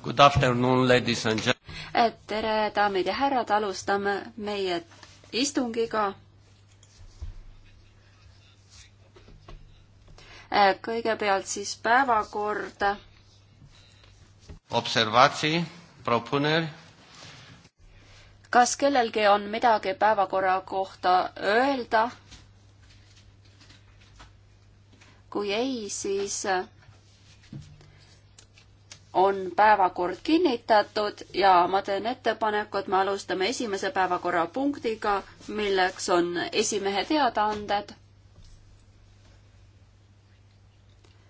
Good afternoon, ladies and gentlemen. tere, daamid ja härrad, alustame meie istungiga. Äh, kõigepealt siis päevakord. observatsi, proponer. kas kellelgi on midagi päevakorra kohta öelda? kui ei, siis äh, on päevakord kinnitatud ja ma teen ettepaneku, et me alustame esimese päevakorrapunktiga, milleks on esimehe teadaanded.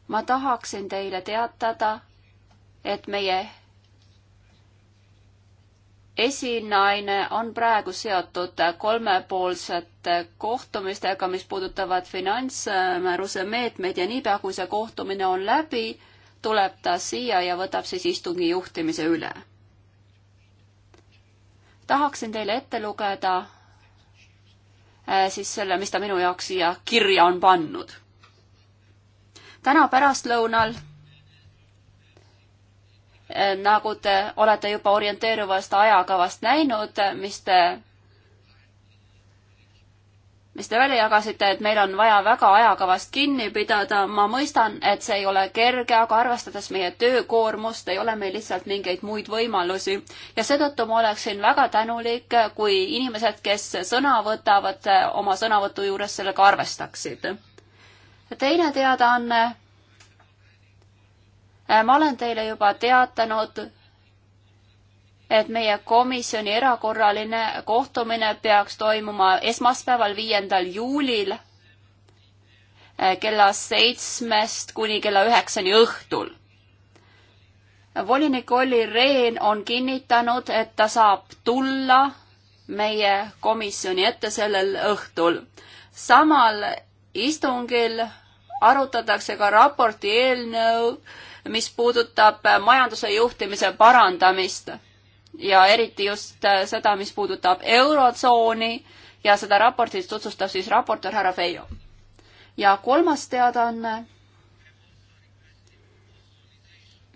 ma tahaksin teile teatada, et meie esinaine on praegu seotud kolmepoolsete kohtumistega, mis puudutavad finantsmääruse meetmeid ja niipea, kui see kohtumine on läbi, tuleb ta siia ja võtab siis istungi juhtimise üle. tahaksin teile ette lugeda äh, siis selle, mis ta minu jaoks siia kirja on pannud. täna pärastlõunal äh, nagu te olete juba orienteeruvast ajakavast näinud, mis te mis te välja jagasite, et meil on vaja väga ajakavast kinni pidada. ma mõistan, et see ei ole kerge, aga arvestades meie töökoormust, ei ole meil lihtsalt mingeid muid võimalusi. ja seetõttu ma oleksin väga tänulik, kui inimesed, kes sõna võtavad, oma sõnavõtu juures sellega arvestaksid. teine teadaanne ma olen teile juba teatanud, et meie komisjoni erakorraline kohtumine peaks toimuma esmaspäeval, viiendal juulil eh, kella seitsmest kuni kella üheksani õhtul. volinik Olli Rehn on kinnitanud, et ta saab tulla meie komisjoni ette sellel õhtul. samal istungil arutatakse ka raporti eelnõu, mis puudutab majanduse juhtimise parandamist ja eriti just äh, seda, mis puudutab Eurotsooni ja seda raportit tutvustab siis raportöör härra Feijo. ja kolmas teadaanne.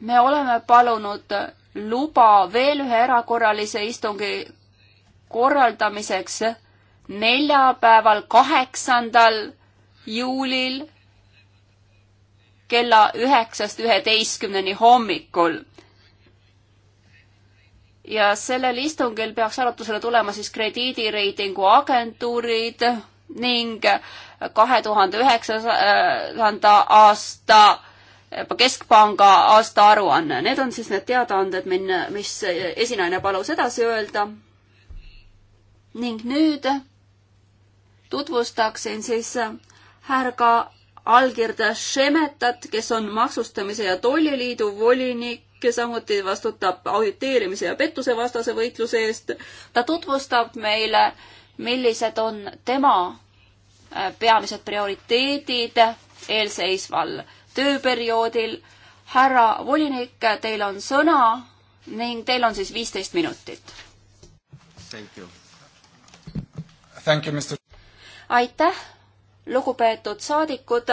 me oleme palunud luba veel ühe erakorralise istungi korraldamiseks neljapäeval, kaheksandal juulil kella üheksast üheteistkümneni hommikul ja sellel istungil peaks arutusele tulema siis krediidireitingu agentuurid ning kahe tuhande üheksanda aasta keskpanga aastaaruanne. Need on siis need teadaanded, mille, mis esinaine palus edasi öelda. ning nüüd tutvustaksin siis härga Algirda Šemetat, kes on Maksustamise ja Tolliliidu volinik kes samuti vastutab auditeerimise ja pettusevastase võitluse eest. ta tutvustab meile, millised on tema äh, peamised prioriteedid eelseisval tööperioodil. härra volinik, teil on sõna ning teil on siis viisteist minutit. aitäh, lugupeetud saadikud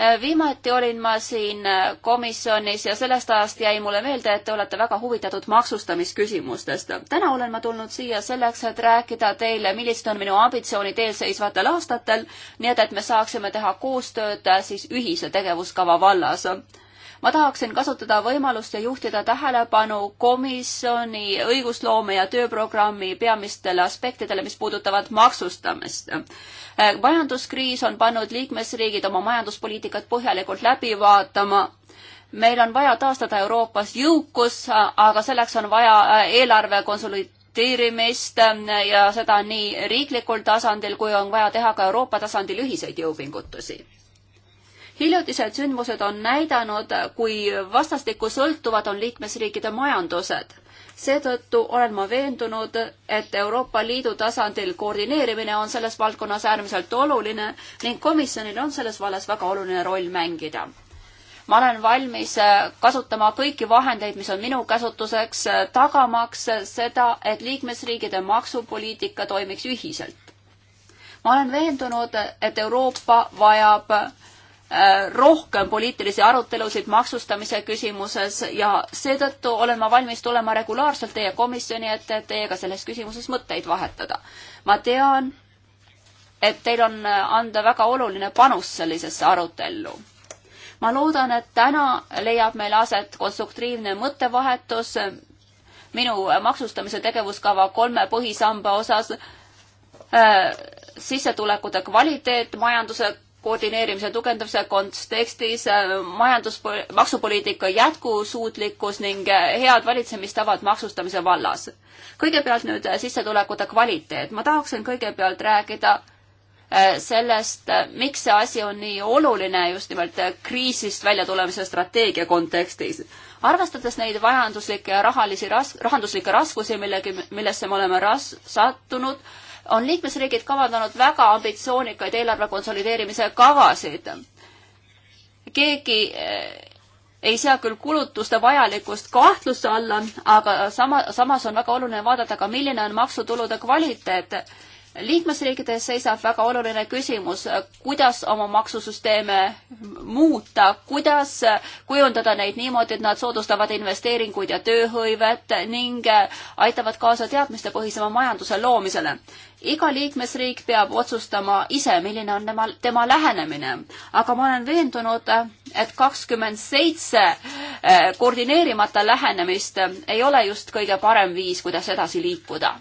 Äh, viimati olin ma siin äh, komisjonis ja sellest ajast jäi mulle meelde, et te olete väga huvitatud maksustamisküsimustest. täna olen ma tulnud siia selleks, et rääkida teile, millised on minu ambitsioonid eelseisvatel aastatel, nii et, et me saaksime teha koostööd äh, siis ühise tegevuskava vallas ma tahaksin kasutada võimalust ja juhtida tähelepanu komisjoni õigusloome ja tööprogrammi peamistele aspektidele, mis puudutavad maksustamist. Äh, majanduskriis on pannud liikmesriigid oma majanduspoliitikat põhjalikult läbi vaatama meil on vaja taastada Euroopas jõukus, aga selleks on vaja äh, eelarve konsolideerimist aktsepteerimist äh, ja seda nii riiklikul tasandil kui on vaja teha ka Euroopa tasandil ühiseid jõupingutusi hiljutised sündmused on näidanud, kui vastastikku sõltuvad on liikmesriikide majandused. seetõttu olen ma veendunud, et Euroopa Liidu tasandil koordineerimine on selles valdkonnas äärmiselt oluline ning komisjonil on selles vallas väga oluline roll mängida ma olen valmis äh, kasutama kõiki vahendeid, mis on minu käsutuseks, äh, tagamaks äh, seda, et liikmesriigide maksupoliitika toimiks ühiselt. ma olen veendunud, et Euroopa vajab Äh, rohkem poliitilisi arutelusid maksustamise küsimuses ja seetõttu olen ma valmis tulema regulaarselt teie komisjoni ette, et teiega selles küsimuses mõtteid vahetada. ma tean, et teil on äh, anda väga oluline panus sellisesse arutellu. ma loodan, et täna leiab meil aset konstruktiivne mõttevahetus minu maksustamise tegevuskava kolme põhisamba osas äh,, sissetulekute kvaliteet, majanduse koordineerimise tugevdamise kontekstis äh, majandus, maksupoliitika jätkusuutlikkus ning äh, head valitsemistavad maksustamise vallas. kõigepealt nüüd äh, sissetulekute kvaliteet. ma tahaksin kõigepealt rääkida sellest, miks see asi on nii oluline just nimelt kriisist väljatulemise strateegia kontekstis. arvestades neid majanduslikke ja rahalisi ras-, rahanduslikke raskusi, millegi, millesse me oleme ras-, sattunud, on liikmesriigid kavandanud väga ambitsioonikaid eelarve konsolideerimise kavasid. keegi eh, ei sea küll kulutuste vajalikkust kahtluse alla, aga sama, samas on väga oluline vaadata ka, milline on maksutulude kvaliteet. liikmesriikides seisab väga oluline küsimus, kuidas oma maksusüsteeme muuta, kuidas kujundada neid niimoodi, et nad soodustavad investeeringuid ja tööhõivet ning aitavad kaasa teadmistepõhisema majanduse loomisele iga liikmesriik peab otsustama ise, milline on tema, tema lähenemine. aga ma olen veendunud, et kakskümmend seitse eh, koordineerimata lähenemist ei ole just kõige parem viis, kuidas edasi liikuda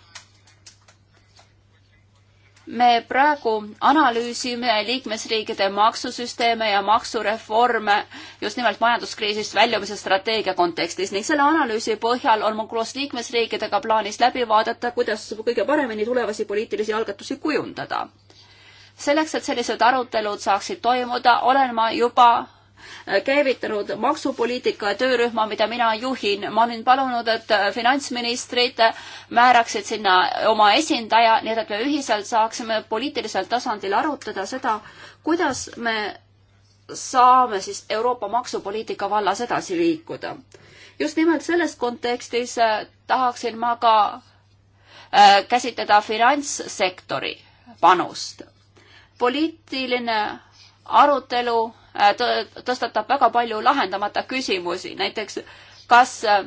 me praegu analüüsime liikmesriikide maksusüsteeme ja maksureforme just nimelt majanduskriisist väljumise strateegia kontekstis ning selle analüüsi põhjal on mul koos liikmesriikidega plaanis läbi vaadata, kuidas kõige paremini tulevasi poliitilisi algatusi kujundada. selleks, et sellised arutelud saaksid toimuda, olen ma juba käivitanud maksupoliitika töörühma, mida mina juhin. ma olen palunud, et finantsministrid määraksid sinna oma esindaja, nii et me ühiselt saaksime poliitilisel tasandil arutada seda, kuidas me saame siis Euroopa maksupoliitika vallas edasi liikuda. just nimelt selles kontekstis äh, tahaksin ma ka äh, käsitleda finantssektori panust. poliitiline arutelu Äh, tõstatab väga palju lahendamata küsimusi, näiteks kas äh,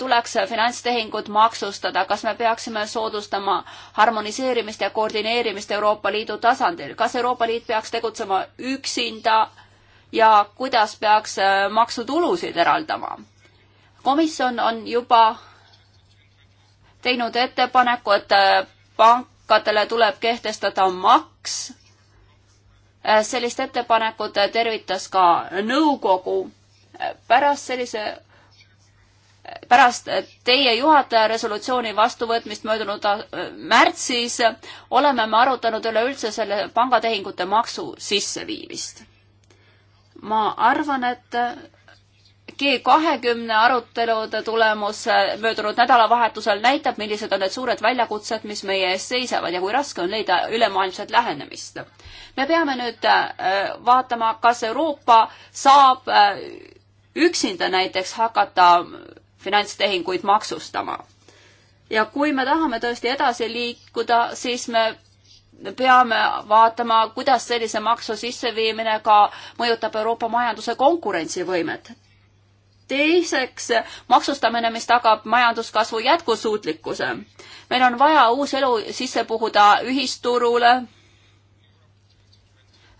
tuleks finantstehingud maksustada, kas me peaksime soodustama harmoniseerimist ja koordineerimist Euroopa Liidu tasandil, kas Euroopa Liit peaks tegutsema üksinda ja kuidas peaks äh, maksutulusid eraldama? komisjon on juba teinud ettepaneku, et pankadele tuleb kehtestada maks Äh, sellist ettepanekut äh, tervitas ka nõukogu. Äh, pärast sellise, pärast teie juhataja resolutsiooni vastuvõtmist möödunud märtsis oleme me arutanud üleüldse selle pangatehingute maksu sisseviimist. ma arvan, et G kahekümne arutelude tulemus möödunud nädalavahetusel näitab, millised on need suured väljakutsed, mis meie ees seisavad ja kui raske on leida ülemaailmset lähenemist. me peame nüüd äh, vaatama, kas Euroopa saab äh, üksinda näiteks hakata finantstehinguid maksustama. ja kui me tahame tõesti edasi liikuda, siis me peame vaatama, kuidas sellise maksu sisseviimine ka mõjutab Euroopa majanduse konkurentsivõimet teiseks maksustamine, mis tagab majanduskasvu jätkusuutlikkuse. meil on vaja uus elu sisse puhuda ühisturule.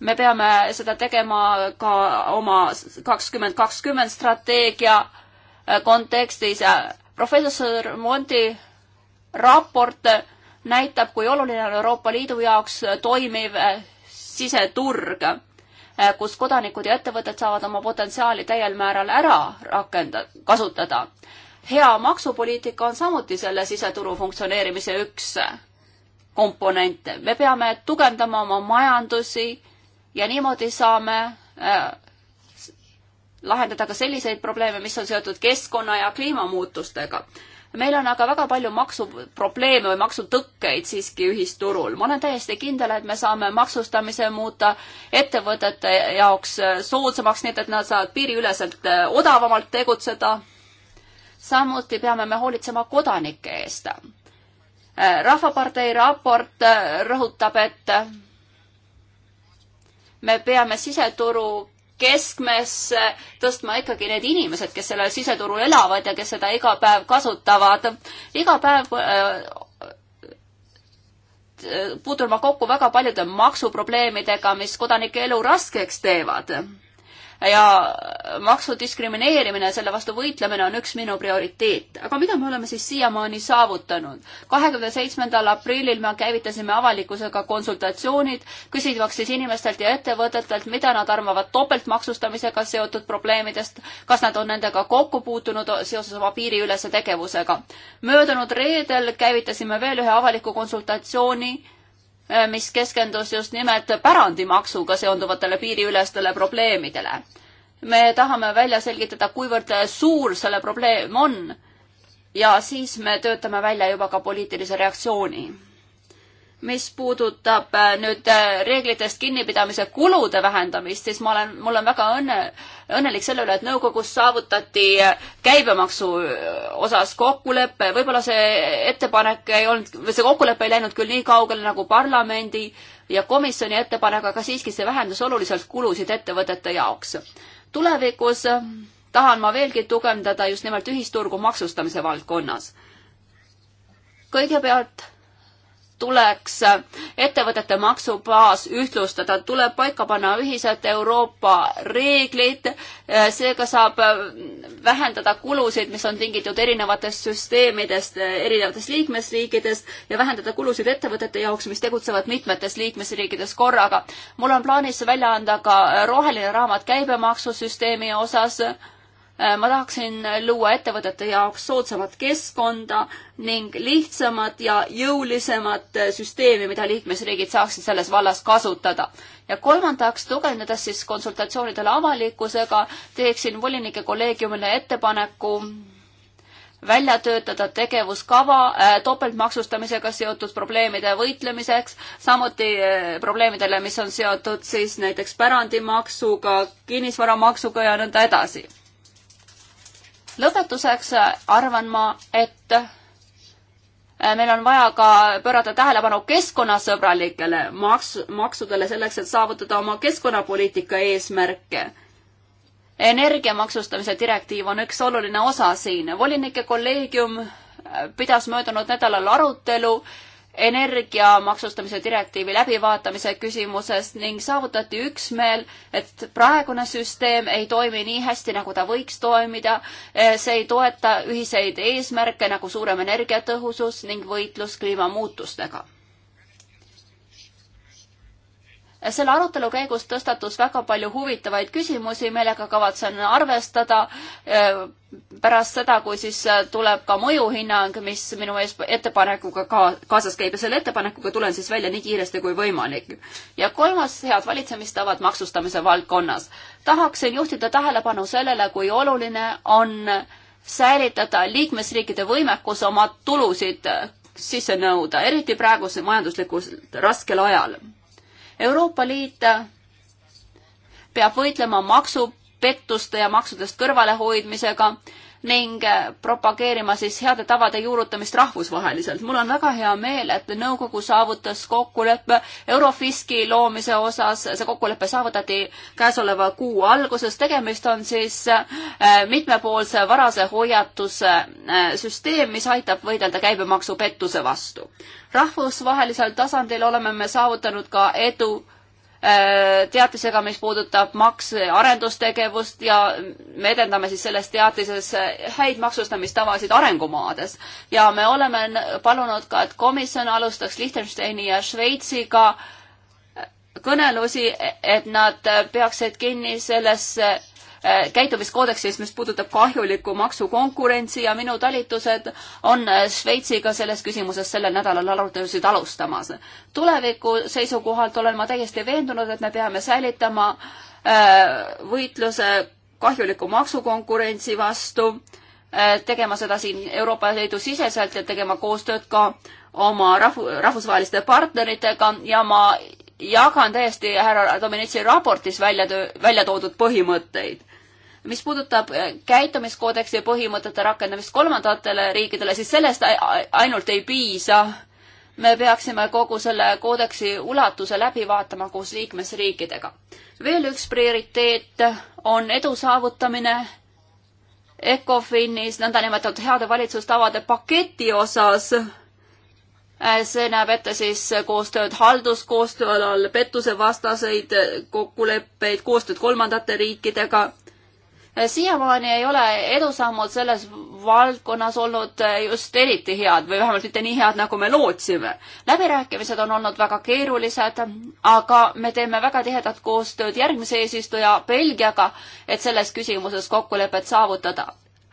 me peame seda tegema ka oma kakskümmend kakskümmend strateegia kontekstis. professor Mondi raport näitab, kui oluline on Euroopa Liidu jaoks toimiv siseturg Äh, kus kodanikud ja ettevõtted saavad oma potentsiaali täiel määral ära rakenda-, kasutada. hea maksupoliitika on samuti selle siseturu funktsioneerimise üks komponente. me peame tugevdama oma majandusi ja niimoodi saame äh, lahendada ka selliseid probleeme, mis on seotud keskkonna ja kliimamuutustega meil on aga väga palju maksuprobleeme või maksutõkkeid siiski ühisturul. ma olen täiesti kindel, et me saame maksustamise muuta ettevõtete jaoks soodsamaks, nii et nad saavad piiriüleselt eh, odavamalt tegutseda. samuti peame me hoolitsema kodanike eest. Eh, rahvapartei raport eh, rõhutab, et me peame siseturu keskmesse, tõstma ikkagi need inimesed, kes sellel siseturul elavad ja kes seda iga päev kasutavad. iga päev äh, puutun ma kokku väga paljude maksuprobleemidega, mis kodanike elu raskeks teevad ja maksudiskrimineerimine, selle vastu võitlemine on üks minu prioriteet. aga mida me oleme siis siiamaani saavutanud? kahekümne seitsmendal aprillil me käivitasime avalikkusega konsultatsioonid, küsimaks siis inimestelt ja ettevõtetelt, mida nad arvavad topeltmaksustamisega seotud probleemidest, kas nad on nendega kokku puutunud seoses oma piiriülese tegevusega. möödunud reedel käivitasime veel ühe avaliku konsultatsiooni Äh, mis keskendus just nimelt pärandimaksuga seonduvatele piiriülestele probleemidele. me tahame välja selgitada, kuivõrd suur selle probleem on ja siis me töötame välja juba ka poliitilise reaktsiooni mis puudutab äh, nüüd äh, reeglitest kinnipidamise kulude vähendamist, siis ma olen, mul on väga õnne, õnnelik selle üle, et nõukogus saavutati äh, käibemaksu osas kokkulepe, võib-olla see ettepanek ei olnud, või see kokkulepe ei läinud küll nii kaugele nagu parlamendi ja komisjoni ettepanek, aga siiski see vähendas oluliselt kulusid ettevõtete jaoks. tulevikus tahan ma veelgi tugevdada just nimelt ühisturgu maksustamise valdkonnas. kõigepealt tuleks ettevõtete maksubaas ühtlustada, tuleb paika panna ühised Euroopa reeglid, seega saab vähendada kulusid, mis on tingitud erinevatest süsteemidest, erinevatest liikmesriikidest ja vähendada kulusid ettevõtete jaoks, mis tegutsevad mitmetes liikmesriikides korraga. mul on plaanis välja anda ka roheline raamat käibemaksusüsteemi osas Äh, ma tahaksin luua ettevõtete jaoks soodsamat keskkonda ning lihtsamat ja jõulisemat äh, süsteemi, mida liikmesriigid saaksid selles vallas kasutada. ja kolmandaks, tugevnedes siis konsultatsioonidele avalikkusega, teeksin volinike kolleegiumile ettepaneku välja töötada tegevuskava äh, topeltmaksustamisega seotud probleemide võitlemiseks, samuti probleemidele, mis on seotud siis näiteks pärandimaksuga, kinnisvaramaksuga ja nõnda edasi lõpetuseks arvan ma, et äh, meil on vaja ka pöörata tähelepanu keskkonnasõbralikele maks, maksudele selleks, et saavutada oma keskkonnapoliitika eesmärke. energia maksustamise direktiiv on üks oluline osa siin. volinike kolleegium äh, pidas möödunud nädalal arutelu äh, energia maksustamise direktiivi läbivaatamise küsimuses ning saavutati üksmeel, et praegune süsteem ei toimi nii hästi, nagu ta võiks toimida. Eh, see ei toeta ühiseid eesmärke nagu suurem energiatõhusus ning võitlus kliimamuutustega selle arutelu käigus tõstatus väga palju huvitavaid küsimusi, millega kavatsen arvestada e, pärast seda, kui siis tuleb ka mõjuhinnang, mis minu ees ettepanekuga ka kaasas käib ja selle ettepanekuga tulen siis välja nii kiiresti kui võimalik. ja kolmas, head valitsemistavad maksustamise valdkonnas. tahaksin juhtida tähelepanu sellele, kui oluline on säilitada liikmesriikide võimekus oma tulusid sisse nõuda, eriti praegusel majanduslikult raskel ajal Euroopa Liit peab võitlema maksupettuste ja maksudest kõrvalehoidmisega ning äh, propageerima siis heade tavade juurutamist rahvusvaheliselt. mul on väga hea meel, et nõukogu saavutas kokkuleppe Eurofiski loomise osas, see kokkulepe saavutati käesoleva kuu alguses, tegemist on siis äh, mitmepoolse varase hoiatuse äh, süsteem, mis aitab võidelda käibemaksupettuse vastu. rahvusvahelisel tasandil oleme me saavutanud ka edu Äh, teatisega, mis puudutab makse, arendustegevust ja me edendame siis selles teatises äh, häid maksustamistavasid arengumaades. ja me oleme palunud ka, et komisjon alustaks Liechtensteini ja Šveitsiga kõnelusi, et nad peaksid kinni selles Äh, käitumiskoodeksis, mis puudutab kahjulikku maksukonkurentsi ja minu talitused on äh, Šveitsiga selles küsimuses sellel nädalal arutelusid alustamas. tuleviku seisukohalt olen ma täiesti veendunud, et me peame säilitama äh, võitluse kahjuliku maksukonkurentsi vastu, tegema seda siin Euroopa Liidu siseselt ja tegema koostööd ka oma rahvu-, rahvusvaheliste partneritega ja ma jagan täiesti härra Dominici raportis välja töö, välja toodud põhimõtteid mis puudutab äh, käitumiskoodeksi põhimõtete rakendamist kolmandatele riikidele, siis sellest ainult ei piisa. me peaksime kogu selle koodeksi ulatuse läbi vaatama koos liikmesriikidega. veel üks prioriteet on edu saavutamine ECOFINis nõndanimetatud heade valitsustavade paketi osas. Äh, see näeb ette siis koostööd halduskoostöö alal, pettusevastaseid kokkuleppeid, koostööd kolmandate riikidega Äh, siiamaani ei ole edusammud selles valdkonnas olnud äh, just eriti head või vähemalt mitte nii head, nagu me lootsime. läbirääkimised on olnud väga keerulised, aga me teeme väga tihedat koostööd järgmise eesistuja Belgiaga, et selles küsimuses kokkulepet saavutada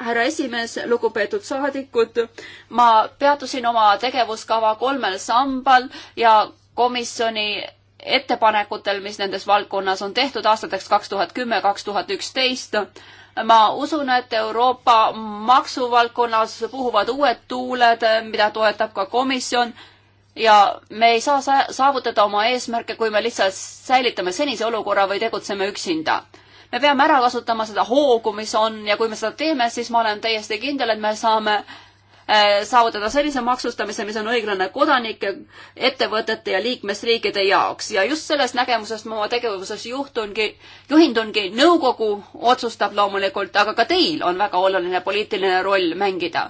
härra esimees, lugupeetud saadikud, ma peatusin oma tegevuskava kolmel sambal ja komisjoni ettepanekutel, mis nendes valdkonnas on tehtud aastateks kaks tuhat kümme, kaks tuhat üksteist. ma usun, et Euroopa maksuvaldkonnas puhuvad uued tuuled, mida toetab ka komisjon ja me ei saa saavutada oma eesmärke, kui me lihtsalt säilitame senise olukorra või tegutseme üksinda. me peame ära kasutama seda hoogu, mis on ja kui me seda teeme, siis ma olen täiesti kindel, et me saame äh, Äh, saavutada sellise maksustamise, mis on õiglane kodanike, ettevõtete ja liikmesriikide jaoks ja just sellest nägemusest ma oma tegevuses juhtungi, juhindungi, nõukogu otsustab loomulikult, aga ka teil on väga oluline poliitiline roll mängida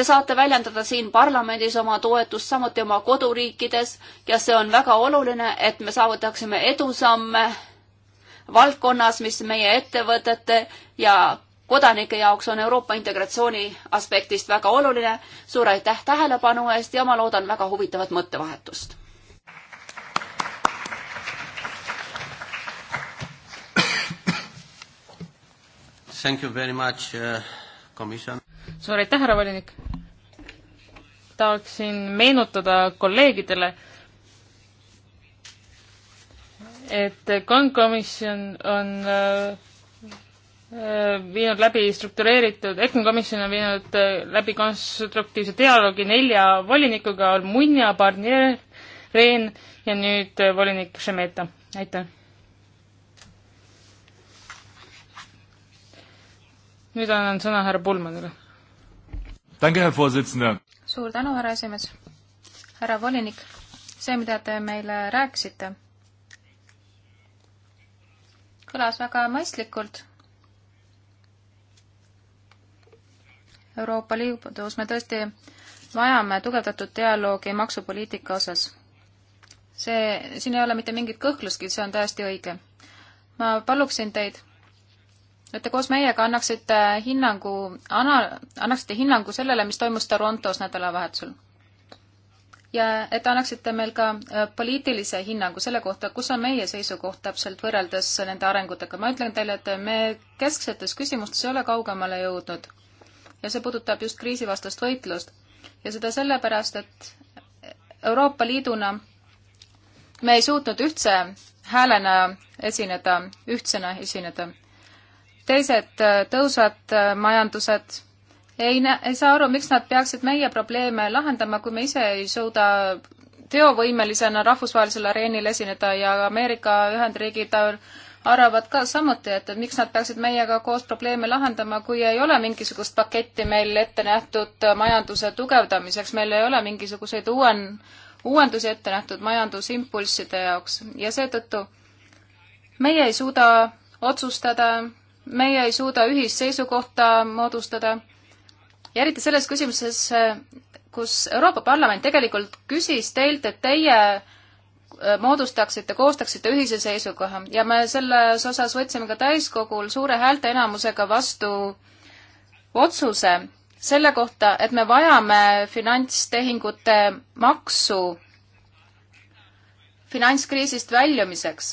Te saate väljendada siin parlamendis oma toetust, samuti oma koduriikides ja see on väga oluline, et me saavutaksime edusamme valdkonnas, mis meie ettevõtete ja kodanike jaoks on Euroopa integratsiooni aspektist väga oluline. suur aitäh tähelepanu eest ja ma loodan väga huvitavat mõttevahetust. Thank you very much uh,, komisjon. suur aitäh, härra volinik. tahaksin meenutada kolleegidele, et Konkomisjon on uh, Äh, viinud läbi struktureeritud, EKN komisjon on viinud äh, läbi konstruktiivse dialoogi nelja volinikuga, Almunia, Barnier, Rehn ja nüüd äh, volinik Šemeta. aitäh! nüüd annan sõna härra Pulmanile. suur tänu, härra esimees! härra volinik, see, mida te meile rääkisite, kõlas väga mõistlikult Euroopa Liidus me tõesti vajame tugevdatud dialoogi maksupoliitika osas. see, siin ei ole mitte mingit kõhklustki, see on täiesti õige. ma paluksin teid, et te koos meiega annaksite hinnangu, ana-, annaksite hinnangu sellele, mis toimus Torontos nädalavahetusel. ja et annaksite meil ka äh, poliitilise hinnangu selle kohta, kus on meie seisukoht täpselt võrreldes nende arengutega. ma ütlen teile, et me kesksetes küsimustes ei ole kaugemale jõudnud ja see puudutab just kriisivastast võitlust. ja seda sellepärast, et Euroopa Liiduna me ei suutnud ühtse häälena esineda, ühtsena esineda. teised äh, tõusvad äh, majandused ei nä-, ei saa aru, miks nad peaksid meie probleeme lahendama, kui me ise ei suuda teovõimelisena rahvusvahelisel areenil esineda ja Ameerika Ühendriigid arvavad ka samuti, et, et miks nad peaksid meiega koos probleeme lahendama, kui ei ole mingisugust paketti meil ette nähtud majanduse tugevdamiseks, meil ei ole mingisuguseid uuen, uuendusi ette nähtud majandusimpulsside jaoks ja seetõttu meie ei suuda otsustada, meie ei suuda ühisseisukohta moodustada ja eriti selles küsimuses, kus Euroopa Parlament tegelikult küsis teilt, et teie Äh, moodustaksite, koostaksite ühise seisukoha ja me selles osas võtsime ka täiskogul suure häälteenamusega vastu otsuse selle kohta, et me vajame finantstehingute maksu finantskriisist väljumiseks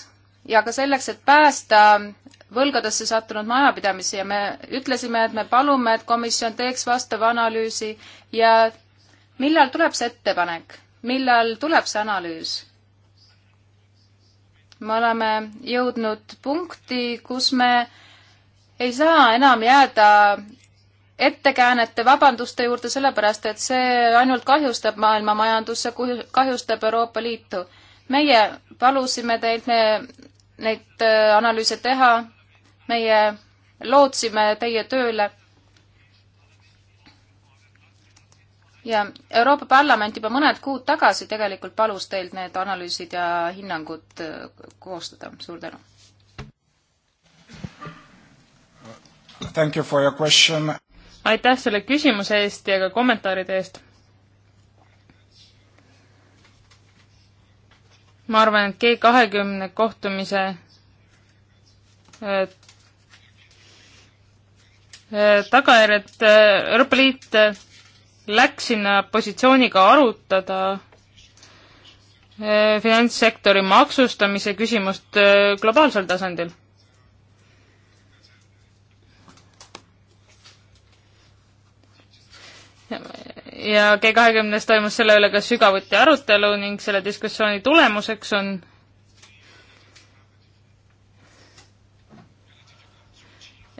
ja ka selleks, et päästa võlgadesse sattunud majapidamisi ja me ütlesime, et me palume, et komisjon teeks vastava analüüsi ja millal tuleb see ettepanek, millal tuleb see analüüs? me oleme jõudnud punkti, kus me ei saa enam jääda ettekäänete, vabanduste juurde, sellepärast et see ainult kahjustab maailma majandusse, kahjustab Euroopa Liitu. meie palusime teilt me neid äh, analüüse teha, meie lootsime teie tööle ja Euroopa Parlament juba mõned kuud tagasi tegelikult palus teilt need analüüsid ja hinnangud äh, koostada. suur tänu. You aitäh selle küsimuse eest ja ka kommentaaride eest. ma arvan, et G kahekümne kohtumise äh, äh, tagajärjed Euroopa Liit läks sinna positsiooniga arutada eh, finantssektori maksustamise küsimust eh, globaalsel tasandil? ja G kahekümnes toimus selle üle ka sügavuti arutelu ning selle diskussiooni tulemuseks on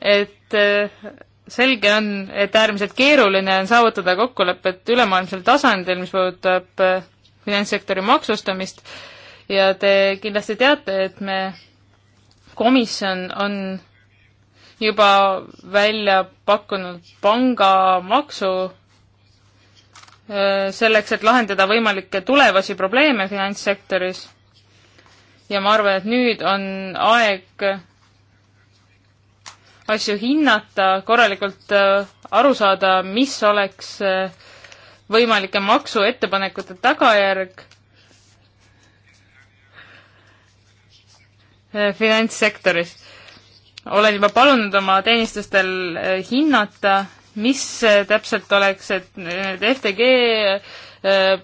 et eh, selge on, et äärmiselt keeruline on saavutada kokkulepet ülemaailmsel tasandil, mis puudutab äh, finantssektori maksustamist ja te kindlasti teate, et me, komisjon on juba välja pakkunud pangamaksu äh, selleks, et lahendada võimalikke tulevasi probleeme finantssektoris. ja ma arvan, et nüüd on aeg asju hinnata, korralikult äh, aru saada, mis oleks äh, võimalike maksuettepanekute tagajärg äh, finantssektoris. olen juba palunud oma teenistustel hinnata, mis täpselt oleks, et need FTG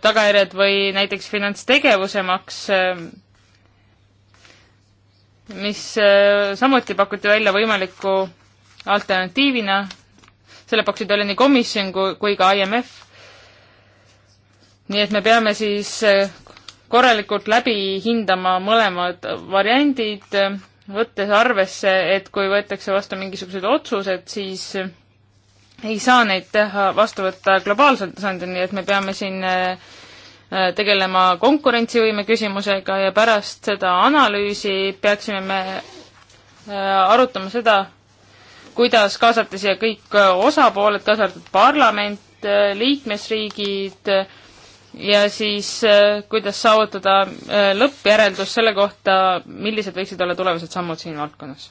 tagajärjed või näiteks finantstegevuse maks mis äh, samuti pakuti välja võimaliku alternatiivina. selle pakkusid välja nii komisjon kui ka IMF. nii et me peame siis äh, korralikult läbi hindama mõlemad variandid, võttes arvesse, et kui võetakse vastu mingisugused otsused, siis ei saa neid teha, vastu võtta globaalsel tasandil, nii et me peame siin äh, Äh, tegelema konkurentsivõime küsimusega ja pärast seda analüüsi peaksime me äh, arutama seda, kuidas kaasata siia kõik äh, osapooled, kaasa arvatud parlament, liikmesriigid ja siis kuidas saavutada lõppjäreldus selle kohta, millised võiksid olla tulevased sammud siin valdkonnas.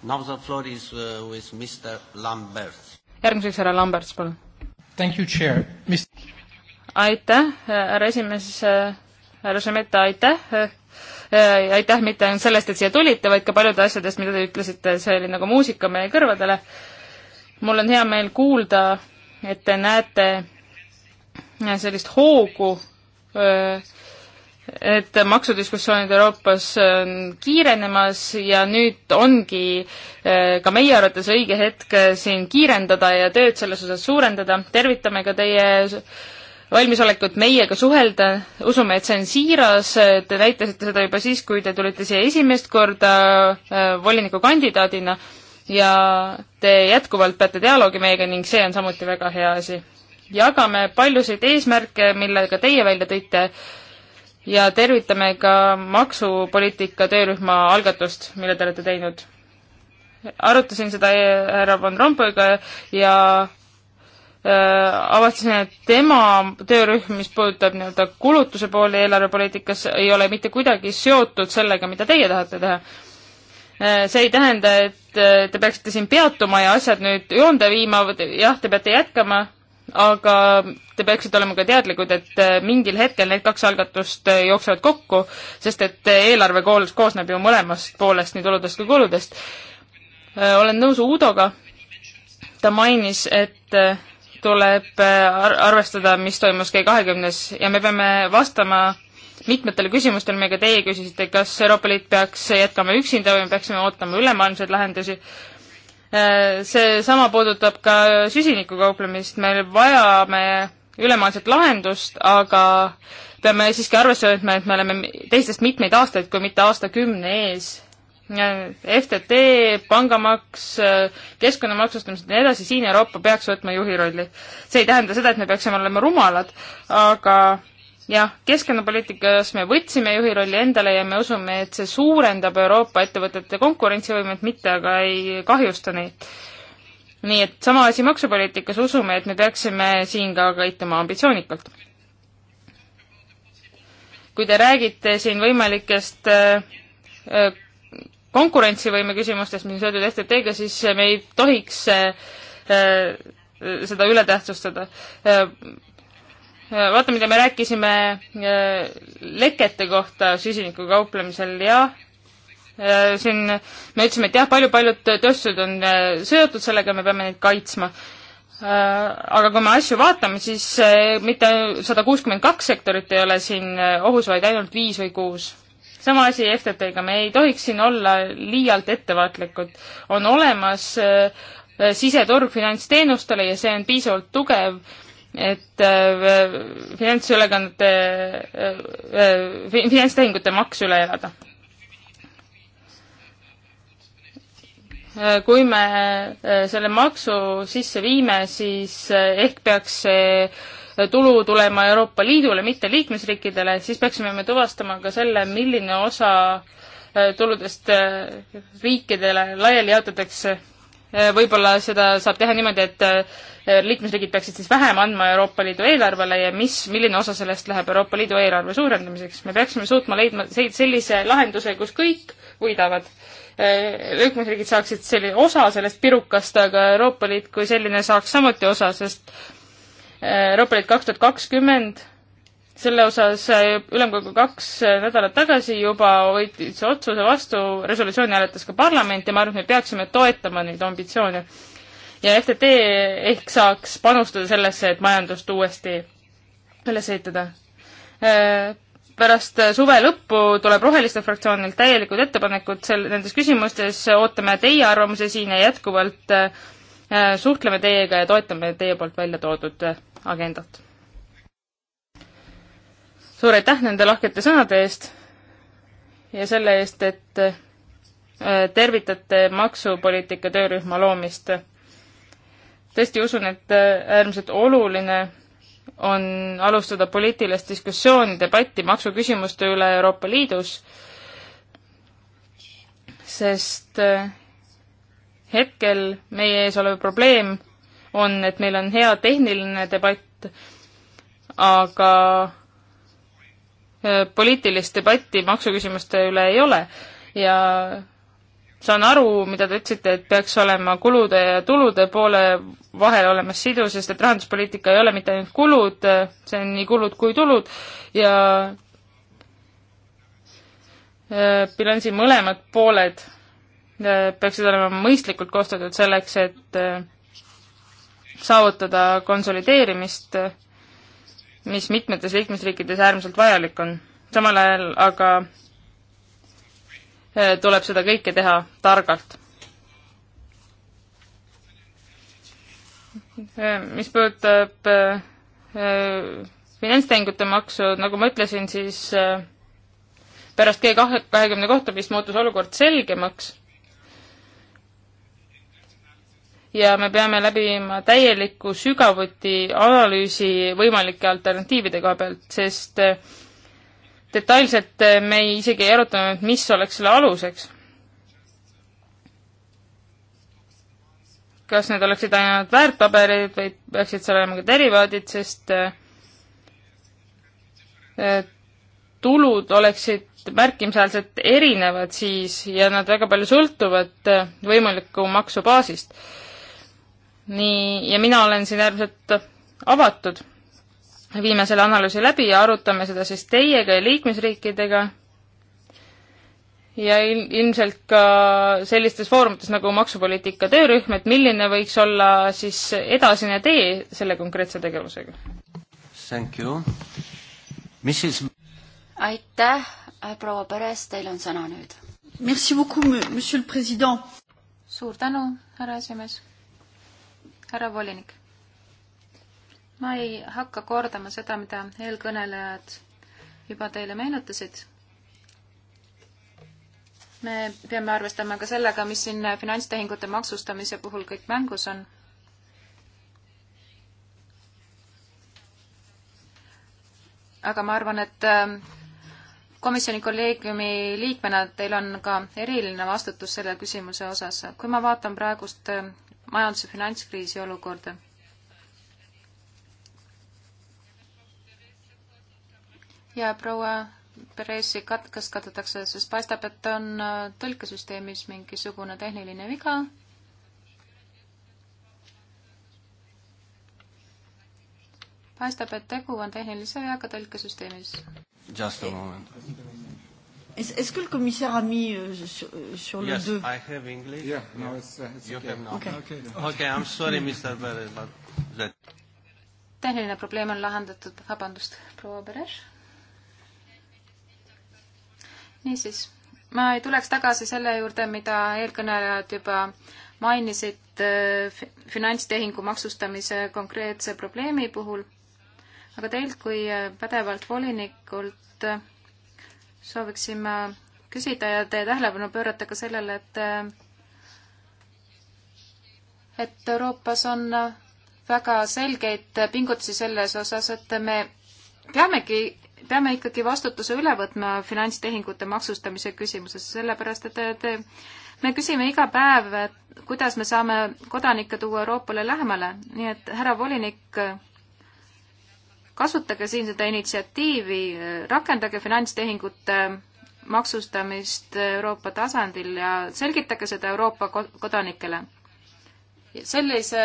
Uh, järgmiseks härra Lamberts, palun aitäh, härra esimees, härra Šemeta, aitäh! aitäh mitte ainult sellest, et siia tulite, vaid ka paljude asjadest, mida te ütlesite, see oli nagu muusika meie kõrvadele. mul on hea meel kuulda, et te näete sellist hoogu öö, et maksudiskussioonid Euroopas on äh, kiirenemas ja nüüd ongi äh, ka meie arvates õige hetk äh, siin kiirendada ja tööd selles osas suurendada. tervitame ka teie valmisolekut meiega suhelda, usume, et see on siiras, te näitasite seda juba siis, kui te tulite siia esimest korda volinikukandidaadina ja te jätkuvalt peate dialoogi meiega ning see on samuti väga hea asi. jagame paljusid eesmärke, millega teie välja tõite ja tervitame ka maksupoliitika töörühma algatust, mille te olete teinud. arutasin seda eh, härra Van Rompuyga ja äh, avastasin, et tema töörühm, mis puudutab nii-öelda kulutuse pooli eelarvepoliitikas, ei ole mitte kuidagi seotud sellega, mida teie tahate teha. Äh, see ei tähenda, et äh, te peaksite siin peatuma ja asjad nüüd joonde viima, jah, te peate jätkama, aga te peaksite olema ka teadlikud, et äh, mingil hetkel need kaks algatust äh, jooksevad kokku, sest et äh, eelarve koos, koosneb ju mõlemast poolest, nii tuludest kui kuludest. olen nõus Uudoga, ta mainis, et tuleb ar arvestada, mis toimus G kahekümnes ja me peame vastama mitmetele küsimustele, millega teie küsisite, kas Euroopa Liit peaks jätkama üksinda või me peaksime ootama ülemaailmseid lahendusi Äh, seesama puudutab ka süsiniku kauplemist, me vajame ülemaailmset lahendust, aga peame siiski arvesse võtma, et me oleme teistest mitmeid aastaid, kui mitte aastakümne ees. Äh, FTT, pangamaks, äh, keskkonnamaksustamist ja nii edasi, siin Euroopa peaks võtma juhi rolli. see ei tähenda seda, et me peaksime olema rumalad, aga jah, keskkonnapoliitikas me võtsime juhi rolli endale ja me usume, et see suurendab Euroopa ettevõtete konkurentsivõimet, mitte aga ei kahjusta neid. nii et sama asi maksupoliitikas, usume, et me peaksime siin ka käituma ambitsioonikalt. kui te räägite siin võimalikest äh, äh, konkurentsivõime küsimustest, mis on seotud STT-ga, siis me ei tohiks äh, seda ületähtsustada vaata, mida me rääkisime äh, lekete kohta süsiniku kauplemisel ja äh, siin me ütlesime, et jah, palju-paljud tööstused on äh, seotud sellega, me peame neid kaitsma. aga kui me asju vaatame, siis mitte sada kuuskümmend kaks sektorit ei ole siin ohus, vaid ainult viis või kuus. sama asi FTT-ga, me ei tohiks siin olla liialt ettevaatlikud. on olemas siseturg finantsteenustele ja see on piisavalt tugev et äh, finantsülekannete, äh, äh, finantstehingute maks üle elada. kui me selle maksu sisse viime, siis ehk peaks see tulu tulema Euroopa Liidule, mitte liikmesriikidele, siis peaksime me tuvastama ka selle, milline osa tuludest riikidele laiali jaotatakse Eh, võib-olla seda saab teha niimoodi, et eh, liikmesriigid peaksid siis vähem andma Euroopa Liidu eelarvele ja mis, milline osa sellest läheb Euroopa Liidu eelarve suurendamiseks. me peaksime suutma leidma sellise lahenduse, kus kõik võidavad. Eh, liikmesriigid saaksid selle osa sellest pirukast, aga Euroopa Liit kui selline saaks samuti osa, sest Euroopa Liit kaks tuhat kakskümmend selle osas äh, ülemkogu kaks äh, nädalat tagasi juba võitis otsuse vastu, resolutsiooni hääletas ka parlament ja ma arvan, et me peaksime toetama neid ambitsioone. ja FTT ehk saaks panustada sellesse, et majandust uuesti üles ehitada. Äh, pärast suve lõppu tuleb Roheliste fraktsioonilt täielikud ettepanekud sel-, nendes küsimustes, ootame teie arvamuse siin ja jätkuvalt suhtleme teiega ja toetame teie poolt välja toodud agendat suur aitäh nende lahkete sõnade eest ja selle eest, et äh, tervitate maksupoliitika töörühma loomist. tõesti usun, et äh, äärmiselt oluline on alustada poliitilist diskussiooni, debatti maksuküsimuste üle Euroopa Liidus, sest äh, hetkel meie ees olev probleem on, et meil on hea tehniline debatt, aga poliitilist debatti maksuküsimuste üle ei ole ja saan aru, mida te ütlesite, et peaks olema kulude ja tulude poole vahel olemas sidu, sest et rahanduspoliitika ei ole mitte ainult kulud, see on nii kulud kui tulud ja äh, bilansi mõlemad pooled äh, peaksid olema mõistlikult koostatud selleks, et äh, saavutada konsolideerimist mis mitmetes liikmesriikides äärmiselt vajalik on. samal ajal aga äh, tuleb seda kõike teha targalt. Äh, mis puudutab äh, finantstehingute maksu, nagu ma ütlesin, siis pärast G kahekümne kohtumist muutus olukord selgemaks ja me peame läbima täieliku sügavuti analüüsi võimalike alternatiivide koha pealt, sest eh, detailselt eh, me ei isegi ei arutanud, mis oleks selle aluseks. kas need oleksid ainult väärtpaberid või peaksid seal olema ka derivaadid, sest eh, tulud oleksid märkimisväärselt erinevad siis ja nad väga palju sõltuvad võimaliku maksubaasist nii, ja mina olen siin äärmiselt avatud. viime selle analüüsi läbi ja arutame seda siis teiega ja liikmesriikidega ja il-, ilmselt ka sellistes foorumites nagu maksupoliitika töörühm, et milline võiks olla siis edasine tee selle konkreetse tegevusega? Thank you. mis siis? aitäh, proua Peres, teil on sõna nüüd. Merci beaucoup, monsieur le president. suur tänu, härra esimees härra volinik, ma ei hakka kordama seda, mida eelkõnelejad juba teile meenutasid. me peame arvestama ka sellega, mis siin finantstehingute maksustamise puhul kõik mängus on. aga ma arvan, et äh, komisjoni kolleegiumi liikmena teil on ka eriline vastutus selle küsimuse osas. kui ma vaatan praegust äh, majandus- ja finantskriisi olukorda. ja proua Peresi katkes katetakse, sest paistab, et on äh, tõlkesüsteemis mingisugune tehniline viga. paistab, et tegu on tehnilise veaga tõlkesüsteemis. Just a moment. Est-ce que le commissaire a mis euh, sur, sur euh, le yes, 2 I have English. Yeah, no, it's, uh, it's you okay. have not. Okay. Okay, no. okay, I'm sorry, Mr. Beres, uh, but that... tehniline probleem on lahendatud, vabandust, proua Beres. niisiis, ma ei tuleks tagasi selle juurde, mida eelkõnelejad juba mainisid äh, finantstehingu maksustamise konkreetse probleemi puhul, aga teilt kui äh, pädevalt volinikult äh, sooviksime küsida ja teie tähelepanu pöörata ka sellele, et et Euroopas on väga selgeid pingutusi selles osas, et me peamegi, peame ikkagi vastutuse üle võtma finantstehingute maksustamise küsimuses, sellepärast et te, me küsime iga päev, et kuidas me saame kodanikke tuua Euroopale lähemale, nii et härra volinik, kasutage siin seda initsiatiivi, rakendage finantstehingute maksustamist Euroopa tasandil ja selgitage seda Euroopa kodanikele. sellise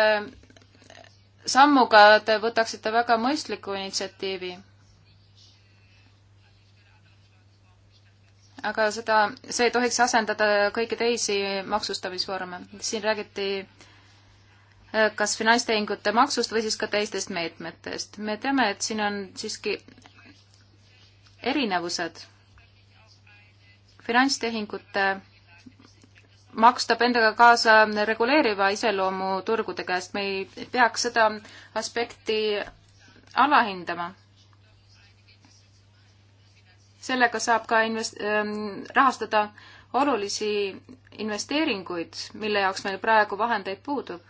sammuga te võtaksite väga mõistliku initsiatiivi. aga seda, see ei tohiks asendada kõiki teisi maksustamisvorme. siin räägiti äh, kas finantstehingute maksust või siis ka teistest meetmetest. me teame, et siin on siiski erinevused. finantstehingute maks toob endaga kaasa reguleeriva iseloomu turgude käest, me ei peaks seda aspekti alahindama. sellega saab ka invest-, ähm, rahastada olulisi investeeringuid, mille jaoks meil praegu vahendeid puudub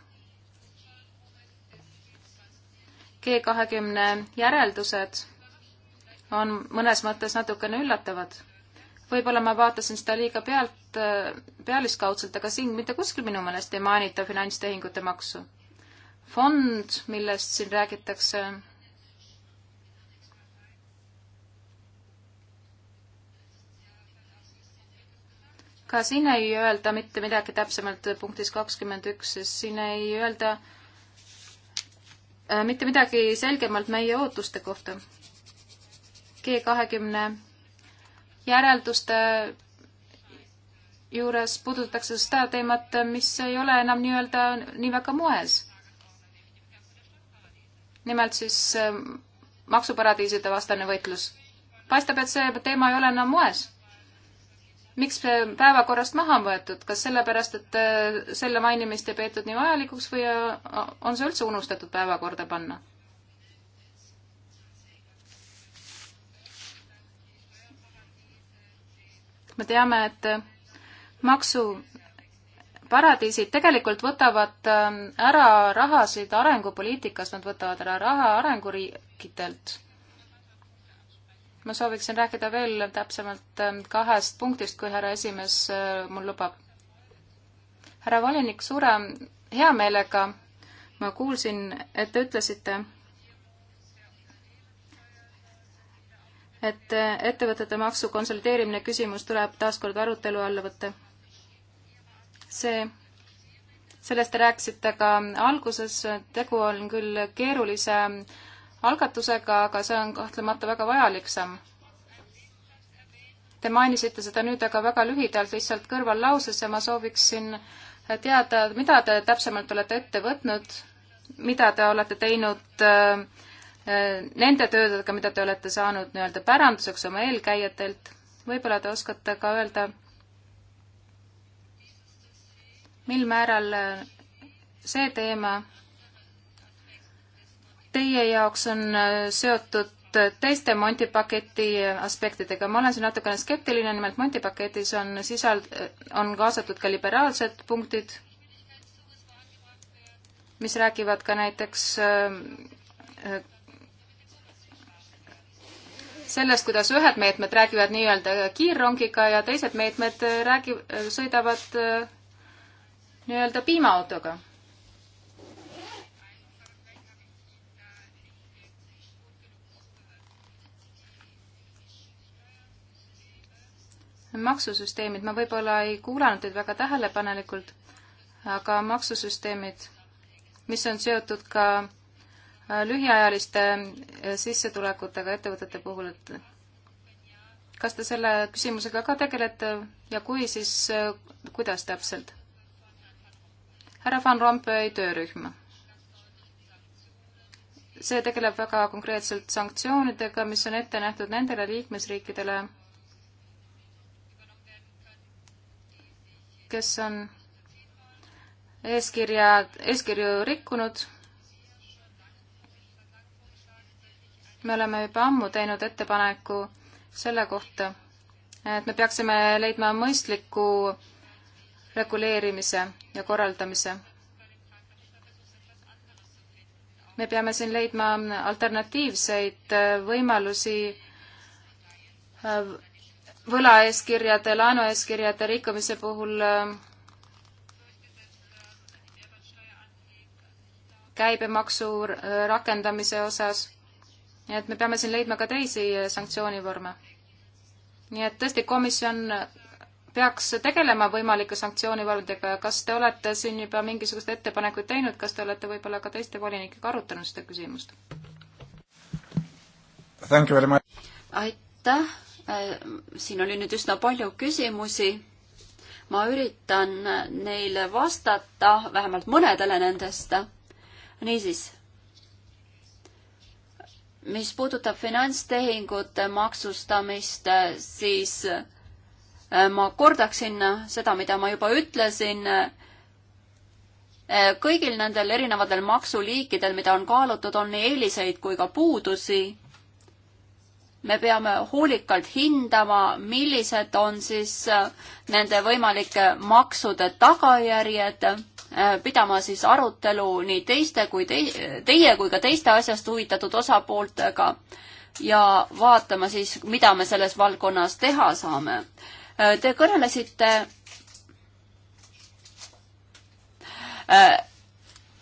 G kahekümne järeldused on mõnes mõttes natukene üllatavad. võib-olla ma vaatasin seda liiga pealt, äh, pealiskaudselt, aga siin mitte kuskil minu meelest ei mainita finantstehingute maksu. fond, millest siin räägitakse, ka siin ei öelda mitte midagi täpsemalt punktis kakskümmend üks, sest siin ei öelda äh, Äh, mitte midagi selgemalt meie ootuste kohta. G kahekümne järelduste juures puudutatakse seda teemat, mis ei ole enam nii-öelda nii väga moes. nimelt siis äh, maksuparadiiside vastane võitlus. paistab, et see teema ei ole enam moes miks päevakorrast maha on võetud, kas sellepärast, et äh, selle mainimist ei peetud nii vajalikuks või äh, on see üldse unustatud päevakorda panna? me teame, et äh, maksuparadiisid tegelikult võtavad ära rahasid arengupoliitikas, nad võtavad ära raha arenguriikidelt ma sooviksin rääkida veel täpsemalt ähm, kahest punktist, kui härra esimees äh, mul lubab. härra volinik, suure heameelega ma kuulsin, et te ütlesite, et äh, ettevõtete maksu konsolideerimine küsimus tuleb taaskord arutelu alla võtta. see, sellest te rääkisite ka alguses, tegu on küll keerulise äh, algatusega, aga see on kahtlemata väga vajalik samm. Te mainisite seda nüüd aga väga lühidalt lihtsalt kõrvallauses ja ma sooviksin teada, mida te täpsemalt olete ette võtnud, mida te olete teinud äh, nende töödega, mida te olete saanud nii-öelda päranduseks oma eelkäijatelt, võib-olla te oskate ka öelda, mil määral see teema teie jaoks on äh, seotud äh, teiste Monti paketi äh, aspektidega. ma olen siin natukene skeptiline, nimelt Monti paketis on sisald-, on kaasatud ka liberaalsed punktid, mis räägivad ka näiteks sellest, kuidas ühed meetmed räägivad nii-öelda kiirrongiga ja teised meetmed räägi-, sõidavad nii-öelda piimaautoga maksusüsteemid, ma võib-olla ei kuulanud teid väga tähelepanelikult, aga maksusüsteemid, mis on seotud ka äh, lühiajaliste äh, sissetulekutega ettevõtete puhul, et kas te selle küsimusega ka tegelete ja kui, siis äh, kuidas täpselt? härra Van Rompuy töörühm. see tegeleb väga konkreetselt sanktsioonidega, mis on ette nähtud nendele liikmesriikidele, kes on eeskirja, eeskirju rikkunud. me oleme juba ammu teinud ettepaneku selle kohta, et me peaksime leidma mõistliku reguleerimise ja korraldamise. me peame siin leidma alternatiivseid võimalusi äh, võlaeeskirjade, laenueeskirjade rikkumise puhul äh, käibemaksu rakendamise osas. nii et me peame siin leidma ka teisi äh, sanktsioonivorme. nii et tõesti, komisjon peaks tegelema võimalike sanktsioonivormidega ja kas te olete siin juba mingisuguseid ettepanekuid teinud, kas te olete võib-olla ka teiste volinikega arutanud seda küsimust? aitäh Äh, siin oli nüüd üsna palju küsimusi. ma üritan neile vastata, vähemalt mõnedele nendest. niisiis, mis puudutab finantstehingute maksustamist, siis äh, ma kordaksin seda, mida ma juba ütlesin äh, kõigil nendel erinevatel maksuliikidel, mida on kaalutud, on nii eeliseid kui ka puudusi me peame hoolikalt hindama, millised on siis äh, nende võimalike maksude tagajärjed, äh, pidama siis arutelu nii teiste kui te, teie kui ka teiste asjast huvitatud osapooltega ja vaatama siis, mida me selles valdkonnas teha saame. Äh, te kõnelesite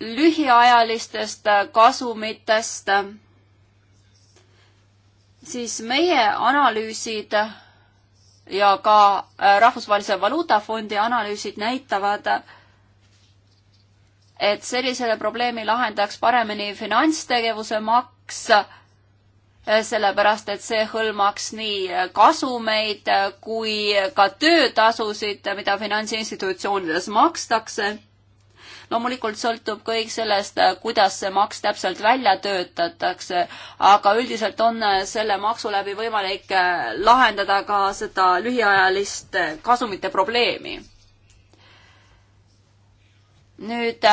lühiajalistest kasumitest siis meie analüüsid ja ka äh, Rahvusvahelise Valuutafondi analüüsid näitavad, et sellisele probleemi lahendaks paremini finantstegevuse maks, äh, sellepärast et see hõlmaks nii äh, kasumeid kui ka töötasusid, mida finantsinstitutsioonides makstakse loomulikult sõltub kõik sellest, äh, kuidas see maks täpselt välja töötatakse, aga üldiselt on äh, selle maksu läbi võimalik äh, lahendada ka seda lühiajalist kasumite probleemi. nüüd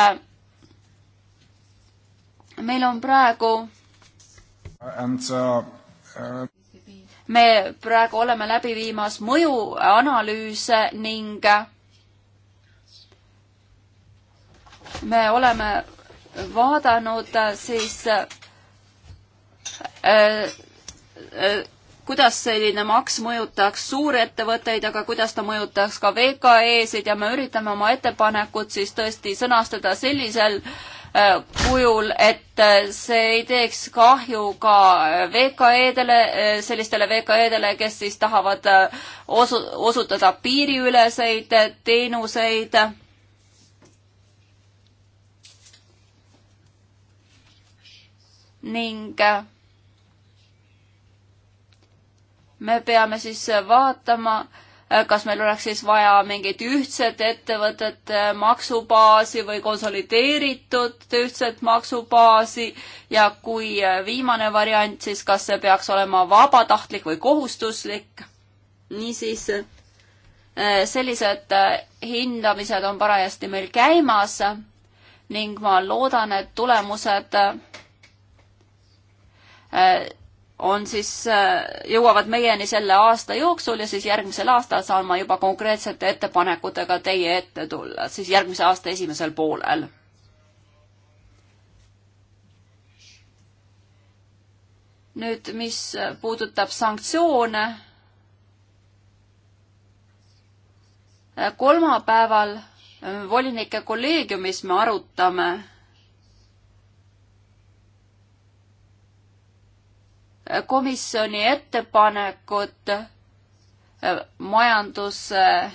meil on praegu And, uh, uh me praegu oleme läbi viimas mõjuanalüüse ning me oleme vaadanud äh, siis äh, äh, kuidas selline maks mõjutaks suurettevõtteid, aga kuidas ta mõjutaks ka VKE-sid ja me üritame oma ettepanekut siis tõesti sõnastada sellisel kujul, et see ei teeks kahju ka VKE-dele, sellistele VKE-dele, kes siis tahavad osu-, osutada piiriüleseid teenuseid ning äh, me peame siis vaatama, äh, kas meil oleks siis vaja mingit ühtset ettevõtete äh, maksubaasi või konsolideeritud ühtset maksubaasi ja kui viimane variant, siis kas see peaks olema vabatahtlik või kohustuslik. niisiis sellised hindamised on parajasti meil käimas ning ma loodan, et tulemused on siis, äh, jõuavad meieni selle aasta jooksul ja siis järgmisel aastal saan ma juba konkreetsete ettepanekutega teie ette tulla, siis järgmise aasta esimesel poolel. nüüd, mis puudutab sanktsioone, kolmapäeval volinike kolleegiumis me arutame komisjoni ettepanekut äh, majanduse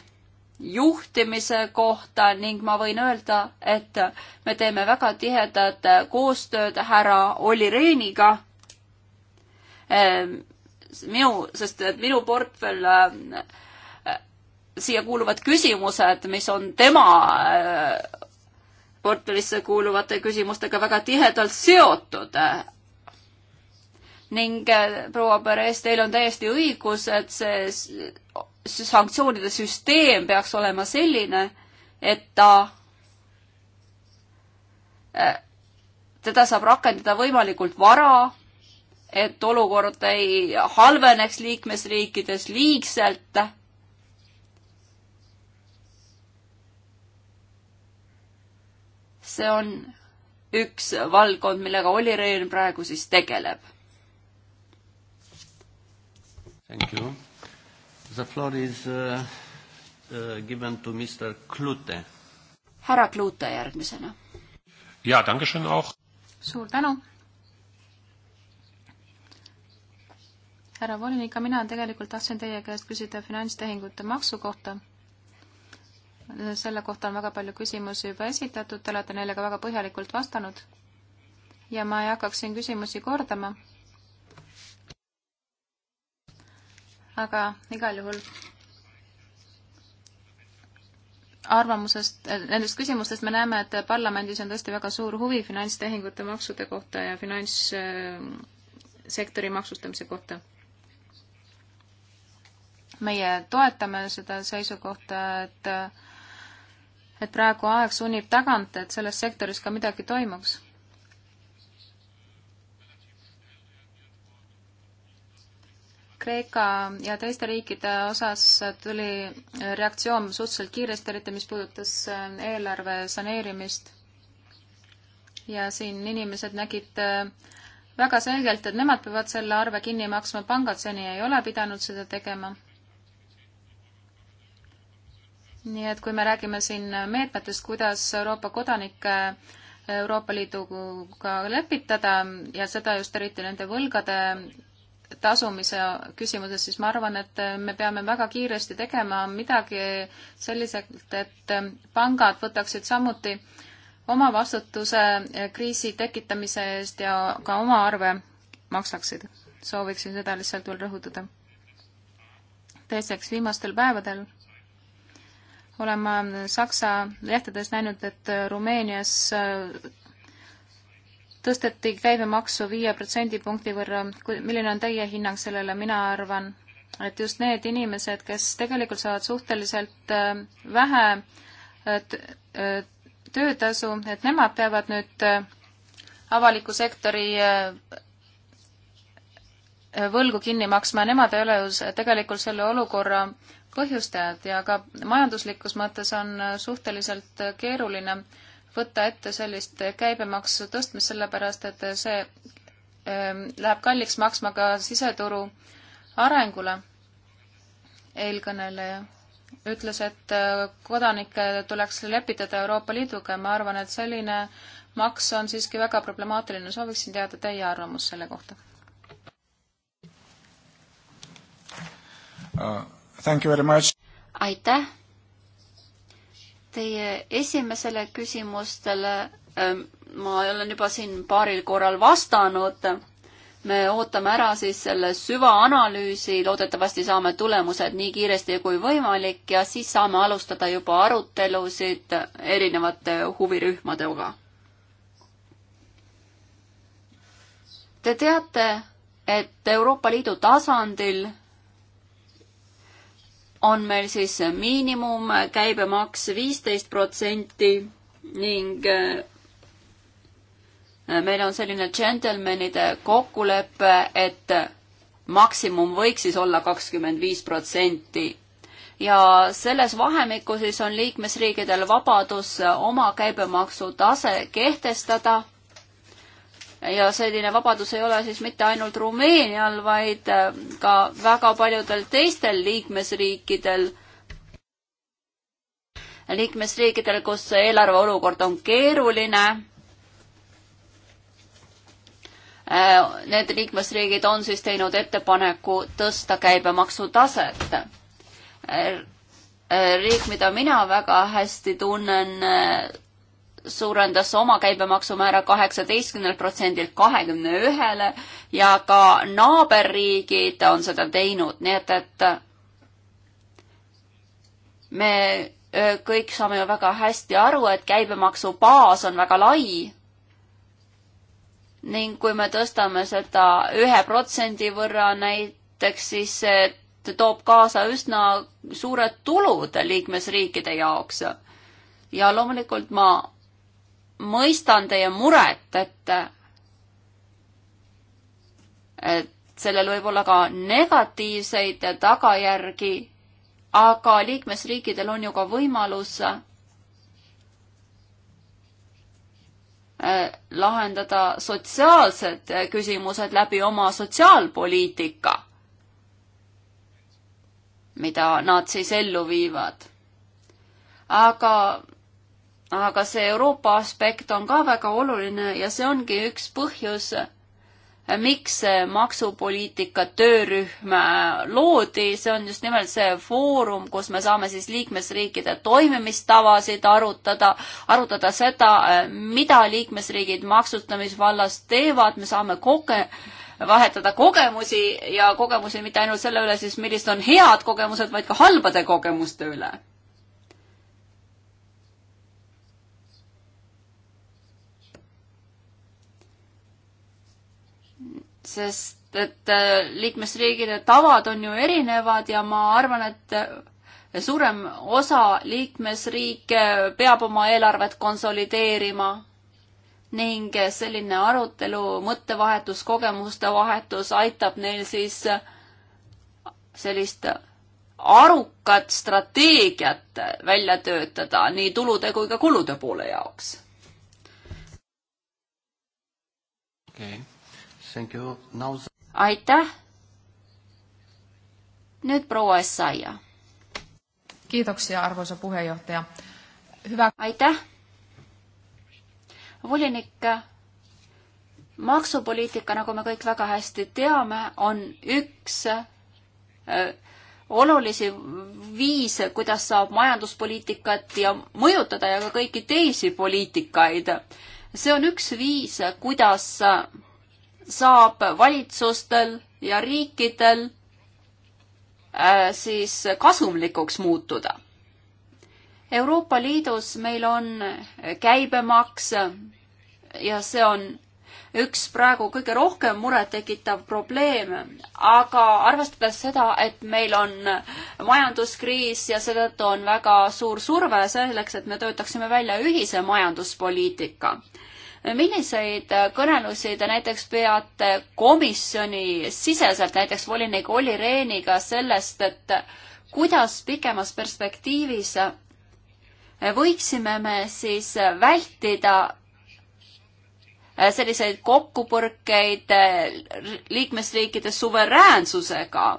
juhtimise kohta ning ma võin öelda, et me teeme väga tihedat koostööd härra Olli Rehniga. Ähm, minu, sest minu portfell, äh, siia kuuluvad küsimused, mis on tema äh, portfellisse kuuluvate küsimustega väga tihedalt seotud, ning äh, proua Perez, teil on täiesti õigus, et see sanktsioonide süsteem peaks olema selline, et ta, äh, teda saab rakendada võimalikult vara, et olukord ei halveneks liikmesriikides liigselt see on üks valdkond, millega Olli Rehn praegu siis tegeleb. Thank you. The floor is uh, uh, given to Mr Klute. härra Klute järgmisena. ja, dankeschön auch. suur tänu. härra volinik, mina tegelikult tahtsin teie käest küsida finantstehingute maksu kohta selle kohta on väga palju küsimusi juba esitatud, te olete neile ka väga põhjalikult vastanud. ja ma ei hakkaks siin küsimusi kordama, aga igal juhul arvamusest, nendest küsimustest me näeme, et parlamendis on tõesti väga suur huvi finantstehingute maksude kohta ja finantssektori maksustamise kohta. meie toetame seda seisukohta, et et praegu aeg sunnib tagant, et selles sektoris ka midagi toimuks Kreeka ja teiste riikide osas tuli reaktsioon suhteliselt kiiresti, eriti mis puudutas äh, eelarve saneerimist. ja siin inimesed nägid äh, väga selgelt, et nemad peavad selle arve kinni maksma, pangad seni ei ole pidanud seda tegema. nii et kui me räägime siin meetmetest, kuidas Euroopa kodanike äh, Euroopa Liiduga lepitada ja seda just eriti nende võlgade tasumise küsimuses, siis ma arvan, et me peame väga kiiresti tegema midagi selliselt, et pangad võtaksid samuti oma vastutuse kriisi tekitamise eest ja ka oma arve maksaksid. sooviksin seda lihtsalt veel rõhutada. teiseks, viimastel päevadel olen ma Saksa lehtedes näinud, et Rumeenias tõsteti käibemaksu viie protsendipunkti võrra. milline on teie hinnang sellele? mina arvan, et just need inimesed, kes tegelikult saavad suhteliselt äh, vähe äh, äh, töötasu, et nemad peavad nüüd avaliku sektori võlgu kinni maksma, nemad ei ole ju tegelikult selle olukorra põhjustajad ja ka majanduslikus mõttes on suhteliselt keeruline võtta ette sellist käibemaksu tõstmist, sellepärast et see ähm, läheb kalliks maksma ka siseturu arengule. eelkõneleja ütles, et äh, kodanikke tuleks lepitada Euroopa Liiduga ja ma arvan, et selline maks on siiski väga problemaatiline. sooviksin teada teie arvamust selle kohta uh,. Thank you very much. aitäh Teie esimesele küsimustele ähm, ma olen juba siin paaril korral vastanud. me ootame ära siis selle süvaanalüüsi, loodetavasti saame tulemused nii kiiresti kui võimalik ja siis saame alustada juba arutelusid erinevate huvirühmadega. Te teate, et Euroopa Liidu tasandil on meil siis miinimumkäibemaks viisteist protsenti ning äh, meil on selline džentelmenide kokkulepe, et maksimum võiks siis olla kakskümmend viis protsenti. ja selles vahemikus siis on liikmesriikidel vabadus oma käibemaksu tase kehtestada ja selline vabadus ei ole siis mitte ainult Rumeenial, vaid äh, ka väga paljudel teistel liikmesriikidel, liikmesriikidel, kus eelarve olukord on keeruline. Äh, need liikmesriigid on siis teinud ettepaneku tõsta käibemaksutaset äh, riik, mida mina väga hästi tunnen, suurendas oma käibemaksumäära kaheksateistkümnelt protsendilt kahekümne ühele ja ka naaberriigid on seda teinud, nii et, et me kõik saame ju väga hästi aru, et käibemaksu baas on väga lai. ning kui me tõstame seda ühe protsendi võrra näiteks, siis see toob kaasa üsna suured tulud liikmesriikide jaoks. ja loomulikult ma mõistan teie muret, et, et sellel võib olla ka negatiivseid tagajärgi, aga liikmesriikidel on ju ka võimalus äh, lahendada sotsiaalsed küsimused läbi oma sotsiaalpoliitika, mida nad siis ellu viivad. aga aga see Euroopa aspekt on ka väga oluline ja see ongi üks põhjus, miks see maksupoliitika töörühm äh, loodi, see on just nimelt see foorum, kus me saame siis liikmesriikide toimimistavasid arutada, arutada seda, äh, mida liikmesriigid maksustamisvallas teevad, me saame koge-, vahetada kogemusi ja kogemusi mitte ainult selle üle siis, millised on head kogemused, vaid ka halbade kogemuste üle sest et äh, liikmesriigide tavad on ju erinevad ja ma arvan, et äh, suurem osa liikmesriike peab oma eelarvet konsolideerima ning selline arutelu, mõttevahetus, kogemuste vahetus aitab neil siis äh, sellist arukat strateegiat välja töötada nii tulude kui ka kulude poole jaoks. okei okay.. Now... aitäh. nüüd proua Essaia. kiitoksia, arvamuse puhejuhataja. hüva. aitäh. volinik, maksupoliitika, nagu me kõik väga hästi teame, on üks öö, äh, olulisi viise, kuidas saab majanduspoliitikat ja mõjutada ja ka kõiki teisi poliitikaid. see on üks viis, kuidas saab valitsustel ja riikidel äh, siis kasumlikuks muutuda. Euroopa Liidus meil on käibemaks ja see on üks praegu kõige rohkem murettekitav probleem, aga arvestades seda, et meil on majanduskriis ja seetõttu on väga suur surve selleks, et me töötaksime välja ühise majanduspoliitika milliseid äh, kõnelusi te näiteks peate komisjoni siseselt, näiteks volinik Olli Rehniga sellest, et kuidas pikemas perspektiivis võiksime me siis vältida äh, selliseid kokkupõrkeid äh, liikmesriikide suveräänsusega,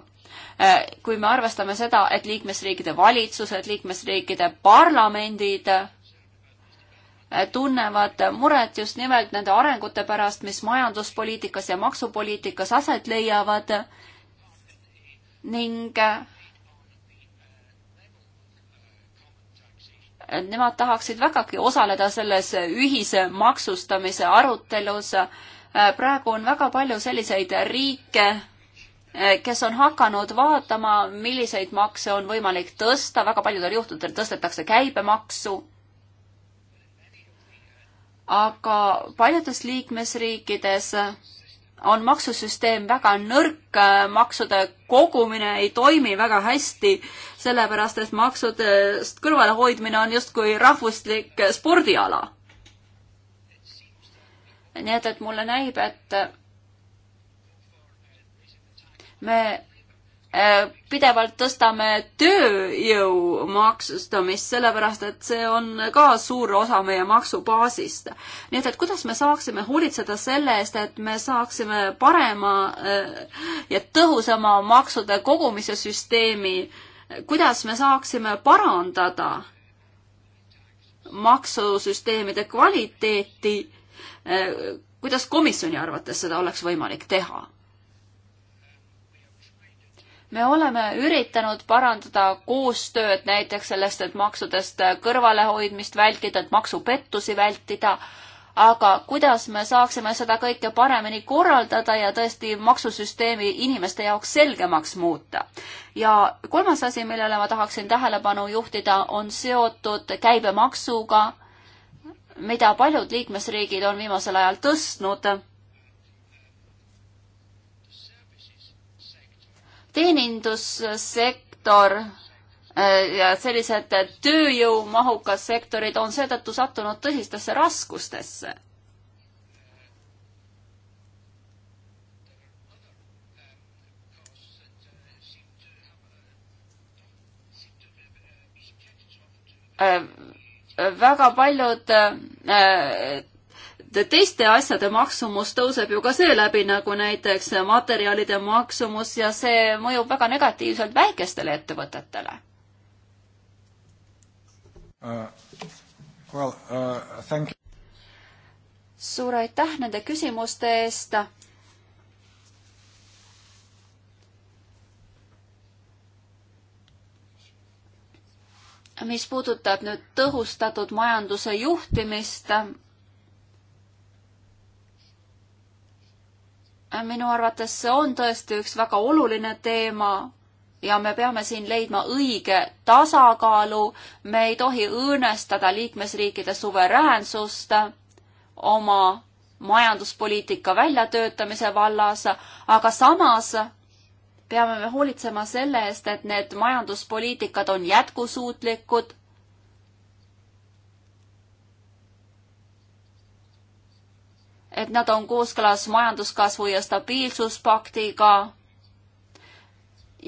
kui me arvestame seda, et liikmesriikide valitsused, liikmesriikide parlamendid tunnevad muret just nimelt nende arengute pärast, mis majanduspoliitikas ja maksupoliitikas aset leiavad ning nemad tahaksid vägagi osaleda selles ühise maksustamise arutelus. praegu on väga palju selliseid riike, kes on hakanud vaatama, milliseid makse on võimalik tõsta, väga paljudel juhtudel tõstetakse käibemaksu aga paljudes liikmesriikides on maksusüsteem väga nõrk, maksude kogumine ei toimi väga hästi, sellepärast et maksudest kõrvalehoidmine on justkui rahvuslik spordiala. nii et, et mulle näib, et me Äh, pidevalt tõstame tööjõu maksustamist, sellepärast et see on ka suur osa meie maksubaasist. nii et, et kuidas me saaksime hoolitseda selle eest, et me saaksime parema äh, ja tõhusama maksude kogumise süsteemi, kuidas me saaksime parandada maksusüsteemide kvaliteeti, äh, kuidas komisjoni arvates seda oleks võimalik teha? me oleme üritanud parandada koostööd näiteks sellest, et maksudest kõrvalehoidmist vältida, et maksupettusi vältida, aga kuidas me saaksime seda kõike paremini korraldada ja tõesti maksusüsteemi inimeste jaoks selgemaks muuta. ja kolmas asi, millele ma tahaksin tähelepanu juhtida, on seotud käibemaksuga, mida paljud liikmesriigid on viimasel ajal tõstnud teenindussektor äh, ja sellised tööjõumahukas sektorid on seetõttu sattunud tõsistesse raskustesse. Äh, väga paljud äh, teiste asjade maksumus tõuseb ju ka seeläbi, nagu näiteks materjalide maksumus ja see mõjub väga negatiivselt väikestele ettevõtetele uh,. Well, uh, suur aitäh nende küsimuste eest mis puudutab nüüd tõhustatud majanduse juhtimist, minu arvates see on tõesti üks väga oluline teema ja me peame siin leidma õige tasakaalu, me ei tohi õõnestada liikmesriikide suveräänsust oma majanduspoliitika väljatöötamise vallas, aga samas peame me hoolitsema selle eest, et need majanduspoliitikad on jätkusuutlikud et nad on kooskõlas majanduskasvu ja stabiilsuspaktiga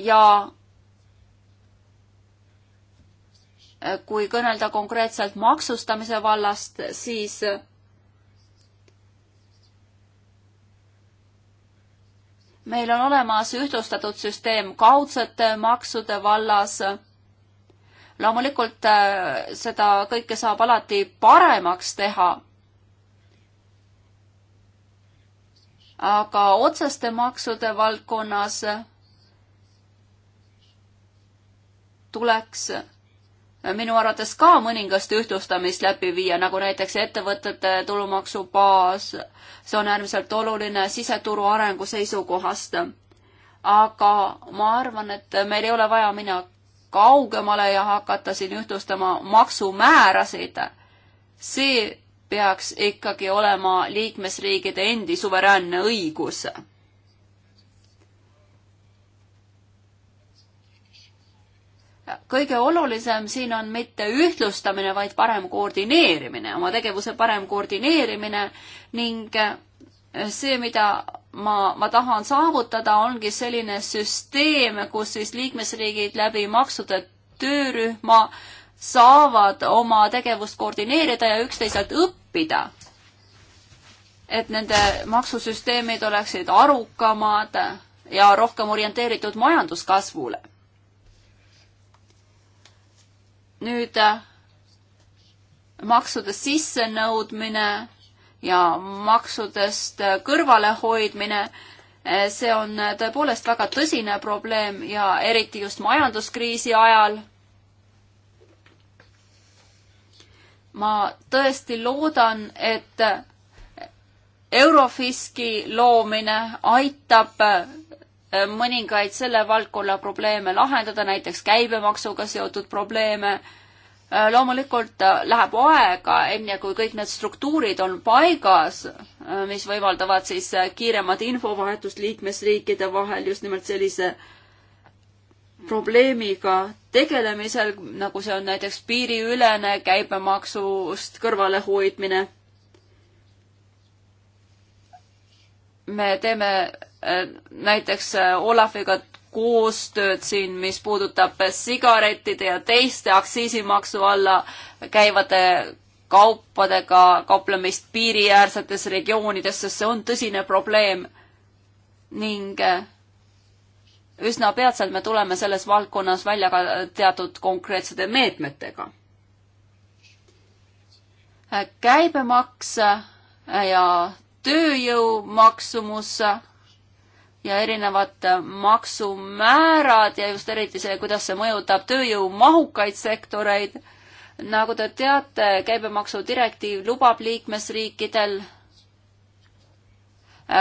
ja kui kõnelda konkreetselt maksustamise vallast, siis meil on olemas ühtlustatud süsteem kaudsete maksude vallas. loomulikult äh, seda kõike saab alati paremaks teha aga otseste maksude valdkonnas tuleks minu arvates ka mõningast ühtlustamist läbi viia, nagu näiteks ettevõtete tulumaksubaas. see on äärmiselt oluline siseturu arengu seisukohast. aga ma arvan, et meil ei ole vaja minna kaugemale ja hakata siin ühtlustama maksumäärasid. see peaks ikkagi olema liikmesriigide endi suveräänne õigus. kõige olulisem siin on mitte ühtlustamine, vaid parem koordineerimine, oma tegevuse parem koordineerimine ning see, mida ma, ma tahan saavutada, ongi selline süsteem, kus siis liikmesriigid läbi maksude töörühma saavad oma tegevust koordineerida ja üksteiselt õppida. et nende maksusüsteemid oleksid arukamad ja rohkem orienteeritud majanduskasvule. nüüd maksude sissenõudmine ja maksudest kõrvalehoidmine, eh, see on tõepoolest väga tõsine probleem ja eriti just majanduskriisi ajal ma tõesti loodan, et Eurofiski loomine aitab äh, mõningaid selle valdkonna probleeme lahendada, näiteks käibemaksuga seotud probleeme. Äh, loomulikult äh, läheb aega, enne kui kõik need struktuurid on paigas, mis võimaldavad siis kiiremat infovahetust liikmesriikide vahel just nimelt sellise probleemiga tegelemisel, nagu see on näiteks piiriülene käibemaksust kõrvalehoidmine. me teeme äh, näiteks äh, Olafiga koostööd siin, mis puudutab sigarettide ja teiste aktsiisimaksu alla käivate kaupadega kauplemist piiriäärsetes regioonides, sest see on tõsine probleem. ning äh, üsna peatselt me tuleme selles valdkonnas välja ka teatud konkreetsete meetmetega. käibemaks ja tööjõu maksumus ja erinevad maksumäärad ja just eriti see, kuidas see mõjutab tööjõumahukaid sektoreid. nagu te teate, käibemaksudirektiiv lubab liikmesriikidel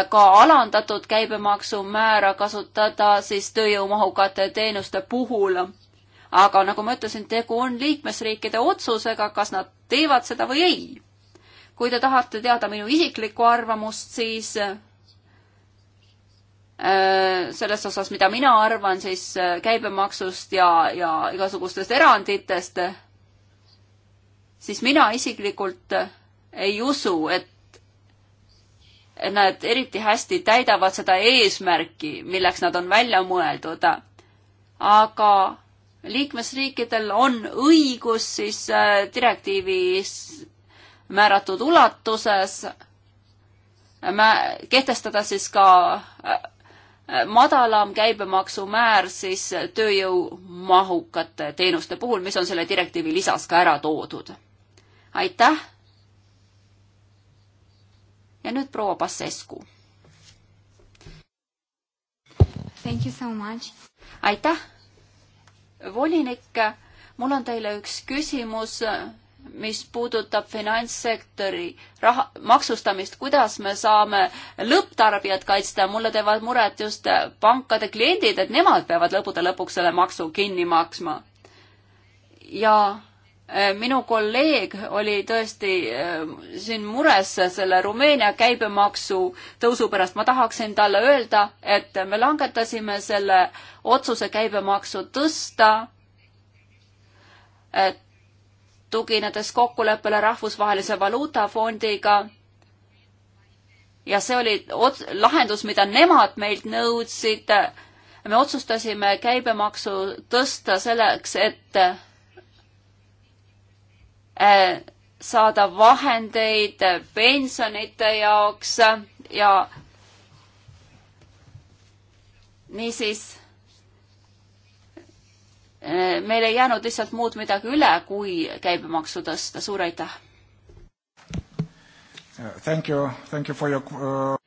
ka alandatud käibemaksumäära kasutada siis tööjõumahukate teenuste puhul. aga nagu ma ütlesin, tegu on liikmesriikide otsusega, kas nad teevad seda või ei. kui te tahate teada minu isiklikku arvamust, siis äh, selles osas, mida mina arvan siis äh, käibemaksust ja, ja igasugustest eranditest, siis mina isiklikult äh, ei usu, et nad eriti hästi täidavad seda eesmärki, milleks nad on välja mõeldud. aga liikmesriikidel on õigus siis äh, direktiivis määratud ulatuses äh, kehtestada siis ka äh, madalam käibemaksumäär siis tööjõumahukate teenuste puhul, mis on selle direktiivi lisas ka ära toodud. aitäh ja nüüd proua Passescu. Thank you so much. aitäh, volinik. mul on teile üks küsimus, mis puudutab finantssektori raha, maksustamist, kuidas me saame lõpptarbijat kaitsta, mulle teevad muret just pankade kliendid, et nemad peavad lõppude lõpuks selle maksu kinni maksma. ja Äh, minu kolleeg oli tõesti äh, siin mures selle Rumeenia käibemaksu tõusu pärast. ma tahaksin talle öelda, et me langetasime selle otsuse käibemaksu tõsta, äh, tuginedes kokkuleppele Rahvusvahelise Valuutafondiga. ja see oli lahendus, mida nemad meilt nõudsid. me otsustasime käibemaksu tõsta selleks, et Äh, saada vahendeid pensionite jaoks ja niisiis äh, meil ei jäänud lihtsalt muud midagi üle, kui käibemaksu tõsta. suur aitäh! Thank you, thank you for your uh...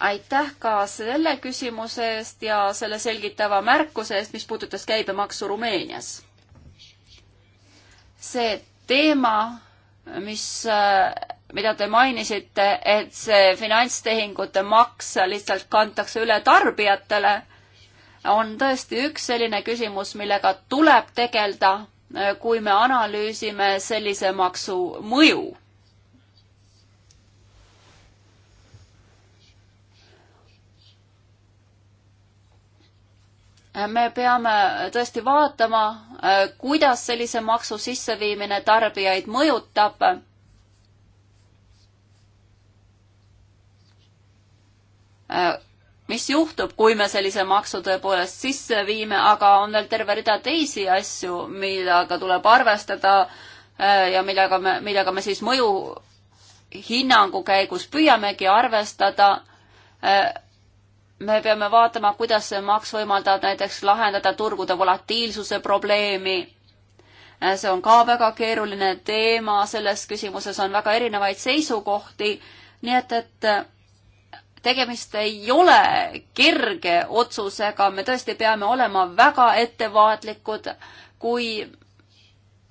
aitäh ka selle küsimuse eest ja selle selgitava märkuse eest, mis puudutas käibemaksu Rumeenias. see teema, mis, mida te mainisite, et see finantstehingute maks lihtsalt kantakse üle tarbijatele, on tõesti üks selline küsimus, millega tuleb tegeleda, kui me analüüsime sellise maksu mõju me peame tõesti vaatama, kuidas sellise maksu sisseviimine tarbijaid mõjutab. mis juhtub, kui me sellise maksu tõepoolest sisse viime, aga on veel terve rida teisi asju, millega tuleb arvestada eh, ja millega me, millega me siis mõju hinnangu käigus püüamegi arvestada eh, me peame vaatama, kuidas see maks võimaldab näiteks lahendada turgude volatiilsuse probleemi. see on ka väga keeruline teema, selles küsimuses on väga erinevaid seisukohti, nii et, et tegemist ei ole kerge otsusega, me tõesti peame olema väga ettevaatlikud, kui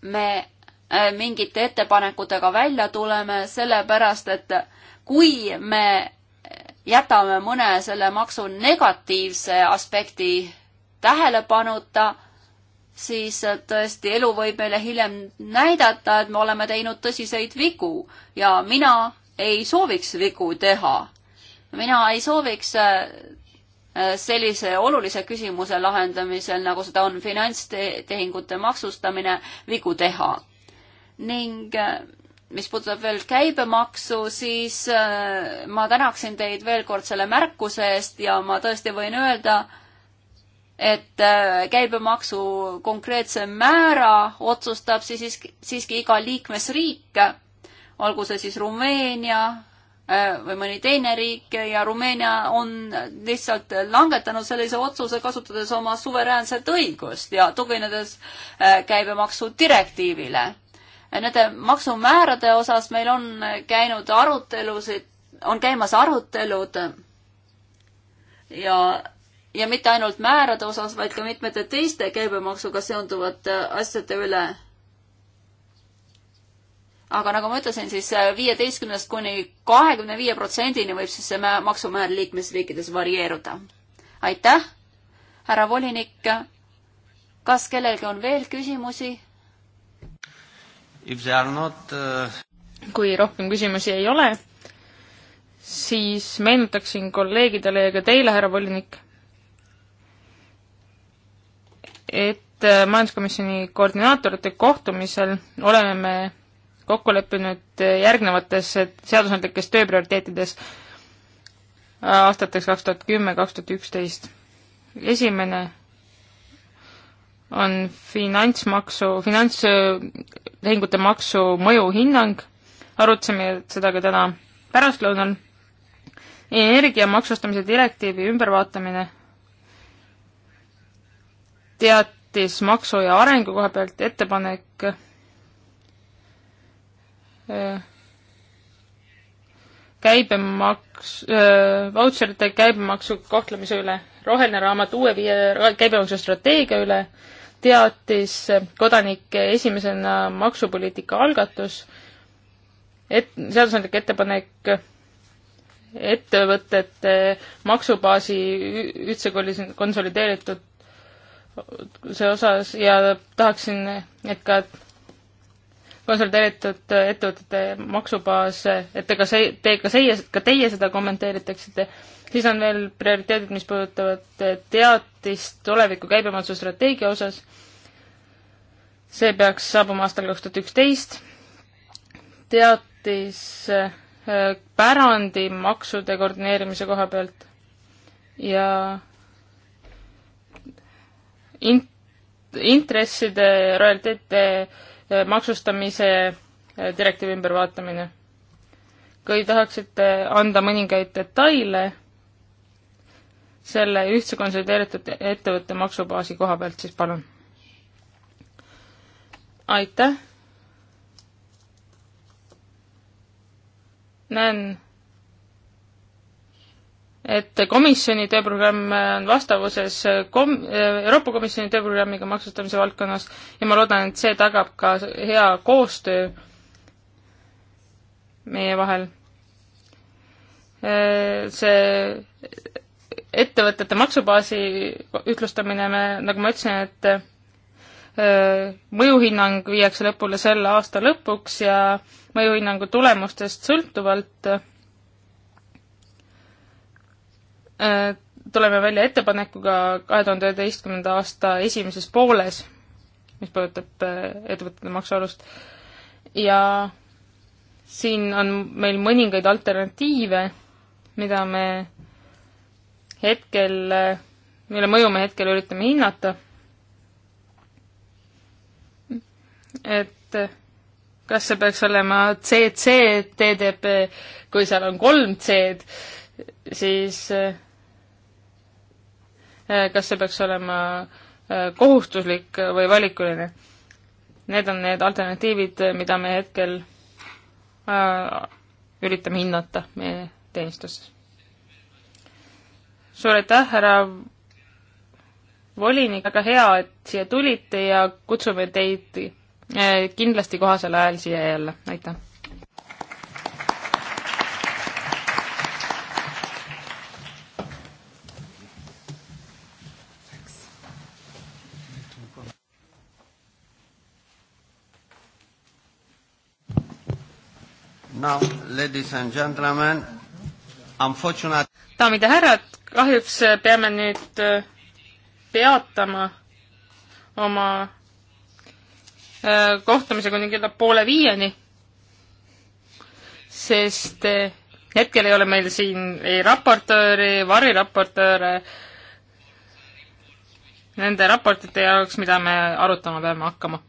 me äh, mingite ettepanekutega välja tuleme, sellepärast et kui me jätame mõne selle maksu negatiivse aspekti tähelepanuta, siis tõesti elu võib meile hiljem näidata, et me oleme teinud tõsiseid vigu ja mina ei sooviks vigu teha. mina ei sooviks äh, sellise olulise küsimuse lahendamisel, nagu seda on finantstehingute maksustamine, vigu teha. ning äh, mis puudutab veel käibemaksu, siis äh, ma tänaksin teid veel kord selle märkuse eest ja ma tõesti võin öelda, et äh, käibemaksu konkreetse määra otsustab siis siiski iga liikmesriik, olgu see siis Rumeenia äh, või mõni teine riik ja Rumeenia on lihtsalt langetanud sellise otsuse, kasutades oma suveräänset õigust ja tuginedes käibemaksu direktiivile Nende maksumäärade osas meil on käinud arutelusid, on käimas arutelud ja, ja mitte ainult määrade osas, vaid ka mitmete teiste käibemaksuga seonduvate asjade üle aga nagu ma ütlesin, siis viieteistkümnest kuni kahekümne viie protsendini võib siis see maksumäär liikmesriikides varieeruda. aitäh, härra volinik. kas kellelgi on veel küsimusi? Not, uh... kui rohkem küsimusi ei ole, siis meenutaksin kolleegidele ja ka teile, härra volinik, et äh, majanduskomisjoni koordinaatorite kohtumisel oleme me kokku leppinud äh, järgnevates seadusandlikes tööprioriteetides aastateks kaks tuhat kümme, kaks tuhat üksteist. esimene on finantsmaksu, finantstehingute maksu mõjuhinnang, arutasime seda ka täna pärastlõunal, energia maksustamise direktiivi ümbervaatamine, teatis maksu ja arengu koha pealt ettepanek äh, käibemaks äh,, vautšerite käibemaksu kohtlemise üle, roheline raamat uue viie käibemaksu strateegia üle teatis kodanike esimesena maksupoliitika algatus, et seadusandlik ettepanek ettevõtete maksubaasi üldse konsolideeritud see osas ja tahaksin, et ka konsolideeritud ettevõtete maksubaas, et te ka see, te ka see, ka teie seda kommenteeritaksite siis on veel prioriteedid, mis puudutavad eh, teatist tuleviku käibemaksustrateegia osas. see peaks saabuma aastal kaks tuhat üksteist. teatis eh, pärandimaksude koordineerimise koha pealt ja int-, intresside, rojalteete eh, maksustamise direktiivi ümbervaatamine. kui tahaksite anda mõningaid detaile selle ühtse konsolideeritud ettevõtte maksubaasi koha pealt, siis palun. aitäh. näen, et komisjoni tööprogramm on vastavuses kom-, Euroopa Komisjoni tööprogrammiga maksustamise valdkonnas ja ma loodan, et see tagab ka hea koostöö meie vahel. Äh, see ettevõtete maksubaasi ütlustamine, me, nagu ma ütlesin, et öö, mõjuhinnang viiakse lõpule selle aasta lõpuks ja mõjuhinnangu tulemustest sõltuvalt öö, tuleme välja ettepanekuga kahe tuhande üheteistkümnenda aasta esimeses pooles, mis puudutab ettevõtete maksualust, ja siin on meil mõningaid alternatiive, mida me hetkel, mille mõju me hetkel üritame hinnata. et kas see peaks olema CC TDP, kui seal on kolm C-d, siis eh, kas see peaks olema eh, kohustuslik või valikuline. Need on need alternatiivid, mida me hetkel eh, üritame hinnata meie teenistuses suur aitäh, härra volinik, väga hea, et siia tulite ja kutsume teid eh, kindlasti kohasel ajal siia jälle, aitäh! Now, ladies and gentlemen, unfortunately daamid ja härrad, kahjuks peame nüüd äh, peatama oma äh, kohtumise kuni kella poole viieni, sest äh, hetkel ei ole meil siin ei raportööri, variraportööre, nende raportite jaoks, mida me arutama peame hakkama.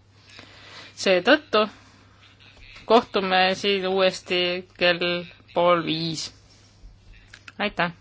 seetõttu kohtume siin uuesti kell pool viis aitäh!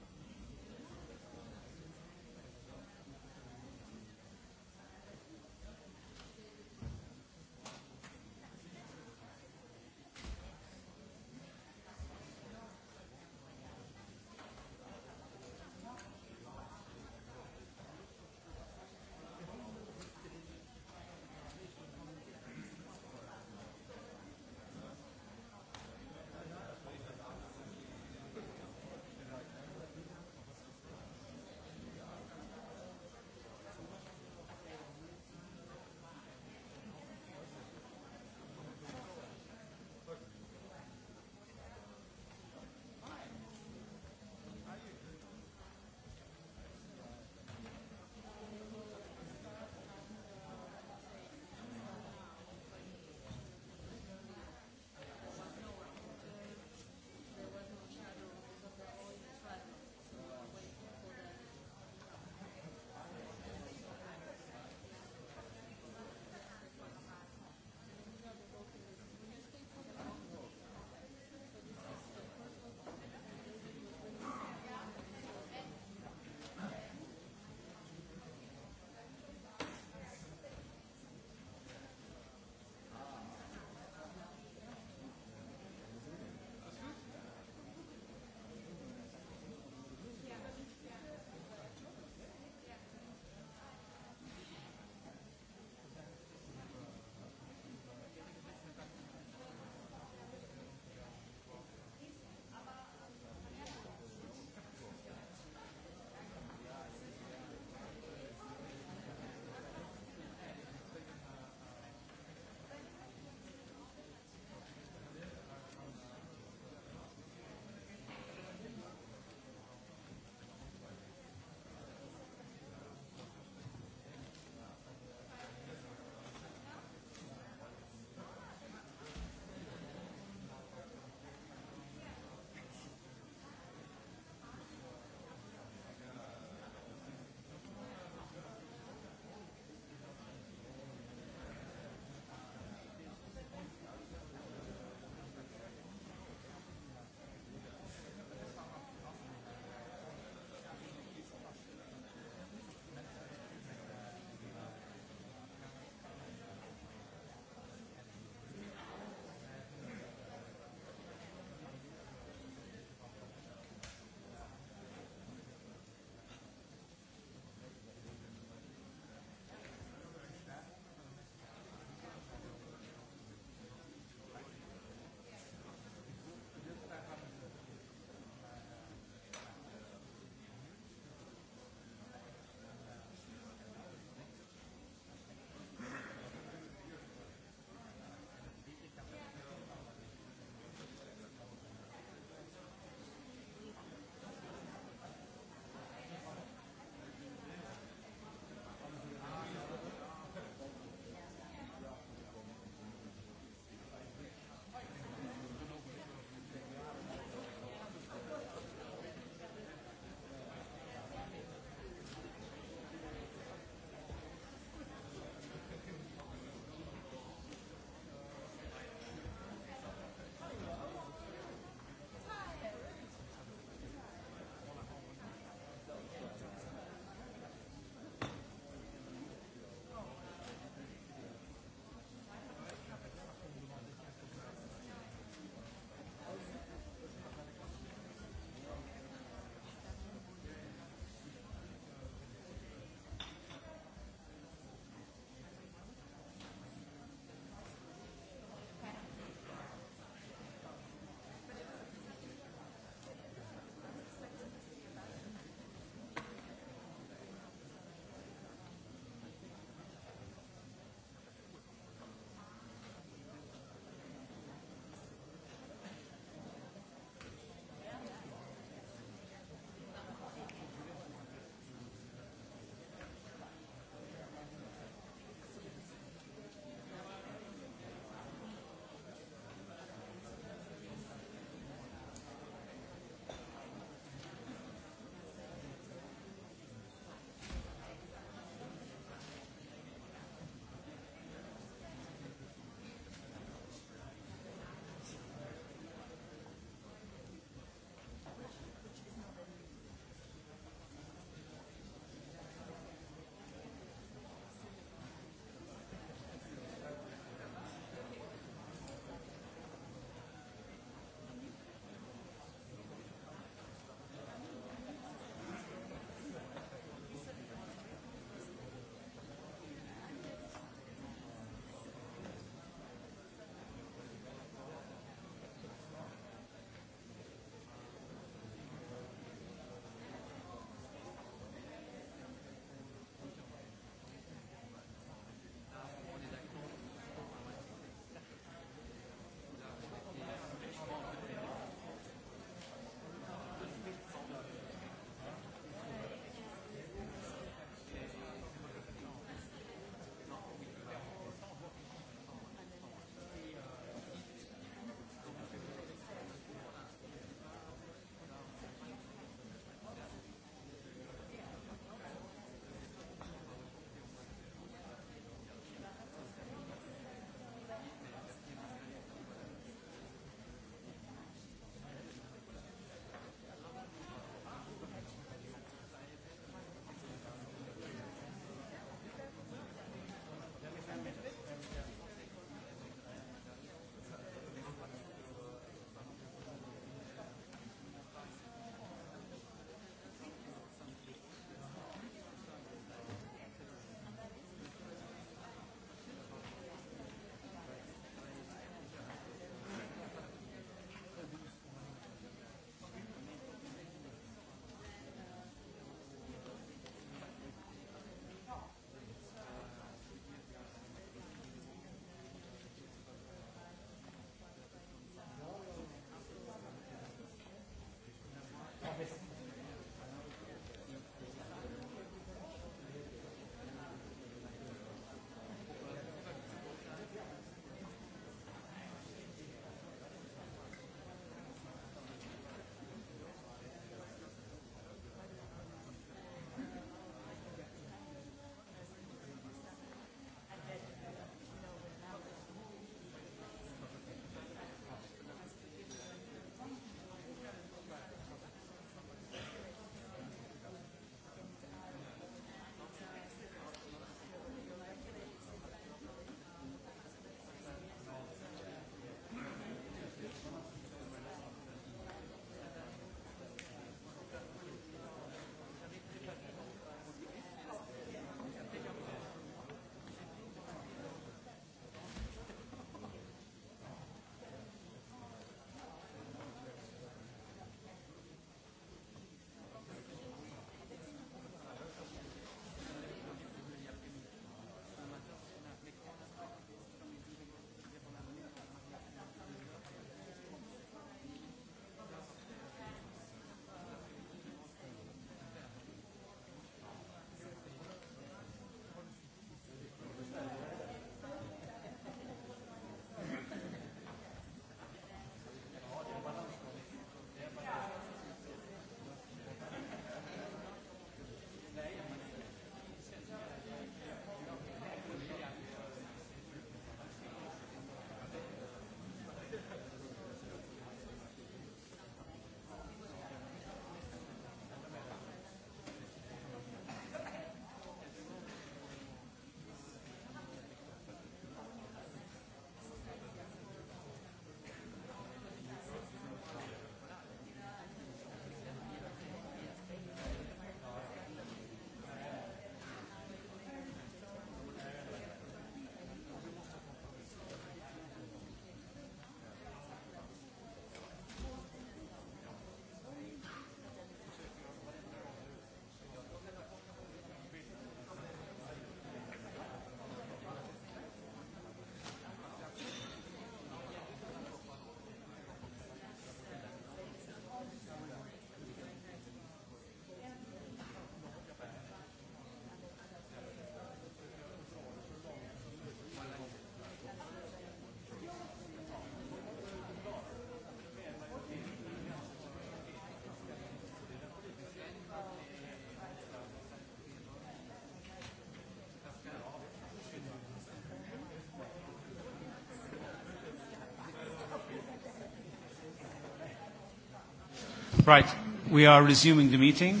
Right, we are resuming the meeting.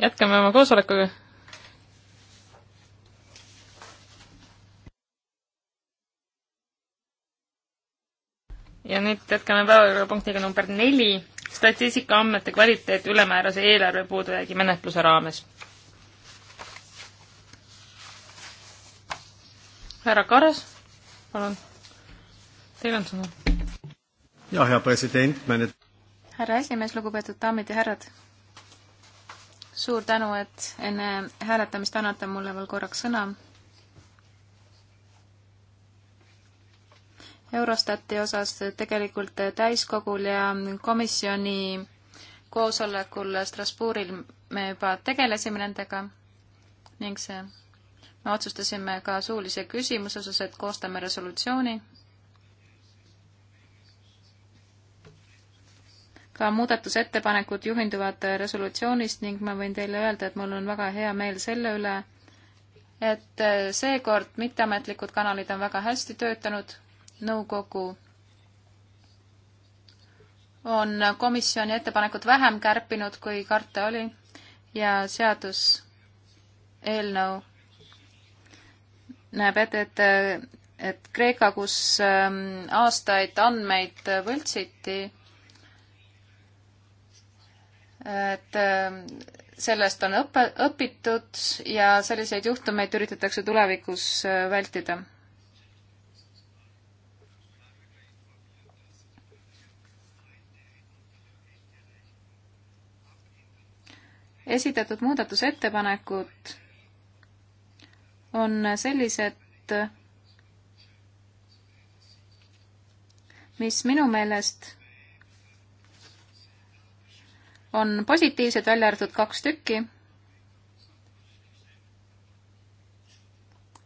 jätkame oma koosolekuga. ja nüüd jätkame päevakorrapunktiga number neli, statistikaandmete kvaliteet ülemäärase eelarve puudujäägi menetluse raames. härra Karas, palun, teil on sõna ja, hea president, ma nüüd. härra esimees, lugupeetud daamid ja härrad. suur tänu, et enne hääletamist annate mulle veel korraks sõna. Eurostati osas tegelikult täiskogul ja komisjoni koosolekul Strasbourgil me juba tegelesime nendega ning see, me otsustasime ka suulise küsimuse osas, et koostame resolutsiooni ka muudatusettepanekud juhinduvad resolutsioonist ning ma võin teile öelda, et mul on väga hea meel selle üle, et seekord mitteametlikud kanalid on väga hästi töötanud, nõukogu on komisjoni ettepanekut vähem kärpinud, kui karta oli ja seadus, eelnõu näeb ette, et, et Kreeka, kus ähm, aastaid andmeid võltsiti, et ähm, sellest on õppe, õpitud ja selliseid juhtumeid üritatakse tulevikus äh, vältida. esitatud muudatusettepanekud on sellised, mis minu meelest on positiivsed, välja arvatud kaks tükki.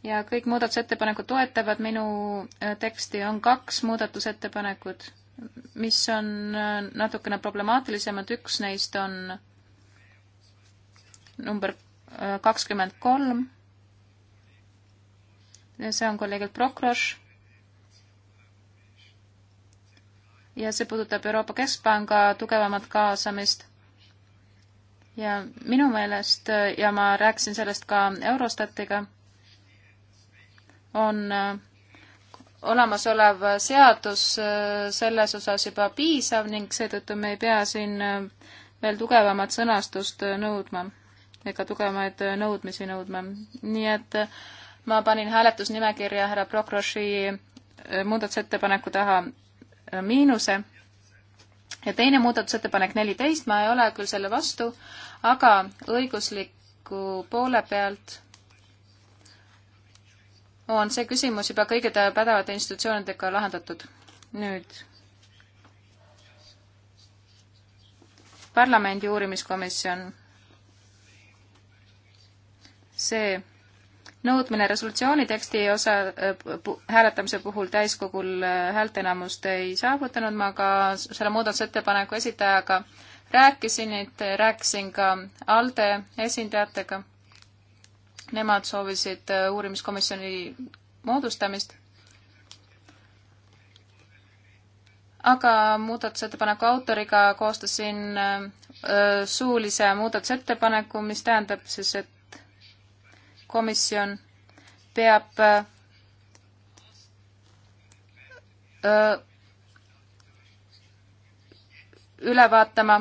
ja kõik muudatusettepanekud toetavad minu äh, teksti, on kaks muudatusettepanekut, mis on äh, natukene problemaatilisemad, üks neist on number äh, kakskümmend kolm, see on kolleegilt Prokroš ja see puudutab Euroopa Keskpanga tugevamat kaasamist ja minu meelest, ja ma rääkisin sellest ka Eurostatiga, on äh, olemasolev seadus äh, selles osas juba piisav ning seetõttu me ei pea siin äh, veel tugevamat sõnastust nõudma ega tugevamaid nõudmisi nõudma. nii et ma panin hääletusnimekirja härra Prokroši muudatusettepaneku taha miinuse ja teine muudatusettepanek neliteist, ma ei ole küll selle vastu, aga õigusliku poole pealt on see küsimus juba kõikide pädevate institutsioonidega lahendatud. nüüd parlamendi uurimiskomisjon, see nõudmine resolutsiooni teksti osa äh, pu, hääletamise puhul täiskogul äh, häälteenamust ei saavutanud, ma ka selle muudatusettepaneku esitajaga rääkisin, et rääkisin ka ALDE esindajatega. Nemad soovisid äh, uurimiskomisjoni moodustamist. aga muudatusettepaneku autoriga koostasin suulise muudatusettepaneku, mis tähendab siis, et komisjon peab äh, üle vaatama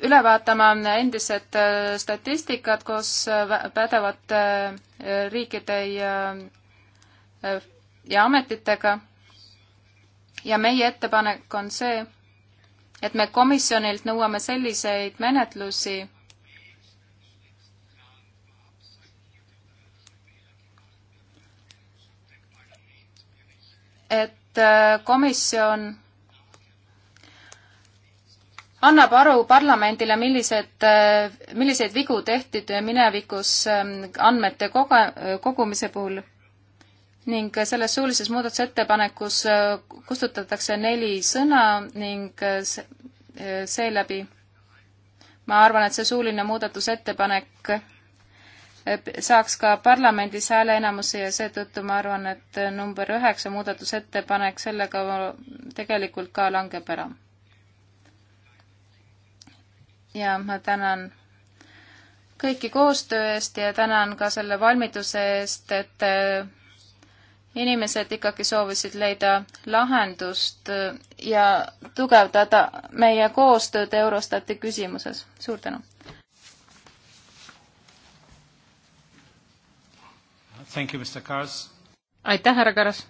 üle vaatama endised äh, statistikad koos äh, pädevate riikide ja, ja ametitega ja meie ettepanek on see, et me komisjonilt nõuame selliseid menetlusi, et äh, komisjon annab aru parlamendile, millised, äh, milliseid vigu tehti minevikus ähm, andmete koge-, kogumise puhul ning selles suulises muudatusettepanekus äh, kustutatakse neli sõna ning äh, äh, seeläbi ma arvan, et see suuline muudatusettepanek saaks ka parlamendis hääleenamuse ja seetõttu ma arvan, et number üheksa muudatusettepanek sellega tegelikult ka langeb ära. ja ma tänan kõiki koostöö eest ja tänan ka selle valmiduse eest, et inimesed ikkagi soovisid leida lahendust äh, ja tugevdada meie koostööd Eurostati küsimuses. suur tänu! aitäh, härra Karas!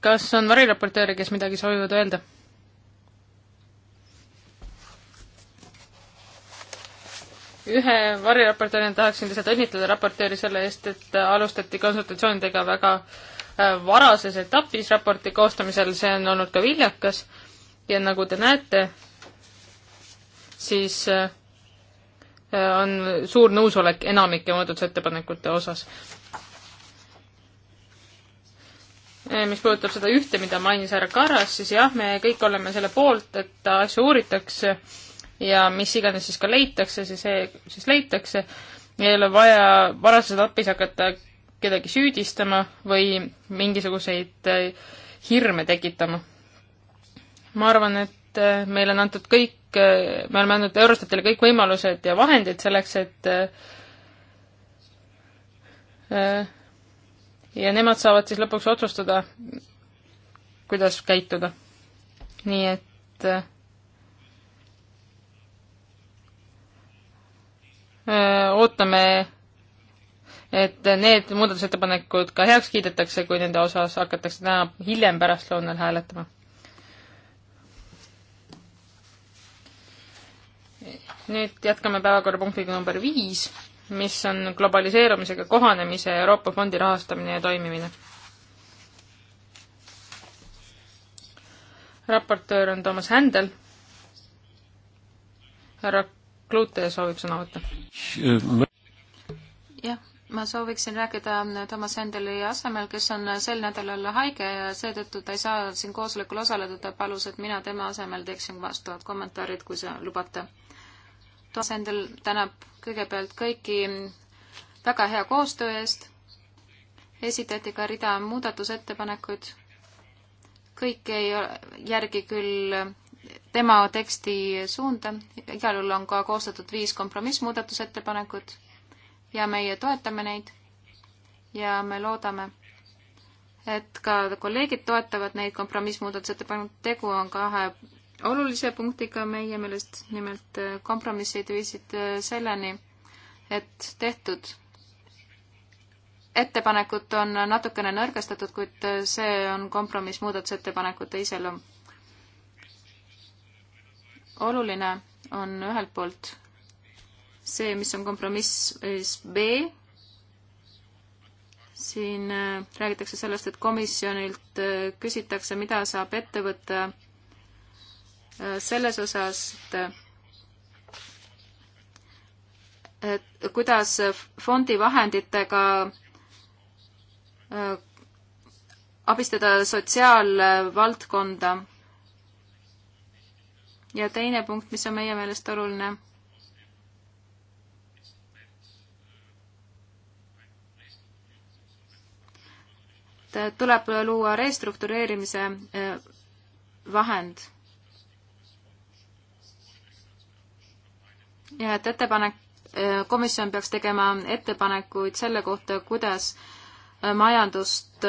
kas on variraportööre, kes midagi soovivad öelda? ühe variraportöörina tahaksin lihtsalt õnnitleda raportööri selle eest, et alustati konsultatsioonidega väga äh, varases etapis raporti koostamisel, see on olnud ka viljakas ja nagu te näete, siis äh, on suur nõusolek enamike muudatusettepanekute osas. Äh, mis puudutab seda ühte, mida mainis härra Karras, siis jah, me kõik oleme selle poolt, et asju uuritakse ja mis iganes siis ka leitakse, siis, siis leitakse. ei ole vaja varases etapis hakata kedagi süüdistama või mingisuguseid äh, hirme tekitama. ma arvan, et äh, meile on antud kõik, äh, me oleme andnud Eurostatile kõik võimalused ja vahendid selleks, et ja nemad saavad siis lõpuks otsustada, kuidas käituda. nii et äh, ootame, et need muudatusettepanekud ka heaks kiidetakse, kui nende osas hakatakse täna hiljem pärastlõunal hääletama. nüüd jätkame päevakorrapunktiga number viis, mis on globaliseerumisega kohanemise Euroopa Fondi rahastamine ja toimimine. raportöör on Toomas Händel härra Klute soovib sõna võtta. jah, ma sooviksin rääkida Toomas Hendeli asemel, kes on sel nädalal haige ja seetõttu ta ei saa siin koosolekul osaleda, ta palus, et mina tema asemel teeksin vastavad kommentaarid, kui sa lubate. Toomas Hendel tänab kõigepealt kõiki väga hea koostöö eest, esitati ka rida muudatusettepanekuid, kõik ei järgi küll tema teksti suunda. igal juhul on ka koostatud viis kompromissmuudatusettepanekut ja meie toetame neid ja me loodame, et ka kolleegid toetavad neid kompromissmuudatusettepanekuid. tegu on kahe olulise punktiga meie meelest, nimelt eh, kompromissid viisid eh, selleni, et tehtud ettepanekut on natukene nõrgestatud, kuid eh, see on kompromiss muudatusettepanekute iseloom oluline on ühelt poolt see, mis on kompromiss B. siin äh, räägitakse sellest, et komisjonilt äh, küsitakse, mida saab ette võtta äh, selles osas, et et kuidas fondi vahenditega abistada sotsiaalvaldkonda ja teine punkt, mis on meie meelest oluline, et tuleb luua restruktureerimise eh, vahend. ja et ettepanek, eh, komisjon peaks tegema ettepanekuid selle kohta, kuidas eh, majandust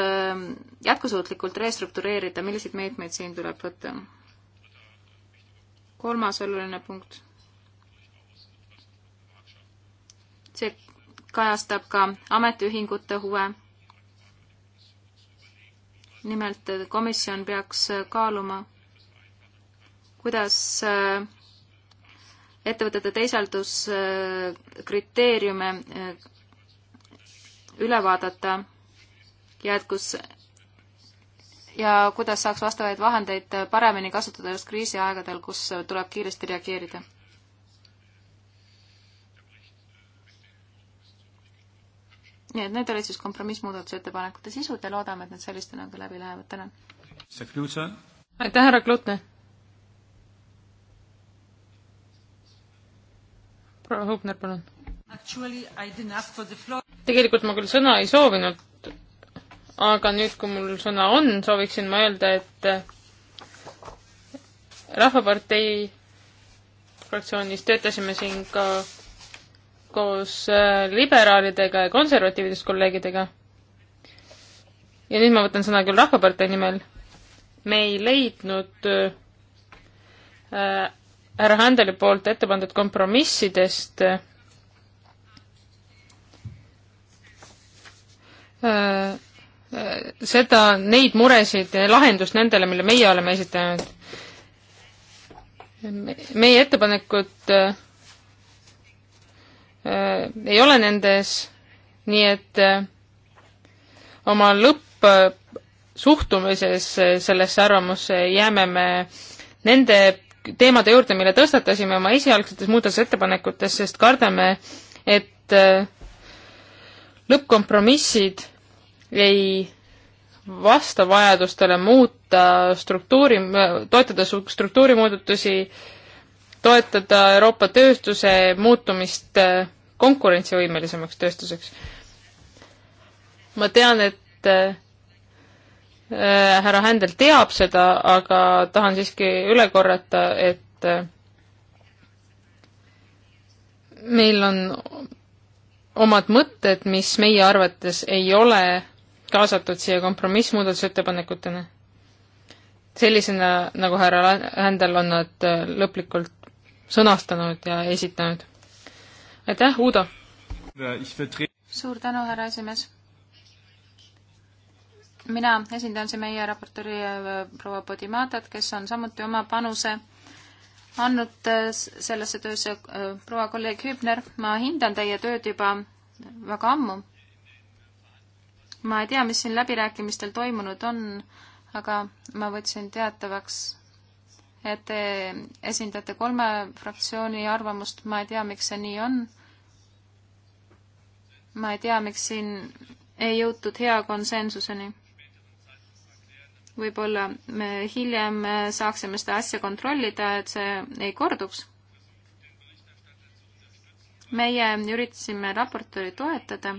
jätkusuutlikult restruktureerida, milliseid meetmeid siin tuleb võtta kolmas oluline punkt. see kajastab ka ametiühingute huve. nimelt komisjon peaks kaaluma, kuidas äh, ettevõtete teisalduskriteeriume äh, äh, üle vaadata ja et kus ja kuidas saaks vastavaid vahendeid paremini kasutada just kriisiaegadel, kus tuleb kiiresti reageerida. nii et need olid siis kompromissmuudatuse ettepanekute sisud ja loodame, et need sellistena nagu ka läbi lähevad, tänan. aitäh, härra Klutne! proua Hubner, palun! tegelikult ma küll sõna ei soovinud, aga nüüd, kui mul sõna on, sooviksin ma öelda, et Rahvapartei fraktsioonis töötasime siin ka koos äh, liberaalidega ja konservatiividest kolleegidega. ja nüüd ma võtan sõna küll Rahvapartei nimel. me ei leidnud äh, härra äh, Händeli poolt ette pandud kompromissidest äh, seda, neid muresid, lahendust nendele, mille meie oleme esitanud. meie ettepanekud äh, äh, ei ole nendes, nii et äh, oma lõppsuhtumises äh, äh, sellesse arvamusse jääme me nende teemade juurde, mille tõstatasime oma esialgsetes muudatusettepanekutes, sest kardame, et äh, lõppkompromissid ei vasta vajadustele muuta struktuuri, toetada struktuurimuudatusi, toetada Euroopa tööstuse muutumist äh, konkurentsivõimelisemaks tööstuseks. ma tean, et äh, äh, härra Händel teab seda, aga tahan siiski üle korrata, et äh, meil on omad mõtted, mis meie arvates ei ole kaasatud siia kompromissmuudatusettepanekutena. sellisena, nagu härra Händel on nad äh, lõplikult sõnastanud ja esitanud. aitäh, Uudo! suur tänu, härra esimees! mina esindan siin meie raportööri äh, proua Podimatat, kes on samuti oma panuse andnud äh, sellesse töösse proua kolleeg Hübner, ma hindan teie tööd juba väga ammu ma ei tea, mis siin läbirääkimistel toimunud on, aga ma võtsin teatavaks, et te esindate kolme fraktsiooni arvamust, ma ei tea, miks see nii on. ma ei tea, miks siin ei jõutud hea konsensuseni. võib-olla me hiljem saaksime seda asja kontrollida, et see ei korduks. meie üritasime raportööri toetada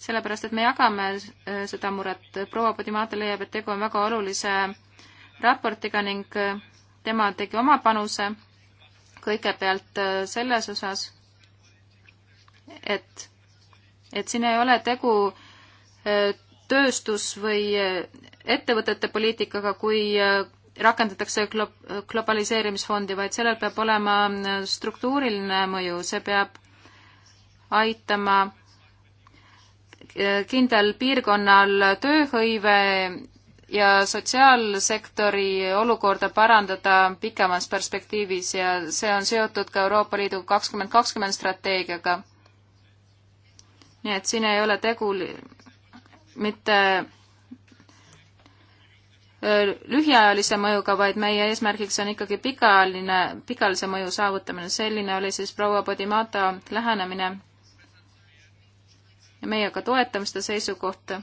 sellepärast et me jagame äh, seda muret. proua Podimata leiab, et tegu on väga olulise raportiga ning äh, tema tegi oma panuse kõigepealt äh, selles osas, et, et siin ei ole tegu tööstus- või ettevõtete poliitikaga, kui rakendatakse glo-, globaliseerimisfondi, vaid sellel peab olema struktuuriline mõju, see peab aitama kindel piirkonnal tööhõive ja sotsiaalsektori olukorda parandada pikemas perspektiivis ja see on seotud ka Euroopa Liidu kakskümmend kakskümmend strateegiaga. nii et siin ei ole tegu mitte lühiajalise mõjuga, vaid meie eesmärgiks on ikkagi pikaajaline, pikaajalise mõju saavutamine. selline oli siis proua Podimata lähenemine ja meie ka toetame seda seisukohta.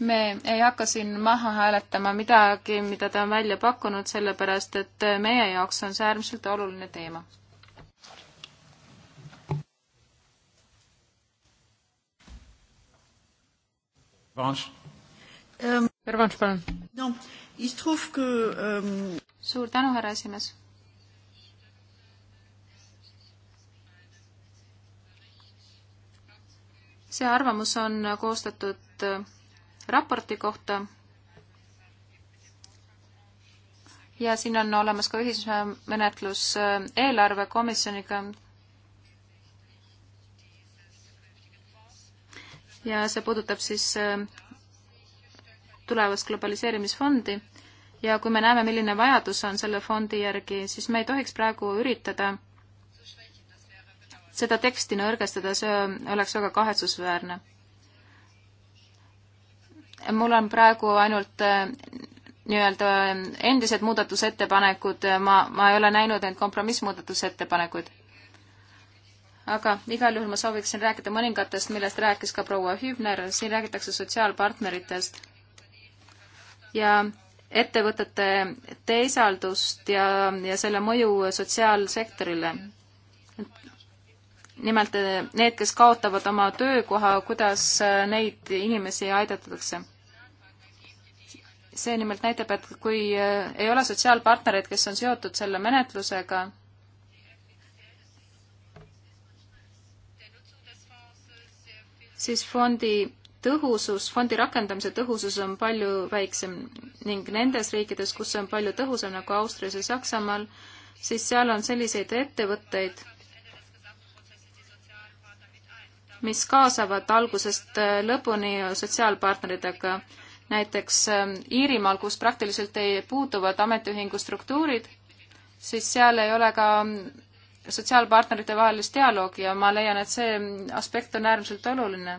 me ei hakka siin maha hääletama midagi, mida ta on välja pakkunud, sellepärast et meie jaoks on see äärmiselt oluline teema. Pervanš, ähm, palun. Ähm, suur tänu, härra esimees see arvamus on koostatud äh, raporti kohta ja siin on olemas ka ühismenetlus äh, eelarvekomisjoniga. ja see puudutab siis äh, tulevast globaliseerimisfondi ja kui me näeme, milline vajadus on selle fondi järgi, siis me ei tohiks praegu üritada seda teksti nõrgestada, see oleks väga kahetsusväärne. mul on praegu ainult nii-öelda endised muudatusettepanekud, ma, ma ei ole näinud neid kompromissmuudatusettepanekuid. aga igal juhul ma sooviksin rääkida mõningatest, millest rääkis ka proua Hübner, siin räägitakse sotsiaalpartneritest ja ettevõtete teisaldust ja, ja selle mõju sotsiaalsektorile nimelt eh, need, kes kaotavad oma töökoha, kuidas eh, neid inimesi aidatakse. see nimelt näitab, et kui eh, ei ole sotsiaalpartnereid, kes on seotud selle menetlusega, siis fondi tõhusus, fondi rakendamise tõhusus on palju väiksem ning nendes riikides, kus see on palju tõhusam, nagu Austrias ja Saksamaal, siis seal on selliseid ettevõtteid mis kaasavad algusest äh, lõpuni sotsiaalpartneritega. näiteks ähm, Iirimaal, kus praktiliselt ei puutuvad ametiühingu struktuurid, siis seal ei ole ka ähm, sotsiaalpartnerite vahelist dialoogi ja ma leian, et see mm, aspekt on äärmiselt oluline.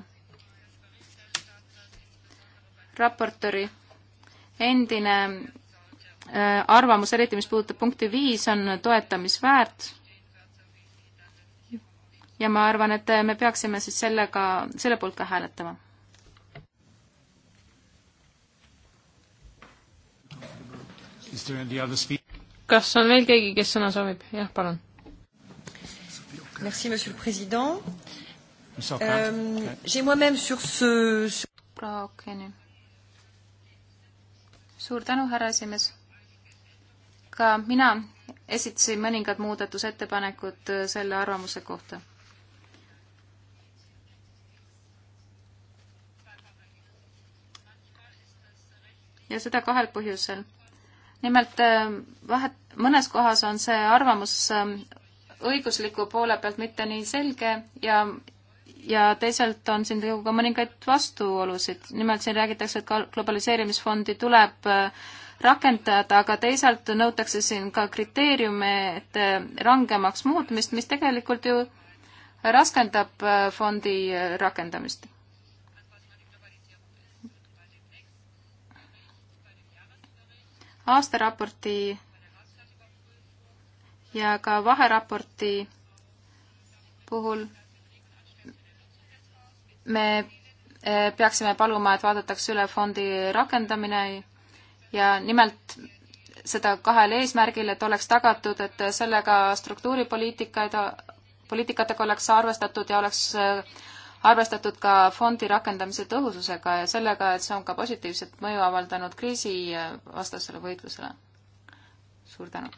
raportööri endine äh, arvamus, eriti mis puudutab punkti viis, on toetamisväärt ja ma arvan, et me peaksime siis sellega, selle poolt ka hääletama. kas on veel keegi, kes sõna soovib? jah, palun. Merci, monsieur le président. Euh, J'ai moi-même sur ce... Sur... Praakeni. suur tänu, härra esimees. ka mina esitasin mõningad muudatusettepanekud äh, selle arvamuse kohta. ja seda kahel põhjusel. nimelt äh, vahet, mõnes kohas on see arvamus äh, õigusliku poole pealt mitte nii selge ja ja teisalt on siin ka mõningaid vastuolusid. nimelt siin räägitakse, et globaliseerimisfondi tuleb äh, rakendada, aga teisalt nõutakse siin ka kriteeriumid rangemaks muutmist, mis tegelikult ju raskendab fondi rakendamist aastaraporti ja ka vaheraporti puhul me eh, peaksime paluma, et vaadatakse üle fondi rakendamine ja nimelt seda kahel eesmärgil, et oleks tagatud, et sellega struktuuripoliitikaid, poliitikatega oleks arvestatud ja oleks eh, arvestatud ka fondi rakendamise tõhususega ja sellega, et see on ka positiivset mõju avaldanud kriisivastasele äh, võitlusele. suur tänu.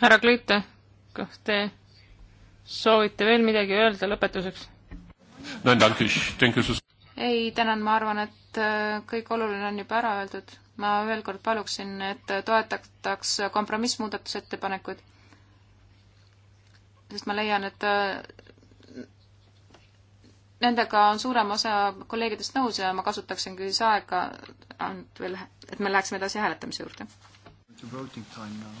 härra Klüüte, kas te soovite veel midagi öelda lõpetuseks? ei, tänan, ma arvan, et et äh, kõik oluline on juba ära öeldud. ma veel kord paluksin, et toetataks kompromissmuudatusettepanekuid, sest ma leian, et äh, nendega on suurem osa kolleegidest nõus ja ma kasutaksingi siis aega ainult veel, et me läheksime edasi hääletamise juurde. to voting time now.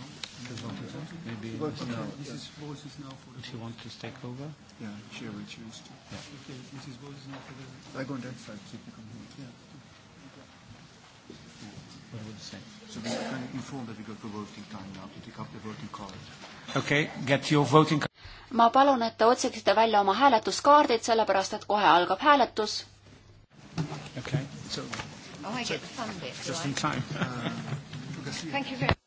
Maybe voting now. Mrs. Bose is now for the. If you want to take over. Yeah, chair will choose to. Yeah. Okay, Mrs. Bose is now for the. I go on that side. Yeah what would you say? So we can inform that we got the voting time now to take up the voting card. Okay, get your voting card. ma palun, et te otsiksite välja oma hääletuskaardid, sellepärast et kohe algab hääletus. Okay, so. Oh, I get the fun bit. Just in time. Uh, Thank you very much.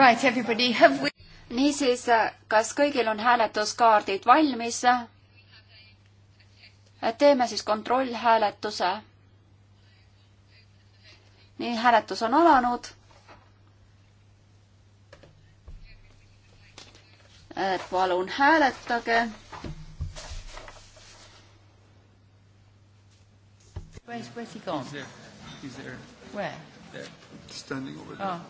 Right, everybody, have we... niisiis, kas kõigil on hääletuskaardid valmis? teeme siis kontrollhääletuse. nii, hääletus on alanud. palun hääletage. Where's, where's he gone? He's there. He's there. Where? There. Standing over there. Oh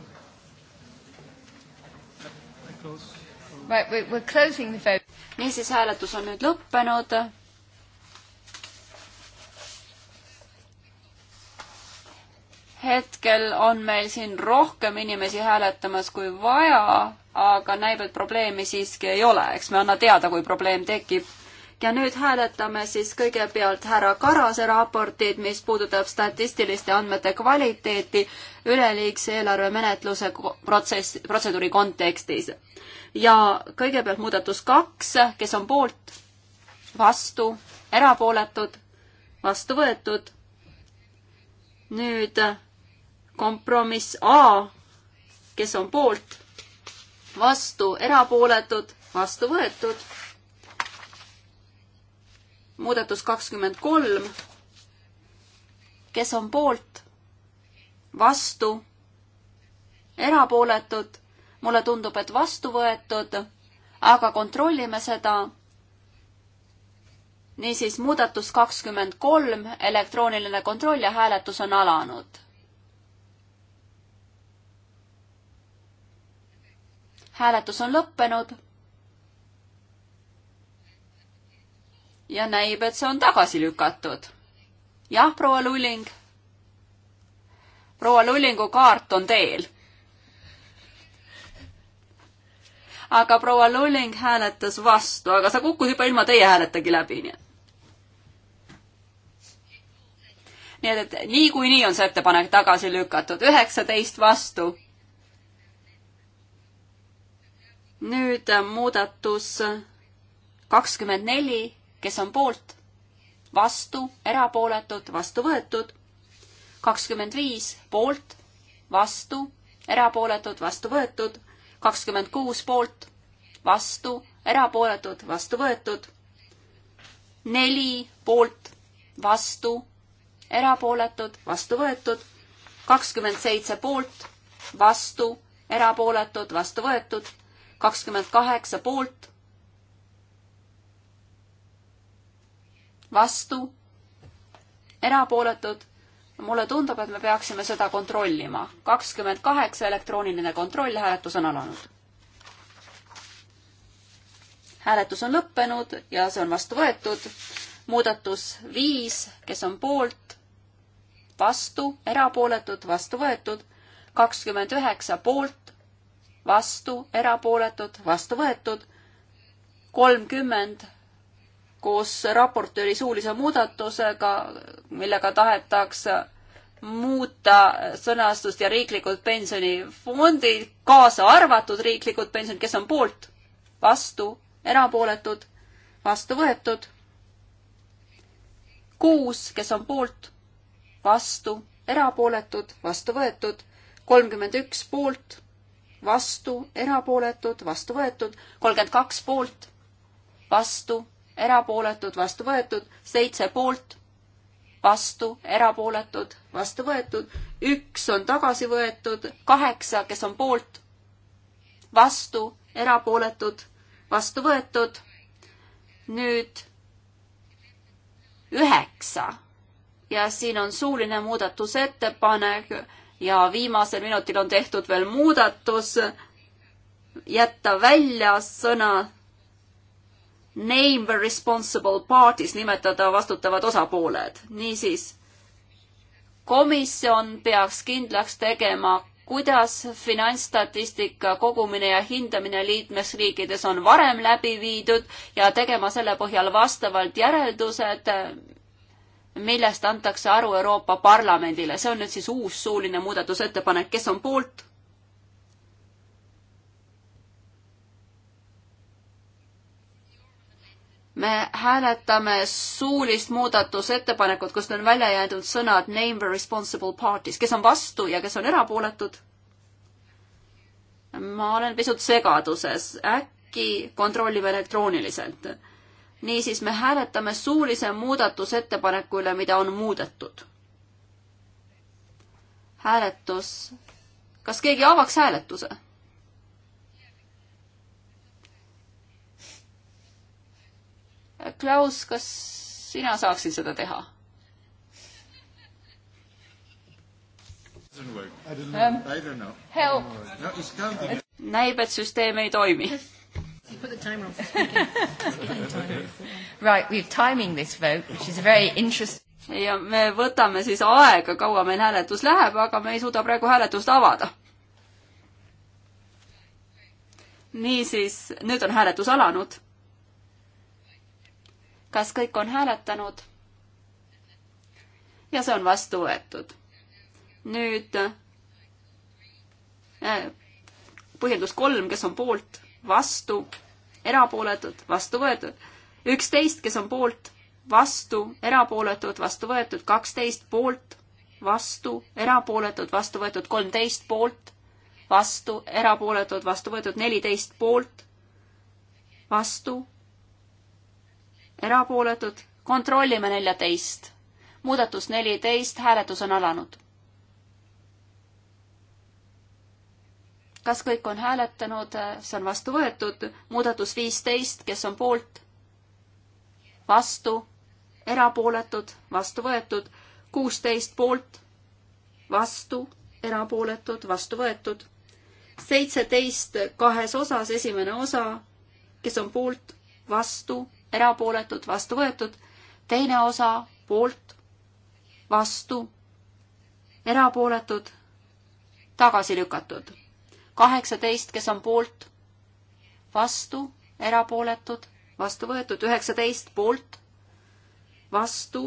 niisiis, hääletus on nüüd lõppenud. hetkel on meil siin rohkem inimesi hääletamas kui vaja, aga näib, et probleemi siiski ei ole, eks me anna teada, kui probleem tekib ja nüüd hääletame siis kõigepealt härra Karase raportit, mis puudutab statistiliste andmete kvaliteeti üleliigse eelarvemenetluse protsess, protseduuri kontekstis. ja kõigepealt muudatus kaks, kes on poolt, vastu, erapooletud, vastu võetud. nüüd kompromiss A, kes on poolt, vastu, erapooletud, vastu võetud muudatus kakskümmend kolm, kes on poolt, vastu, erapooletud, mulle tundub, et vastu võetud, aga kontrollime seda. niisiis, muudatus kakskümmend kolm, elektrooniline kontroll ja hääletus on alanud. hääletus on lõppenud ja näib, et see on tagasi lükatud. jah, proua Lulling? proua Lullingu kaart on teel. aga proua Lulling hääletas vastu, aga sa kukkus juba ilma teie hääletagi läbi, nii et. nii et, et niikuinii on see ettepanek tagasi lükatud, üheksateist vastu. nüüd muudatus kakskümmend neli kes on poolt, vastu, erapooletud, vastu võetud. kakskümmend viis poolt, vastu, erapooletud, vastu võetud. kakskümmend kuus poolt, vastu, erapooletud, vastu võetud. neli poolt, vastu, erapooletud, vastu võetud. kakskümmend seitse poolt, vastu, erapooletud, vastu võetud. kakskümmend kaheksa poolt vastu, erapooletud. mulle tundub, et me peaksime seda kontrollima. kakskümmend kaheksa elektrooniline kontroll, hääletus on alanud. hääletus on lõppenud ja see on vastu võetud. muudatus viis, kes on poolt, vastu, erapooletud, vastu võetud. kakskümmend üheksa poolt, vastu, erapooletud, vastu võetud. kolmkümmend koos raportööri suulise muudatusega, millega tahetakse muuta sõnastust ja riiklikud pensionifondid, kaasa arvatud riiklikud pensionid, kes on poolt, vastu, erapooletud, vastu võetud. kuus, kes on poolt, vastu, erapooletud, vastu võetud. kolmkümmend üks poolt, vastu, erapooletud, vastu võetud. kolmkümmend kaks poolt, vastu, erapooletud, vastu võetud, seitse poolt, vastu, erapooletud, vastu võetud, üks on tagasi võetud, kaheksa, kes on poolt, vastu, erapooletud, vastu võetud, nüüd üheksa ja siin on suuline muudatusettepanek ja viimasel minutil on tehtud veel muudatus jätta välja sõna name responsible parties nimetada vastutavad osapooled. niisiis, komisjon peaks kindlaks tegema, kuidas finantsstatistika kogumine ja hindamine liikmesriikides on varem läbi viidud ja tegema selle põhjal vastavalt järeldused, millest antakse aru Euroopa Parlamendile. see on nüüd siis uus suuline muudatusettepanek, kes on poolt? me hääletame suulist muudatusettepanekut, kust on välja jäänud sõnad name the responsible parties, kes on vastu ja kes on erapooletud. ma olen pisut segaduses, äkki kontrollime elektrooniliselt. niisiis, me hääletame suulise muudatusettepaneku üle, mida on muudetud. hääletus, kas keegi avaks hääletuse? Klaus, kas sina saaksid seda teha? Um, näib, et süsteem ei toimi. right, we are timing this vote, which is very interesting. ja me võtame siis aega, kaua meil hääletus läheb, aga me ei suuda praegu hääletust avada. niisiis, nüüd on hääletus alanud kas kõik on hääletanud? ja see on vastu võetud. nüüd äh, põhjendus kolm, kes on poolt, vastu, erapooletud, vastu võetud. üksteist, kes on poolt, vastu, erapooletud, vastu võetud, kaksteist poolt, vastu, erapooletud, vastu võetud, kolmteist poolt, vastu, erapooletud, vastu võetud, neliteist poolt, vastu, erapooletud, kontrollime neljateist. muudatus neliteist, hääletus on alanud. kas kõik on hääletanud, see on vastu võetud, muudatus viisteist, kes on poolt? vastu, erapooletud, vastu võetud, kuusteist poolt, vastu, erapooletud, vastu võetud, seitseteist kahes osas, esimene osa, kes on poolt, vastu, erapooletud, vastu võetud, teine osa poolt, vastu, erapooletud, tagasi lükatud. kaheksateist, kes on poolt, vastu, erapooletud, vastu võetud, üheksateist poolt, vastu,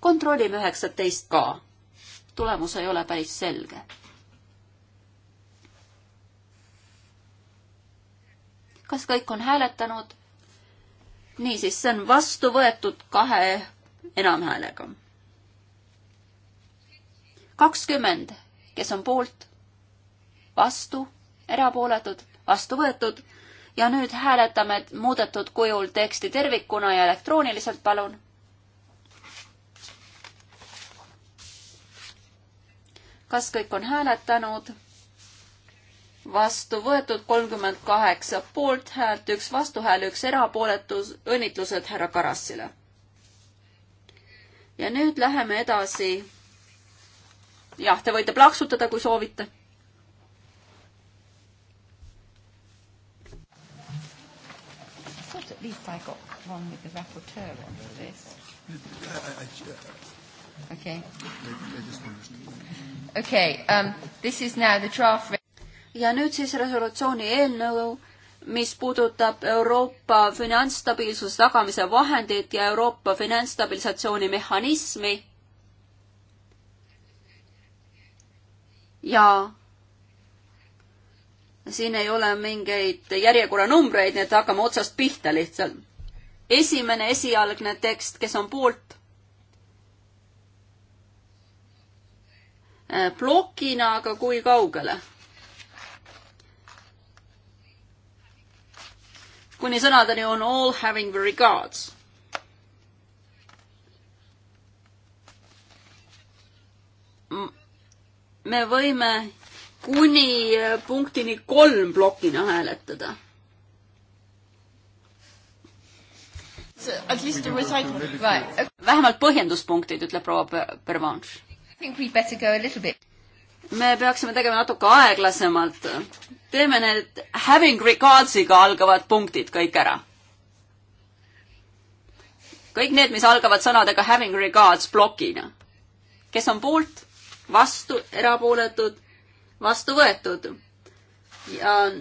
kontrollime üheksateist ka. tulemus ei ole päris selge kas kõik on hääletanud? niisiis, see on vastu võetud kahe enamhäälega. kakskümmend, kes on poolt, vastu, erapooletud, vastu võetud ja nüüd hääletame muudetud kujul teksti tervikuna ja elektrooniliselt, palun. kas kõik on hääletanud? vastu võetud, kolmkümmend kaheksa poolthäält, üks vastuhääl, üks erapooletus, õnnitlused härra Karassile. ja nüüd läheme edasi. jah, te võite plaksutada, kui soovite. At least I got one with the rapporteur on this. Uh, okay. Okay. Um, this is now the draft ja nüüd siis resolutsiooni eelnõu, mis puudutab Euroopa finantsstabiilsuse tagamise vahendit ja Euroopa finantsstabilisatsiooni mehhanismi. ja siin ei ole mingeid järjekorranumbreid, nii et hakkame otsast pihta lihtsalt. esimene esialgne tekst, kes on poolt äh, plokina, aga kui kaugele? kuni sõnadeni on all having regards. me võime kuni äh, punktini kolm plokina hääletada at least the recital. Right. vähemalt põhjenduspunktid, ütleb proua Pervanš. I think we better go a little bit me peaksime tegema natuke aeglasemalt. teeme need having regards'iga algavad punktid kõik ära. kõik need, mis algavad sõnadega having regards plokina. kes on poolt, vastu, erapooletud, vastu võetud. ja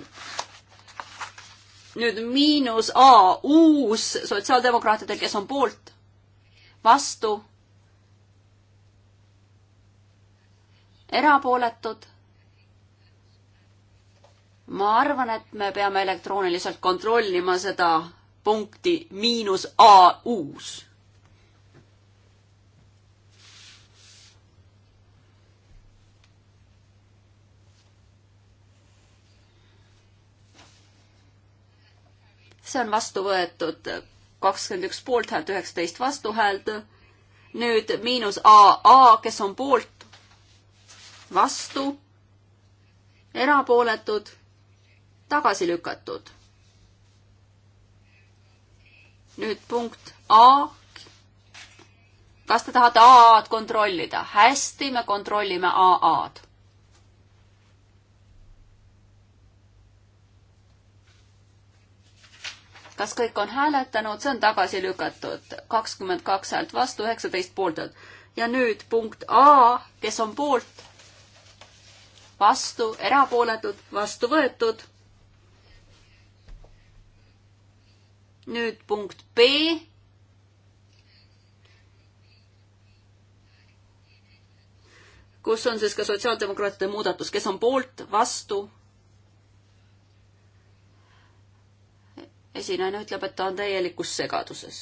nüüd miinus A uus sotsiaaldemokraatidel, kes on poolt, vastu erapooletud. ma arvan, et me peame elektrooniliselt kontrollima seda punkti miinus A uus. see on vastu võetud kakskümmend üks poolthäält, üheksateist vastuhäält. nüüd miinus AA, kes on poolt, vastu, erapooletud, tagasi lükatud. nüüd punkt A. kas te tahate AA-d kontrollida? hästi, me kontrollime AA-d kas kõik on hääletanud, see on tagasi lükatud, kakskümmend kaks häält vastu, üheksateist poolt. ja nüüd punkt A, kes on poolt, vastu, erapooletud, vastu võetud. nüüd punkt B. kus on siis ka sotsiaaldemokraatide muudatus, kes on poolt, vastu? esinaine ütleb, et ta on täielikus segaduses.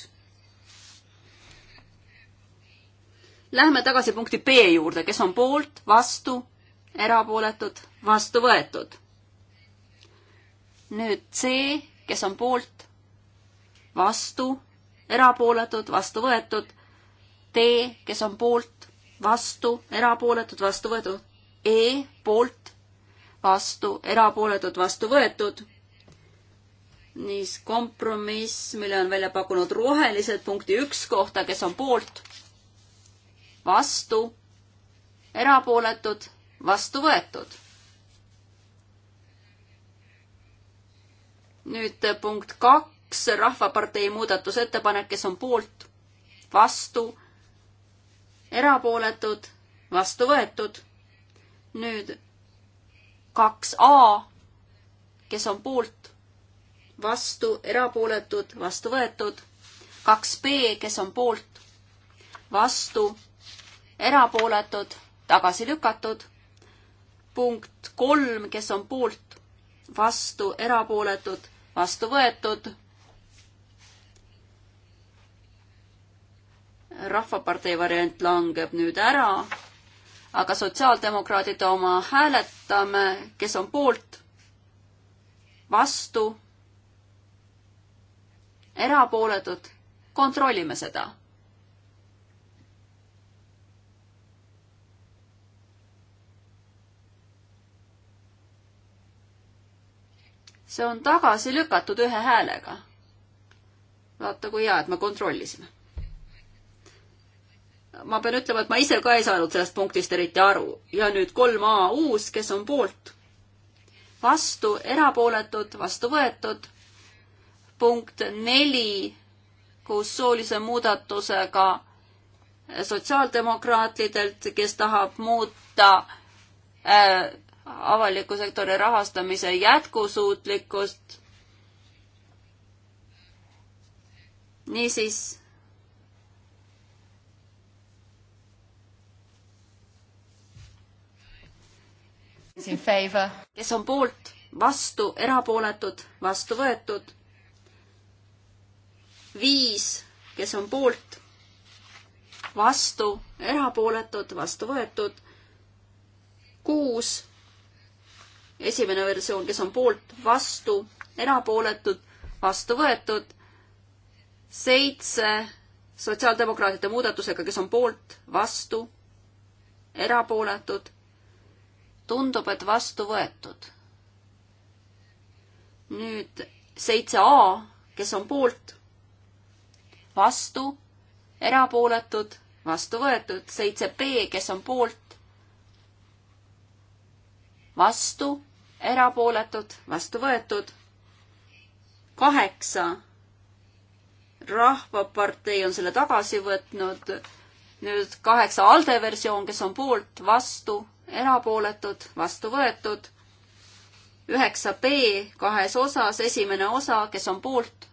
Läheme tagasi punkti B juurde, kes on poolt, vastu, erapooletud, vastu võetud. nüüd C, kes on poolt, vastu, erapooletud, vastu võetud. D, kes on poolt, vastu, erapooletud, vastu võetud. E, poolt, vastu, erapooletud, vastu võetud niis kompromiss, mille on välja pakkunud rohelised punkti üks kohta, kes on poolt, vastu, erapooletud, vastu võetud. nüüd äh, punkt kaks, Rahvapartei muudatusettepanek, kes on poolt, vastu, erapooletud, vastu võetud. nüüd kaks A, kes on poolt, vastu, erapooletud, vastu võetud. kaks B, kes on poolt, vastu, erapooletud, tagasi lükatud punkt kolm, kes on poolt, vastu, erapooletud, vastu võetud. rahvapartei variant langeb nüüd ära, aga sotsiaaldemokraadid oma hääletame, kes on poolt, vastu, erapooletud, kontrollime seda see on tagasi lükatud ühe häälega. vaata, kui hea, et me kontrollisime. ma pean ütlema, et ma ise ka ei saanud sellest punktist eriti aru ja nüüd kolm A uus, kes on poolt, vastu, erapooletud, vastu võetud. punkt neli koos soolise muudatusega sotsiaaldemokraatidelt, kes tahab muuta äh, avaliku sektori rahastamise jätkusuutlikkust. niisiis. kes on poolt, vastu, erapooletud, vastu võetud. viis, kes on poolt, vastu, erapooletud, vastu võetud kuus esimene versioon, kes on poolt, vastu, erapooletud, vastu võetud. seitse sotsiaaldemokraatide muudatusega, kes on poolt, vastu, erapooletud. tundub, et vastu võetud. nüüd seitse A, kes on poolt, vastu, erapooletud, vastu võetud, seitse B, kes on poolt, vastu, erapooletud, vastu võetud. kaheksa, Rahvapartei on selle tagasi võtnud. nüüd kaheksa ALDE versioon, kes on poolt, vastu, erapooletud, vastu võetud. üheksa B kahes osas, esimene osa, kes on poolt,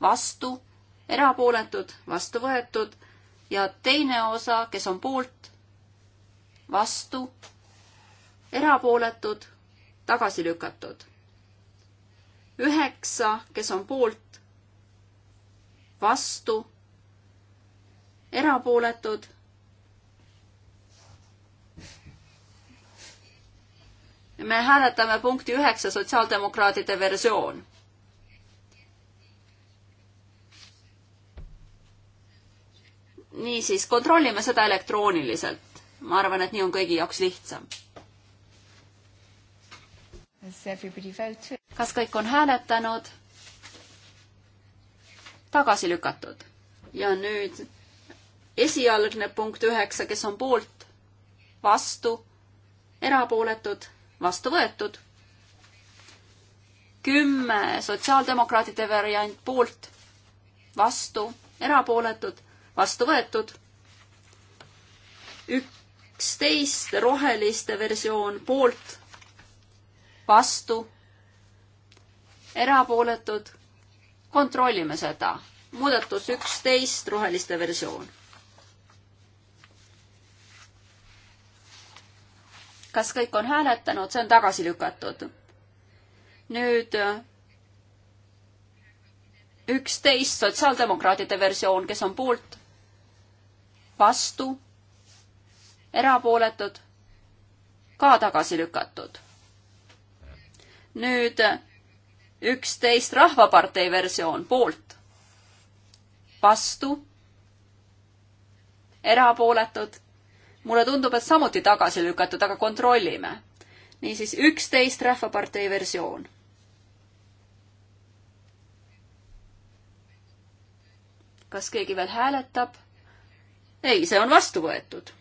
vastu, erapooletud, vastu võetud ja teine osa, kes on poolt, vastu, erapooletud, tagasi lükatud. üheksa, kes on poolt, vastu, erapooletud. me hääletame punkti üheksa sotsiaaldemokraatide versioon niisiis, kontrollime seda elektrooniliselt. ma arvan, et nii on kõigi jaoks lihtsam kas kõik on hääletanud? tagasi lükatud. ja nüüd esialgne punkt üheksa, kes on poolt, vastu, erapooletud, vastu võetud. kümme sotsiaaldemokraatide variant poolt, vastu, erapooletud, vastu võetud. üksteist roheliste versioon poolt vastu, erapooletud, kontrollime seda. muudatus üksteist, roheliste versioon. kas kõik on hääletanud, see on tagasi lükatud. nüüd üksteist sotsiaaldemokraatide versioon, kes on poolt, vastu, erapooletud, ka tagasi lükatud nüüd üksteist Rahvapartei versioon poolt, vastu, erapooletud. mulle tundub, et samuti tagasi lükatud, aga kontrollime. niisiis üksteist Rahvapartei versioon. kas keegi veel hääletab? ei, see on vastu võetud.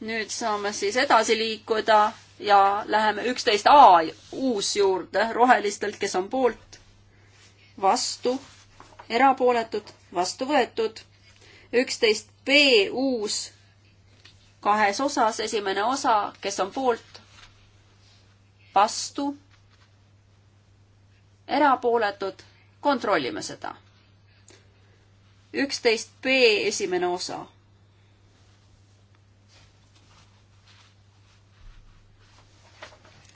nüüd saame siis edasi liikuda ja läheme üksteist A uus juurde rohelistelt, kes on poolt, vastu, erapooletud, vastu võetud. üksteist B uus kahes osas, esimene osa, kes on poolt, vastu, erapooletud, kontrollime seda. üksteist B esimene osa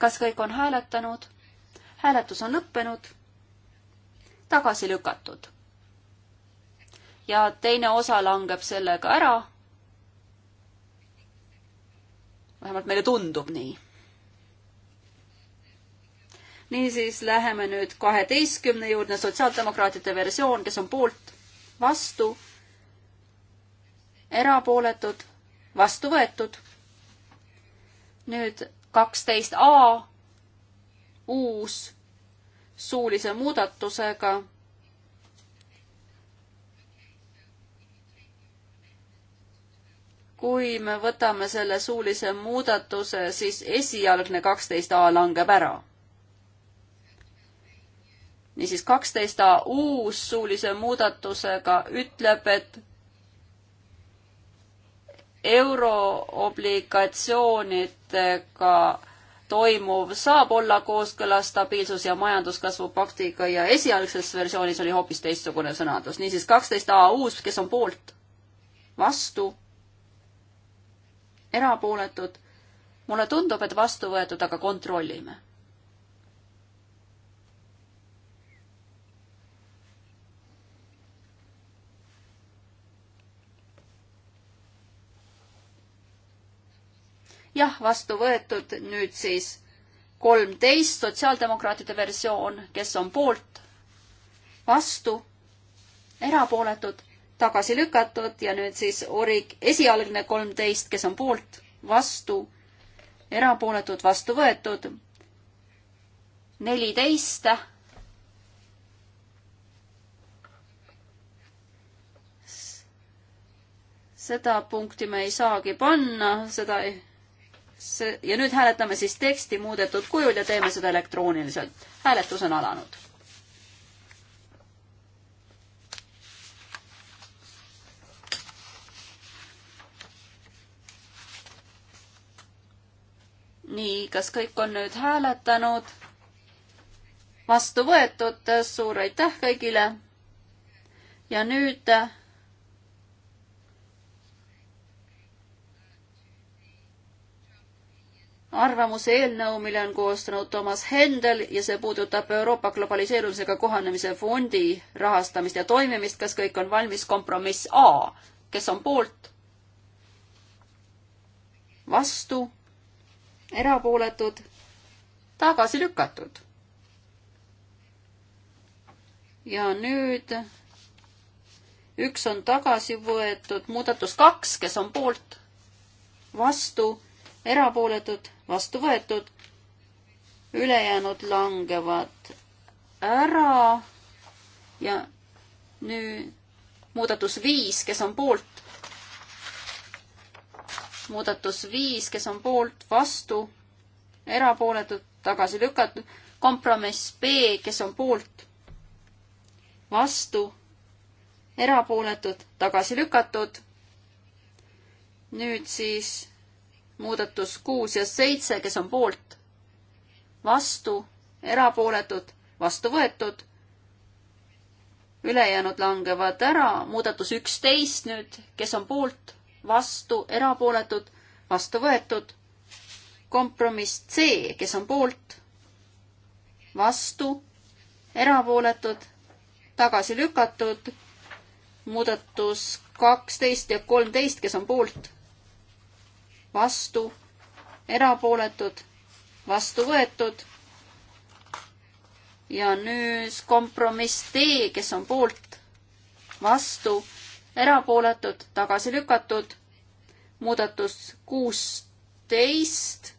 kas kõik on hääletanud? hääletus on lõppenud, tagasi lükatud. ja teine osa langeb sellega ära. vähemalt meile tundub nii. niisiis läheme nüüd kaheteistkümne juurde, sotsiaaldemokraatide versioon, kes on poolt, vastu, erapooletud, vastu võetud. nüüd kaksteist A uus suulise muudatusega. kui me võtame selle suulise muudatuse, siis esialgne kaksteist A langeb ära. niisiis kaksteist A uus suulise muudatusega ütleb, et euroobligatsioonidega toimuv saab olla kooskõlas stabiilsus- ja majanduskasvu paktiga ja esialgses versioonis oli hoopis teistsugune sõnadus. niisiis kaksteist A uus, kes on poolt, vastu, erapooletud. mulle tundub, et vastu võetud, aga kontrollime jah, vastu võetud, nüüd siis kolmteist, sotsiaaldemokraatide versioon, kes on poolt, vastu, erapooletud, tagasi lükatud ja nüüd siis orig-, esialgne kolmteist, kes on poolt, vastu, erapooletud, vastu võetud, neliteist seda punkti me ei saagi panna, seda ei, see ja nüüd hääletame siis teksti muudetud kujul ja teeme seda elektrooniliselt. hääletus on alanud. nii, kas kõik on nüüd hääletanud? vastu võetud, suur aitäh kõigile. ja nüüd arvamuse eelnõu, mille on koostanud Toomas Hendel ja see puudutab Euroopa globaliseerumisega kohanemise fondi rahastamist ja toimimist. kas kõik on valmis? kompromiss A. kes on poolt? vastu? erapooletud? tagasi lükatud? ja nüüd üks on tagasi võetud, muudatus kaks, kes on poolt? vastu? erapooletud? vastu võetud, ülejäänud langevad ära ja nüüd muudatus viis, kes on poolt. muudatus viis, kes on poolt, vastu, erapooletud, tagasi lükatud, kompromiss B, kes on poolt, vastu, erapooletud, tagasi lükatud. nüüd siis muudatus kuus ja seitse, kes on poolt, vastu, erapooletud, vastu võetud. ülejäänud langevad ära, muudatus üksteist nüüd, kes on poolt, vastu, erapooletud, vastu võetud. kompromiss C, kes on poolt, vastu, erapooletud, tagasi lükatud. muudatus kaksteist ja kolmteist, kes on poolt vastu, erapooletud, vastu võetud. ja nüüd kompromiss D, kes on poolt, vastu, erapooletud, tagasi lükatud. muudatus kuusteist,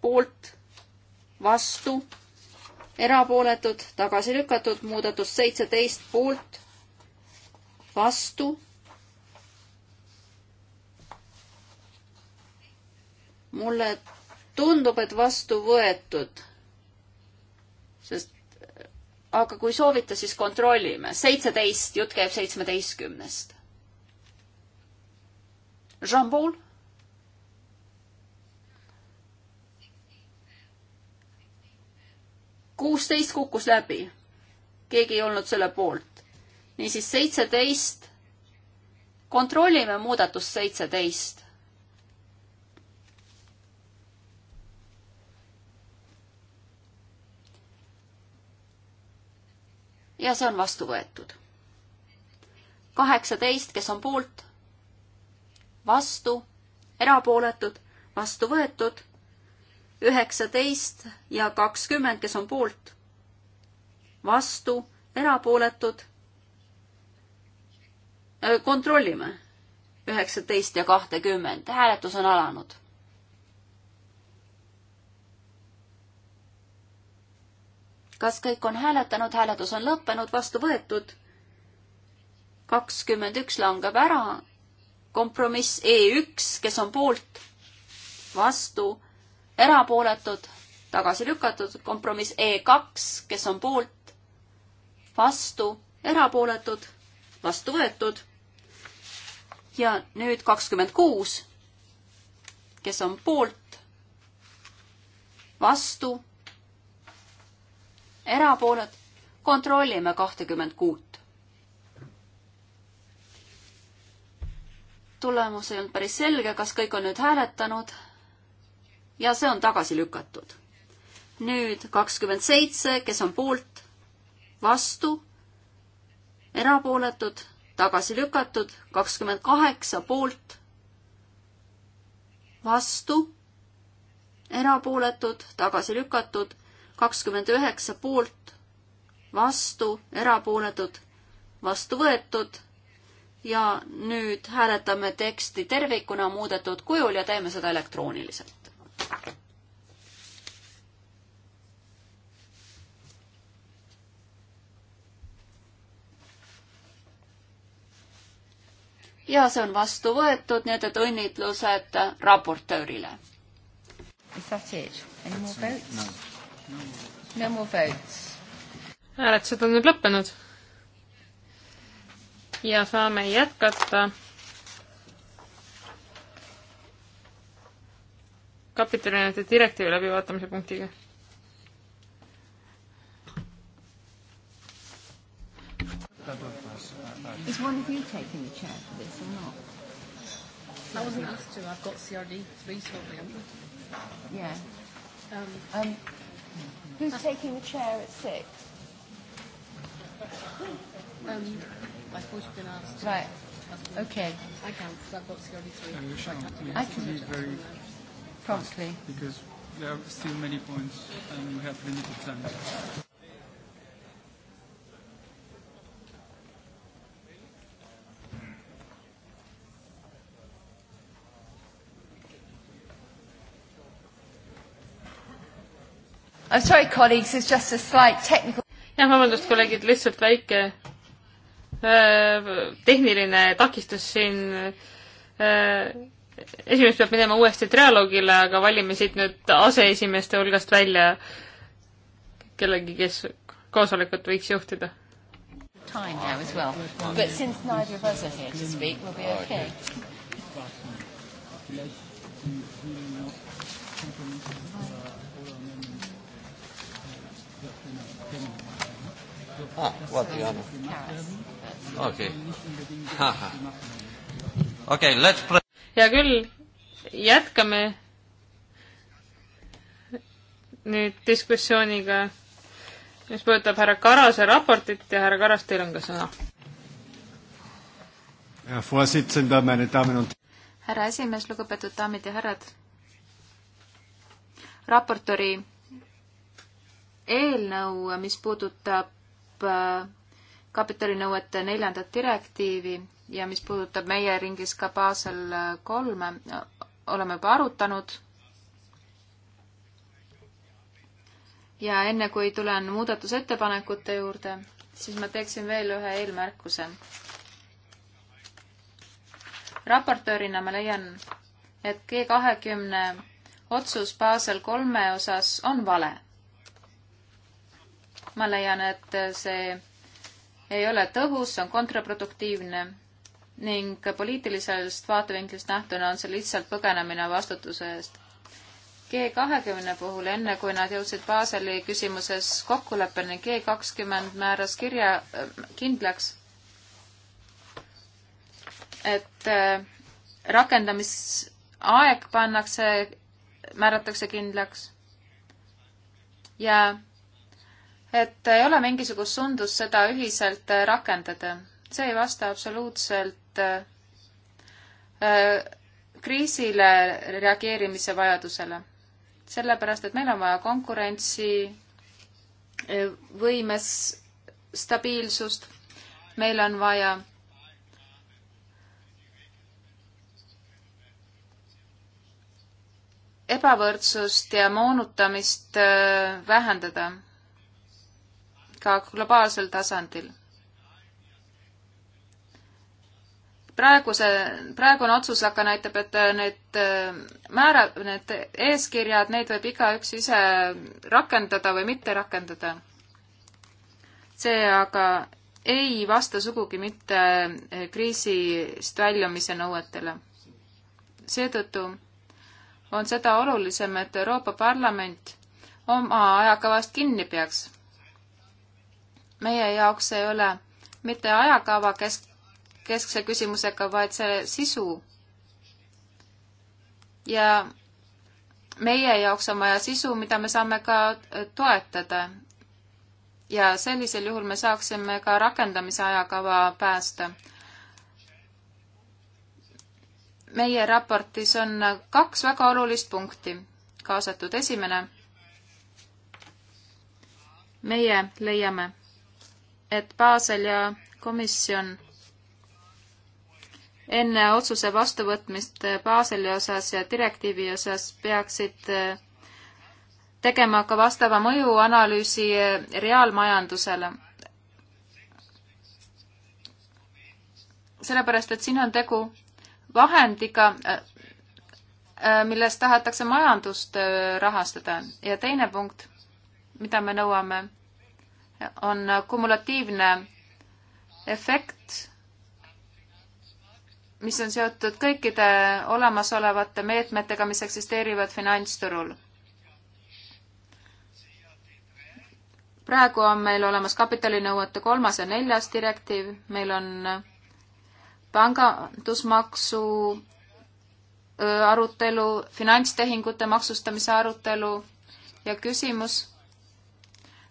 poolt, vastu, erapooletud, tagasi lükatud, muudatus seitseteist, poolt, vastu mulle tundub, et vastu võetud. sest, aga kui soovite, siis kontrollime. seitseteist, jutt käib seitsmeteistkümnest. Jean-Paul? kuusteist kukkus läbi. keegi ei olnud selle poolt. niisiis seitseteist. kontrollime muudatust seitseteist. ja see on vastu võetud. kaheksateist, kes on poolt, vastu, erapooletud, vastu võetud, üheksateist ja kakskümmend, kes on poolt, vastu, erapooletud. kontrollime üheksateist ja kahtekümmend, hääletus on alanud kas kõik on hääletanud, hääletus on lõppenud, vastu võetud. kakskümmend üks langeb ära. kompromiss E üks, kes on poolt, vastu, erapooletud, tagasi lükatud. kompromiss E kaks, kes on poolt, vastu, erapooletud, vastu võetud. ja nüüd kakskümmend kuus, kes on poolt, vastu erapooled, kontrollime kahtekümmend kuut. tulemus ei olnud päris selge, kas kõik on nüüd hääletanud ja see on tagasi lükatud. nüüd kakskümmend seitse, kes on poolt, vastu, erapooletud, tagasi lükatud, kakskümmend kaheksa poolt, vastu, erapooletud, tagasi lükatud kakskümmend üheksa poolt, vastu, erapooletud, vastu võetud ja nüüd hääletame teksti tervikuna muudetud kujul ja teeme seda elektrooniliselt. ja see on vastu võetud, nii et, et õnnitlused raportöörile. Is that it? Any more votes? No hääletused on nüüd lõppenud. ja saame jätkata. kapitalinõuete direktiivi läbivaatamise punktiga Is one of you taking the chair for this or not? I wasn't asked to. I've got CRD three shortly. Yeah. Um, um, Who's taking the chair at six? Um, I thought you'd been asked. Right. Okay. I can't because I've got to go this week. Uh, I can. Very promptly. Because there are still many points and we have limited time. I'm oh, sorry, colleagues, it's just a slight technical jah, vabandust, kolleegid, lihtsalt väike öö, äh, tehniline takistus siin. Äh, esimees peab minema uuesti trialoogile, aga valime siit nüüd aseesimeeste hulgast välja kellegi, kes koosolekut võiks juhtida. Time now as well, but since neither of us are here to speak, we'll be okay. Ah, what do you have? okei. okei, let's play. hea küll, jätkame nüüd diskussiooniga, mis puudutab härra Karase raportit ja härra Karas, teil on ka sõna. härra esimees, lugupeetud daamid ja härrad. raportori eelnõu, mis puudutab Äh, kapitalinõuete neljandat direktiivi ja mis puudutab meie ringis ka Basel äh, kolme, oleme juba arutanud. ja enne, kui tulen muudatusettepanekute juurde, siis ma teeksin veel ühe eelmärkuse. raportöörina ma leian, et G kahekümne otsus Basel kolme osas on vale ma leian, et see ei ole tõhus, see on kontraproduktiivne ning poliitilisest vaatevinklist nähtuna on see lihtsalt põgenemine vastutuse eest. G kahekümne puhul, enne kui nad jõudsid Baseli küsimuses kokkuleppeni, G kakskümmend määras kirja äh, kindlaks, et äh, rakendamisaeg pannakse, määratakse kindlaks ja et ei ole mingisugust sundust seda ühiselt äh, rakendada. see ei vasta absoluutselt äh, äh, kriisile reageerimise vajadusele. sellepärast, et meil on vaja konkurentsi, võimes, stabiilsust, meil on vaja ebavõrdsust ja moonutamist vähendada ka globaalsel tasandil. praeguse, praegune otsus aga näitab, et need äh, määra, need eeskirjad, neid võib igaüks ise rakendada või mitte rakendada. see aga ei vasta sugugi mitte äh, kriisist väljumise nõuetele. seetõttu on seda olulisem, et Euroopa Parlament oma ajakavast kinni peaks meie jaoks ei ole mitte ajakava kesk, keskse küsimusega, vaid selle sisu. ja meie jaoks on vaja sisu, mida me saame ka äh, toetada. ja sellisel juhul me saaksime ka rakendamise ajakava päästa. meie raportis on kaks väga olulist punkti kaasatud. esimene, meie leiame et Basel ja komisjon enne otsuse vastuvõtmist Baseli osas ja direktiivi osas peaksid eh, tegema ka vastava mõjuanalüüsi eh, reaalmajandusele. sellepärast, et siin on tegu vahendiga, eh, millest tahetakse majandust rahastada ja teine punkt, mida me nõuame on kumulatiivne efekt, mis on seotud kõikide olemasolevate meetmetega, mis eksisteerivad finantsturul. praegu on meil olemas kapitalinõuete kolmas ja neljas direktiiv, meil on pangandusmaksu äh, arutelu, finantstehingute maksustamise arutelu ja küsimus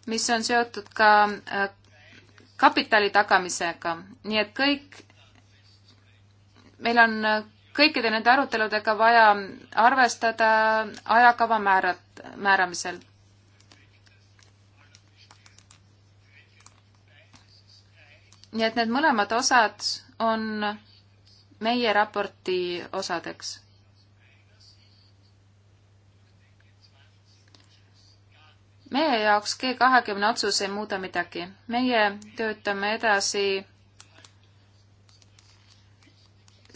mis on seotud ka äh, kapitali tagamisega, nii et kõik, meil on äh, kõikide nende aruteludega vaja arvestada ajakava määrat-, määramisel. nii et need mõlemad osad on meie raporti osadeks meie jaoks G kahekümne otsus ei muuda midagi. meie töötame edasi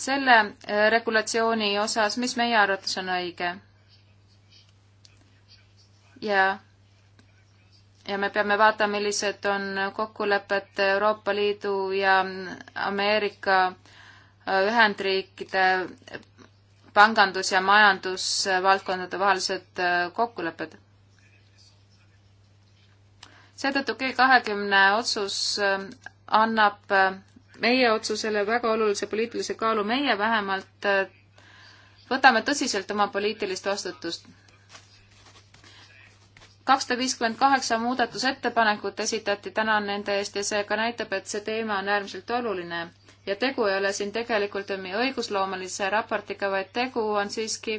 selle äh, regulatsiooni osas, mis meie arvates on õige. ja, ja me peame vaatama, millised on kokkulepped Euroopa Liidu ja Ameerika äh, Ühendriikide pangandus- ja majandusvaldkondade vahelised äh, kokkulepped seetõttu G kahekümne otsus ähm, annab äh, meie otsusele väga olulise poliitilise kaalu, meie vähemalt äh, võtame tõsiselt oma poliitilist vastutust. kakssada viiskümmend kaheksa muudatusettepanekut esitati täna nende eest ja see ka näitab, et see teema on äärmiselt oluline ja tegu ei ole siin tegelikult õigusloomelise raportiga, vaid tegu on siiski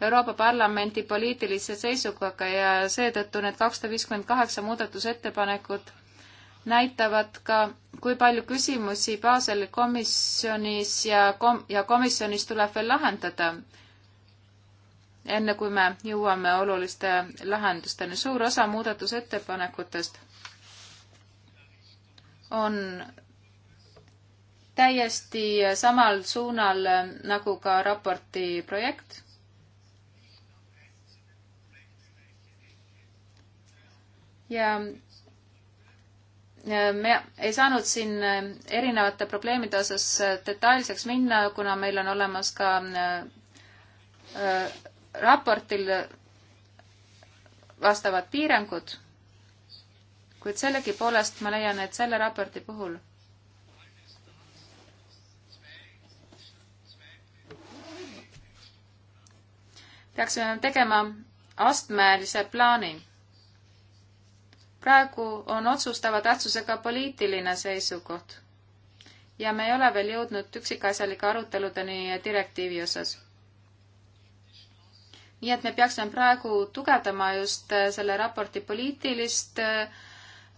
Euroopa Parlamendi poliitilise seisukohaga ja seetõttu need kakssada viiskümmend kaheksa muudatusettepanekut näitavad ka, kui palju küsimusi Baseli komisjonis ja kom-, ja komisjonis tuleb veel lahendada, enne kui me jõuame oluliste lahendusteni. suur osa muudatusettepanekutest on täiesti samal suunal nagu ka raporti projekt ja me ei saanud siin äh, erinevate probleemide osas äh, detailseks minna, kuna meil on olemas ka äh, raportil vastavad piirangud, kuid sellegipoolest ma leian, et selle raporti puhul peaksime tegema astmelise plaani praegu on otsustava tähtsusega poliitiline seisukoht ja me ei ole veel jõudnud üksikasjalike aruteludeni direktiivi osas. nii et me peaksime praegu tugevdama just äh, selle raporti poliitilist äh,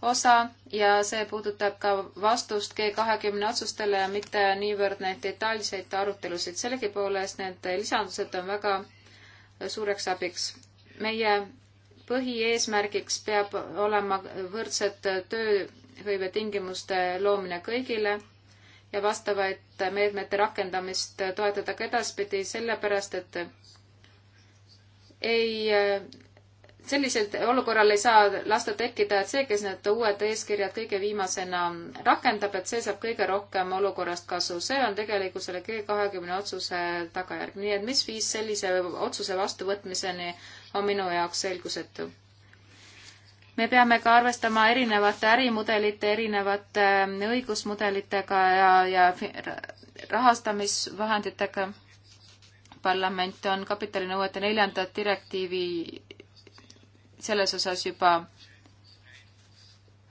osa ja see puudutab ka vastust G kahekümne otsustele ja mitte niivõrd neid detailseid arutelusid. sellegipoolest need lisandused on väga äh, suureks abiks. meie põhieesmärgiks peab olema võrdsed tööhõivetingimuste loomine kõigile ja vastavate meetmete rakendamist toetada ka edaspidi, sellepärast et ei, sellisel olukorral ei saa lasta tekkida, et see, kes need uued eeskirjad kõige viimasena rakendab, et see saab kõige rohkem olukorrast kasu. see on tegelikult selle G kahekümne otsuse tagajärg. nii et mis viis sellise otsuse vastuvõtmiseni on minu jaoks selgusetu. me peame ka arvestama erinevate ärimudelite, erinevate ähm, õigusmudelitega ja, ja rahastamisvahenditega. parlament on kapitalinõuete neljanda direktiivi selles osas juba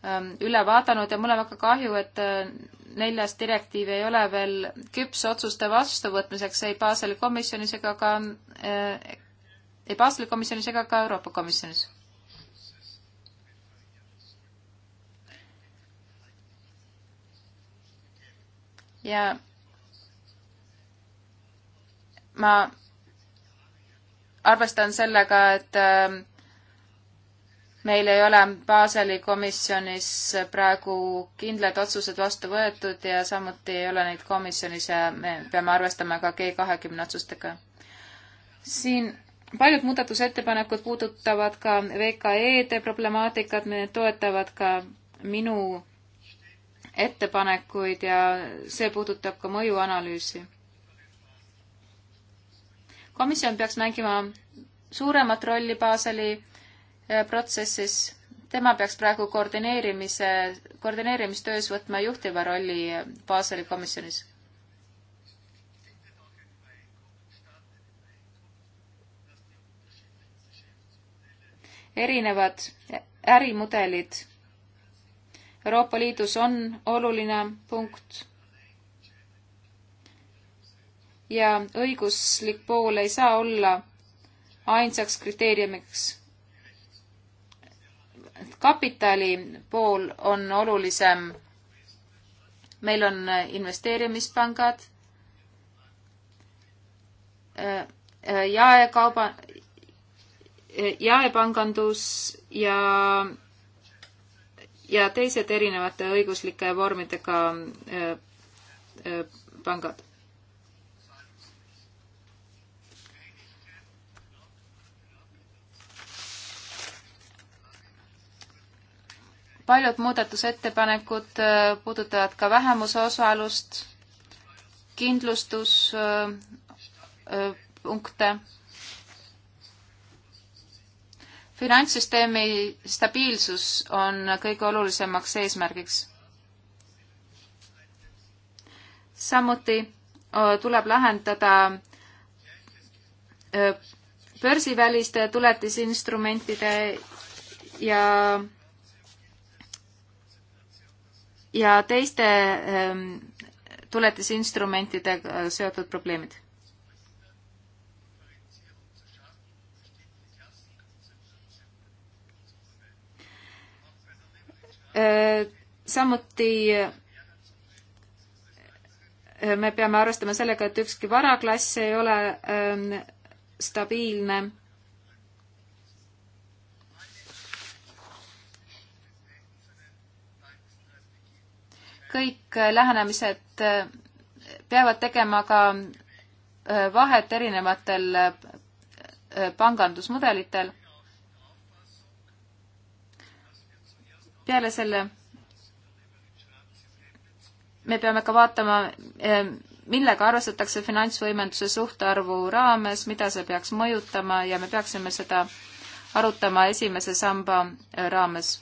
ähm, üle vaadanud ja mul on väga kahju, et äh, neljas direktiiv ei ole veel küps otsuste vastuvõtmiseks ei Baseli komisjonis ega ka äh, ei Baseli komisjonis ega ka Euroopa Komisjonis. ja ma arvestan sellega, et ähm, meil ei ole Baseli komisjonis praegu kindlaid otsuseid vastu võetud ja samuti ei ole neid komisjonis ja me peame arvestama ka G kahekümne otsustega. siin paljud muudatusettepanekud puudutavad ka VKE-de problemaatikat, need toetavad ka minu ettepanekuid ja see puudutab ka mõjuanalüüsi. komisjon peaks mängima suuremat rolli Baseli eh, protsessis, tema peaks praegu koordineerimise, koordineerimistöös võtma juhtiva rolli eh, Baseli komisjonis erinevad ärimudelid Euroopa Liidus on oluline punkt. ja õiguslik pool ei saa olla ainsaks kriteeriumiks. kapitali pool on olulisem. meil on investeerimispangad, äh, äh, jaekauba, jaepangandus ja, ja teised erinevate õiguslike vormidega äh, äh, pangad. paljud muudatusettepanekud äh, puudutavad ka vähemuse osalust, kindlustuspunkte äh, finantssüsteemi stabiilsus on kõige olulisemaks eesmärgiks. samuti tuleb lahendada börsiväliste tuletisinstrumentide ja ja teiste tuletisinstrumentidega seotud probleemid samuti äh, me peame arvestama sellega, et ükski varaklass ei ole ähm, stabiilne. kõik lähenemised äh, peavad tegema ka äh, vahet erinevatel pangandusmudelitel peale selle me peame ka vaatama, eh, millega arvestatakse finantsvõimenduse suhtarvu raames, mida see peaks mõjutama ja me peaksime seda arutama esimese samba eh, raames.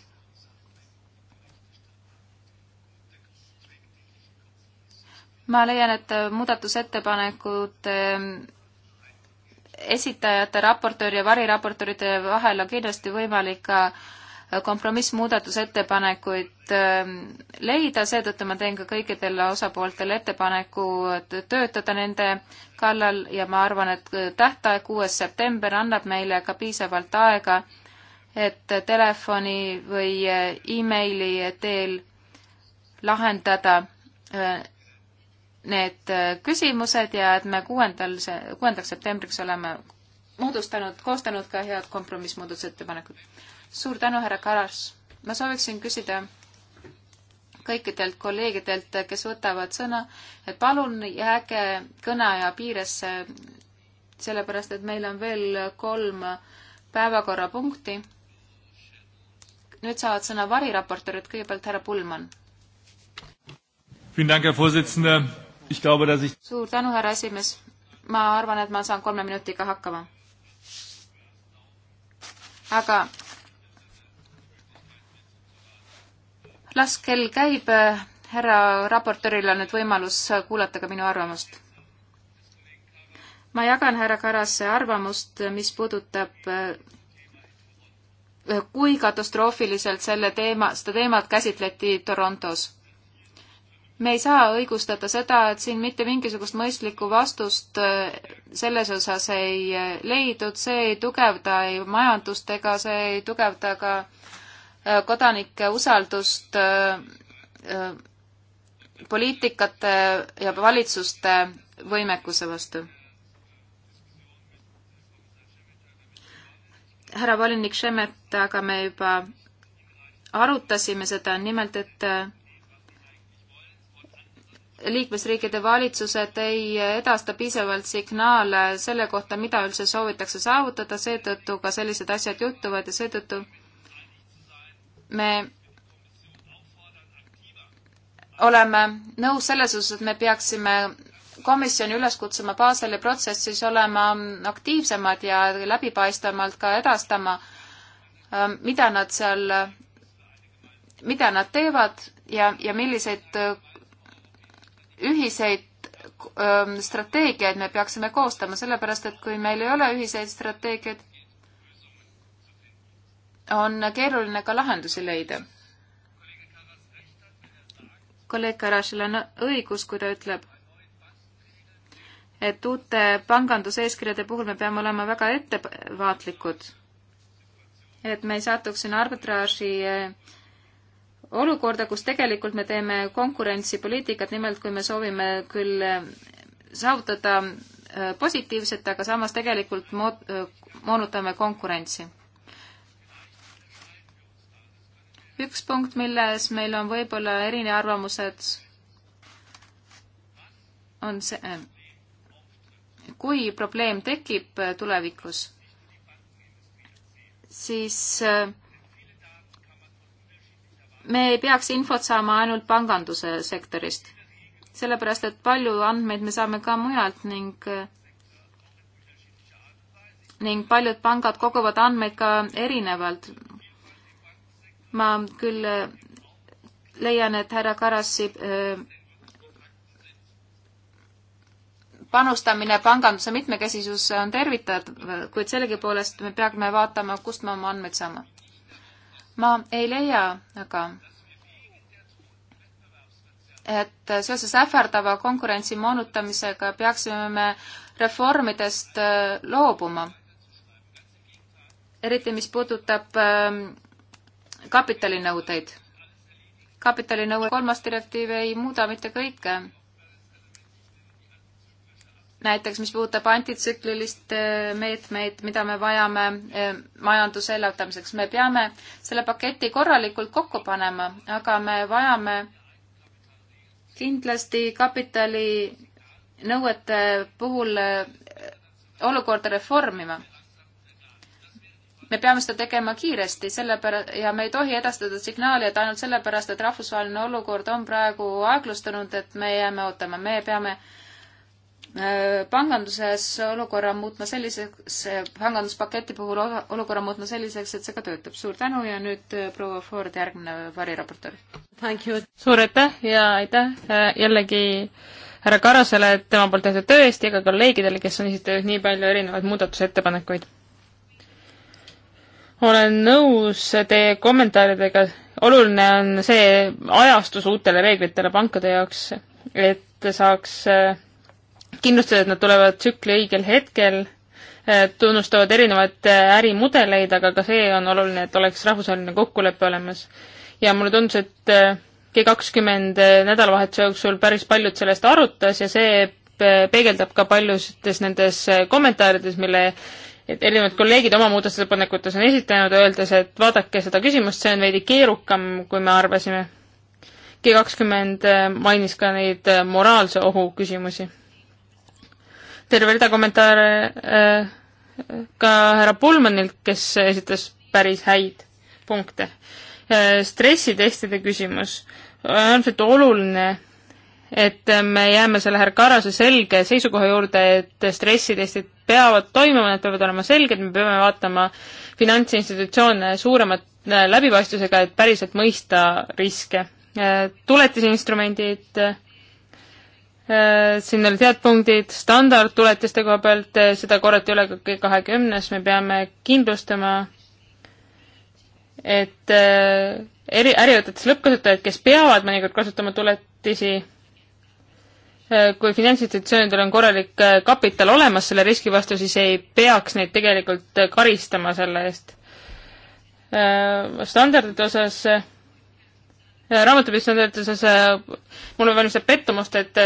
ma leian, et eh, muudatusettepanekud esitajate, raportööri ja variraportööride vahel on kindlasti võimalik ka kompromissmuudatusettepanekuid ähm, leida, seetõttu ma teen ka kõikidele osapooltele ettepaneku töötada nende kallal ja ma arvan, et tähtaeg, kuues september, annab meile ka piisavalt aega, et telefoni või äh, emaili teel lahendada äh, need äh, küsimused ja et me kuuendal, kuuendaks septembriks oleme moodustanud, koostanud ka head kompromissmuudatusettepanekud suur tänu, härra Karas. ma sooviksin küsida kõikidelt kolleegidelt, kes võtavad sõna, et palun jääge kõneaja piiresse, sellepärast et meil on veel kolm päevakorrapunkti. nüüd saavad sõna variraportöörid, kõigepealt härra Pullmann. suur tänu, härra esimees. ma arvan, et ma saan kolme minutiga hakkama. aga las kell käib, härra raportööril on nüüd võimalus kuulata ka minu arvamust. ma jagan härra Karase arvamust, mis puudutab eh, kui katastroofiliselt selle teema, seda teemat käsitleti Torontos. me ei saa õigustada seda, et siin mitte mingisugust mõistlikku vastust eh, selles osas ei eh, leidnud, see ei tugevda ei majandust ega see ei tugevda ka äh, kodanike usaldust äh, äh, poliitikate ja valitsuste võimekuse vastu. härra volinik Šemet, aga me juba arutasime seda, nimelt et äh, liikmesriikide valitsused ei edasta piisavalt signaale selle kohta, mida üldse soovitakse saavutada, seetõttu ka sellised asjad juhtuvad ja seetõttu me oleme nõus selles osas, et me peaksime komisjoni üles kutsuma Baseli protsessis olema aktiivsemad ja läbipaistvamalt ka edastama, ähm, mida nad seal, mida nad teevad ja, ja milliseid äh, ühiseid ähm, strateegiaid me peaksime koostama, sellepärast et kui meil ei ole ühiseid strateegiaid, on keeruline ka lahendusi leida. kolleeg Karasil on õigus, kui ta ütleb, et uute panganduseeskirjade puhul me peame olema väga ettevaatlikud, et me ei satuks sinna arbitraaži eh, olukorda, kus tegelikult me teeme konkurentsipoliitikat, nimelt kui me soovime küll eh, saavutada eh, positiivset, aga samas tegelikult moot-, moonutame konkurentsi. üks punkt, milles meil on võib-olla erinearvamused, on see, kui probleem tekib tulevikus, siis me ei peaks infot saama ainult panganduse sektorist, sellepärast et palju andmeid me saame ka mujalt ning ning paljud pangad koguvad andmeid ka erinevalt ma küll äh, leian, et härra Karasi äh, panustamine panganduse mitmekesisusse on tervitatav, kuid sellegipoolest me peame vaatama, kust me oma andmeid saame. ma ei leia aga, et seoses ähvardava konkurentsi moonutamisega peaksime me reformidest äh, loobuma. eriti, mis puudutab äh, kapitalinõudeid. kapitalinõue kolmas direktiiv ei muuda mitte kõike. näiteks, mis puudutab antitsüklilist meetmeid, mida me vajame eh, majanduse elavdamiseks, me peame selle paketi korralikult kokku panema, aga me vajame kindlasti kapitali nõuete puhul eh, olukorda reformima me peame seda tegema kiiresti, sellepärast, ja me ei tohi edastada signaali, et ainult sellepärast, et rahvusvaheline olukord on praegu aeglustunud, et me jääme ootama, me peame äh, panganduses olukorra muutma selliseks, panganduspaketi puhul olukorra muutma selliseks, et see ka töötab. suur tänu ja nüüd äh, proua Ford, järgmine variraportöör. suur aitäh ja aitäh äh, jällegi härra Karasele tema poolt tehtud töö eest ja ka kolleegidele, kes on esitanud nii palju erinevaid muudatusettepanekuid olen nõus teie kommentaaridega, oluline on see ajastus uutele reeglitele pankade jaoks, et saaks äh, kindlustada, et nad tulevad tsükli õigel hetkel, äh, tunnustavad erinevaid äh, ärimudeleid, aga ka see on oluline, et oleks rahvusvaheline kokkulepe olemas. ja mulle tundus, et G kakskümmend nädalavahetuse jooksul päris paljud sellest arutas ja see peegeldab ka paljudes nendes kommentaarides, mille et erinevad kolleegid oma muudatusettepanekutes on esitanud, öeldes, et vaadake seda küsimust, see on veidi keerukam, kui me arvasime. G kakskümmend äh, mainis ka neid äh, moraalse ohu küsimusi. terve rida kommentaare äh, ka härra Pulmanilt, kes esitas päris häid punkte. stressitestide küsimus on äärmiselt oluline et me jääme selle härra Karase selge seisukoha juurde, et stressitestid peavad toimuma, need peavad olema selged, me peame vaatama finantsinstitutsioone suuremat äh, läbipaistvusega, et päriselt mõista riske. Äh, tuletisinstrumendid, äh, siin olid head punktid standardtuletiste koha pealt, seda korrati üle ka kahekümnes, me peame kindlustama, et eri, äriettevõtetes lõppkasutajad, kes peavad mõnikord kasutama tuletisi, Äh, kui finantsinstitutsioonidel on korralik äh, kapital olemas selle riski vastu, siis ei peaks neid tegelikult äh, karistama selle eest. standardite osas, raamatupidistandardite osas mulle valmistab pettumust, et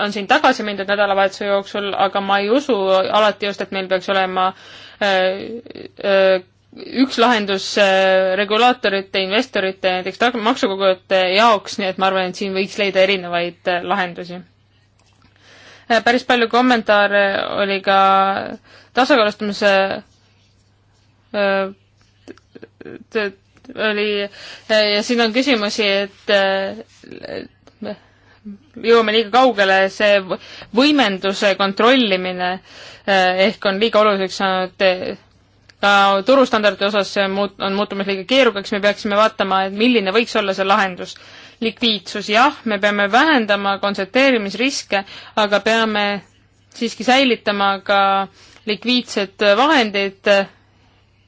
on siin tagasi mindud nädalavahetuse jooksul, aga ma ei usu alati just, et meil peaks olema üks lahendus regulaatorite, investorite, näiteks maksukogujate jaoks, nii et ma arvan, et siin võiks leida erinevaid lahendusi Äh, päris palju kommentaare oli ka tasakaalustamise äh, oli ja siin on küsimusi, et äh, jõuame liiga kaugele, see võimenduse kontrollimine ehk on liiga oluliseks saanud ka turustandardi osas see muut-, on muutumas liiga keerukaks, me peaksime vaatama, et milline võiks olla see lahendus likviidsus, jah, me peame vähendama konsulteerimisriske, aga peame siiski säilitama ka likviidsed vahendid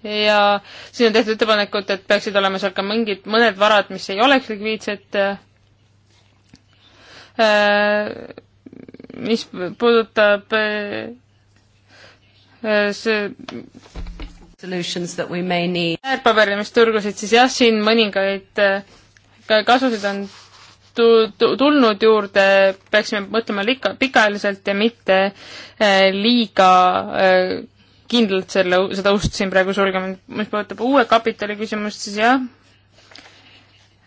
ja siin on tehtud ettepanekud, et peaksid olema seal ka mingid, mõned varad, mis ei oleks likviidsed äh,. mis puudutab äh, äh see väärtpaberimisturgusid, siis jah, siin mõningaid äh, kasusid on tulnud juurde, peaksime mõtlema lika, pikaajaliselt ja mitte äh, liiga äh, kindlalt selle, seda ust siin praegu sulgema. mis puudutab uue kapitali küsimust, siis jah,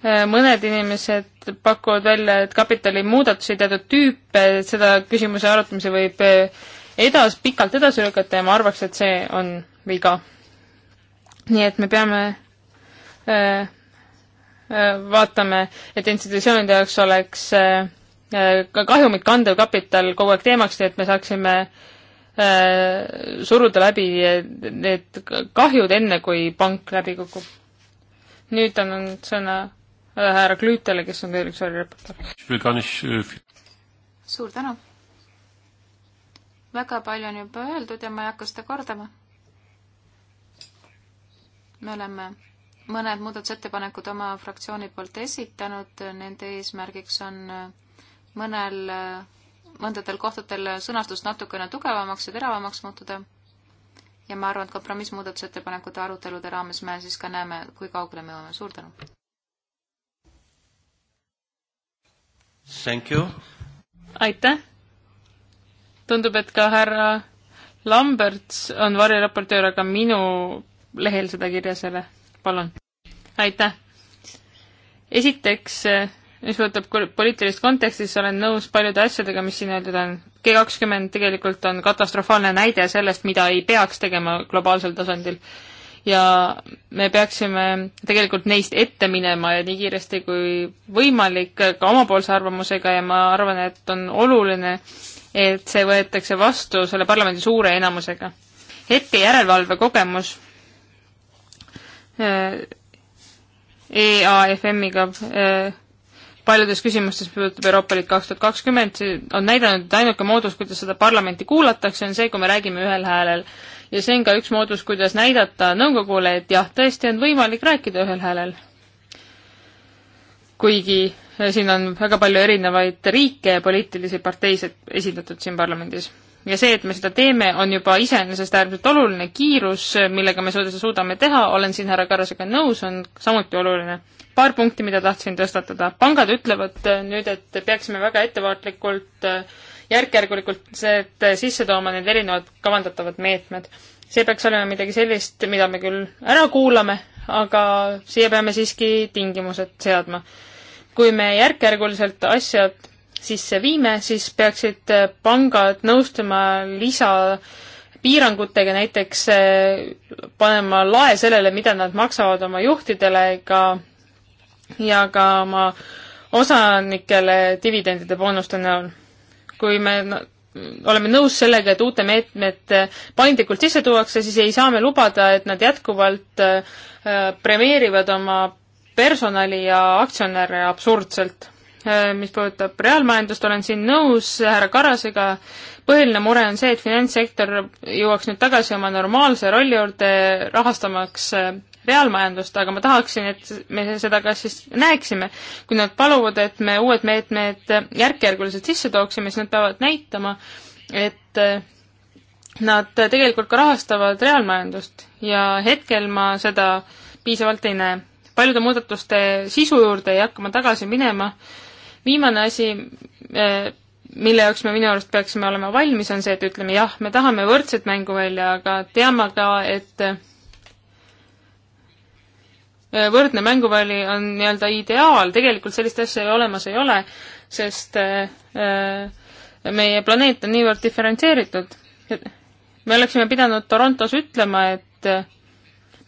äh, mõned inimesed pakuvad välja, et kapitali muudatusi teatud tüüpe, seda küsimuse arutamise võib edas, pikalt edasi lükata ja ma arvaks, et see on viga. nii et me peame äh, vaatame, et institutsioonide jaoks oleks äh, ka kahjumit kandev kapital kogu aeg teemaks, nii et me saaksime äh, suruda läbi äh, need kahjud, enne kui pank läbi kukub. nüüd annan sõna härra Klüütele, kes on veel üks varireporter. suur tänu! väga palju on juba öeldud ja ma ei hakka seda kordama. me oleme mõned muudatusettepanekud oma fraktsiooni poolt esitanud, nende eesmärgiks on mõnel, mõndadel kohtadel sõnastust natukene tugevamaks ja teravamaks muutuda. ja ma arvan, et kompromissmuudatusettepanekute arutelude raames me siis ka näeme, kui kaugele me jõuame. suur tänu! Thank you! aitäh! tundub, et ka härra Lamberts on variraportöör, aga minu lehel seda kirjas ei ole palun. aitäh. esiteks, eh, mis puudutab poliitilist konteksti, siis olen nõus paljude asjadega, mis siin öeldud on. G kakskümmend tegelikult on katastrofaalne näide sellest, mida ei peaks tegema globaalsel tasandil. ja me peaksime tegelikult neist ette minema ja nii kiiresti kui võimalik ka omapoolse arvamusega ja ma arvan, et on oluline, et see võetakse vastu selle parlamendi suure enamusega. hetke järelevalve kogemus Äh, EAFM-iga äh, paljudes küsimustes, mis puudutab Euroopa Liit kaks tuhat kakskümmend, see on näidanud, et ainuke moodus, kuidas seda parlamenti kuulatakse, on see, kui me räägime ühel häälel. ja see on ka üks moodus, kuidas näidata nõukogule, et jah, tõesti on võimalik rääkida ühel häälel. kuigi äh, siin on väga palju erinevaid riike ja poliitilisi parteisid esindatud siin parlamendis ja see, et me seda teeme, on juba iseenesest äärmiselt oluline kiirus, millega me seda suudame teha, olen siin härra Karrasega nõus, on samuti oluline. paar punkti, mida tahtsin tõstatada. pangad ütlevad äh, nüüd, et peaksime väga ettevaatlikult, äh, järk-järgulikult et äh, sisse tooma need erinevad kavandatavad meetmed. see peaks olema midagi sellist, mida me küll ära kuulame, aga siia peame siiski tingimused seadma. kui me järk-järguliselt asjad sisse viime, siis peaksid äh, pangad nõustuma lisapiirangutega, näiteks äh, panema lae sellele, mida nad maksavad oma juhtidele ka ja ka oma osanikele dividendide boonuste näol. kui me oleme nõus sellega, et uute meetmete paindlikult sisse tuuakse, siis ei saa me lubada, et nad jätkuvalt äh, premeerivad oma personali ja aktsionäre absurdselt Äh, mis puudutab reaalmajandust, olen siin nõus härra Karasega, põhiline mure on see, et finantssektor jõuaks nüüd tagasi oma normaalse rolli juurde, rahastamaks äh, reaalmajandust, aga ma tahaksin, et me seda ka siis näeksime. kui nad paluvad, et me uued meetmed järk-järguliselt sisse tooksime, siis nad peavad näitama, et äh, nad tegelikult ka rahastavad reaalmajandust ja hetkel ma seda piisavalt ei näe. paljude muudatuste sisu juurde ei hakka ma tagasi minema, viimane asi, äh, mille jaoks me minu arust peaksime olema valmis, on see, et ütleme jah, me tahame võrdset mänguvälja, aga teame ka, et äh, võrdne mänguväli on nii-öelda ideaal, tegelikult sellist asja olemas ei ole, sest äh, meie planeet on niivõrd diferentseeritud. me oleksime pidanud Torontos ütlema, et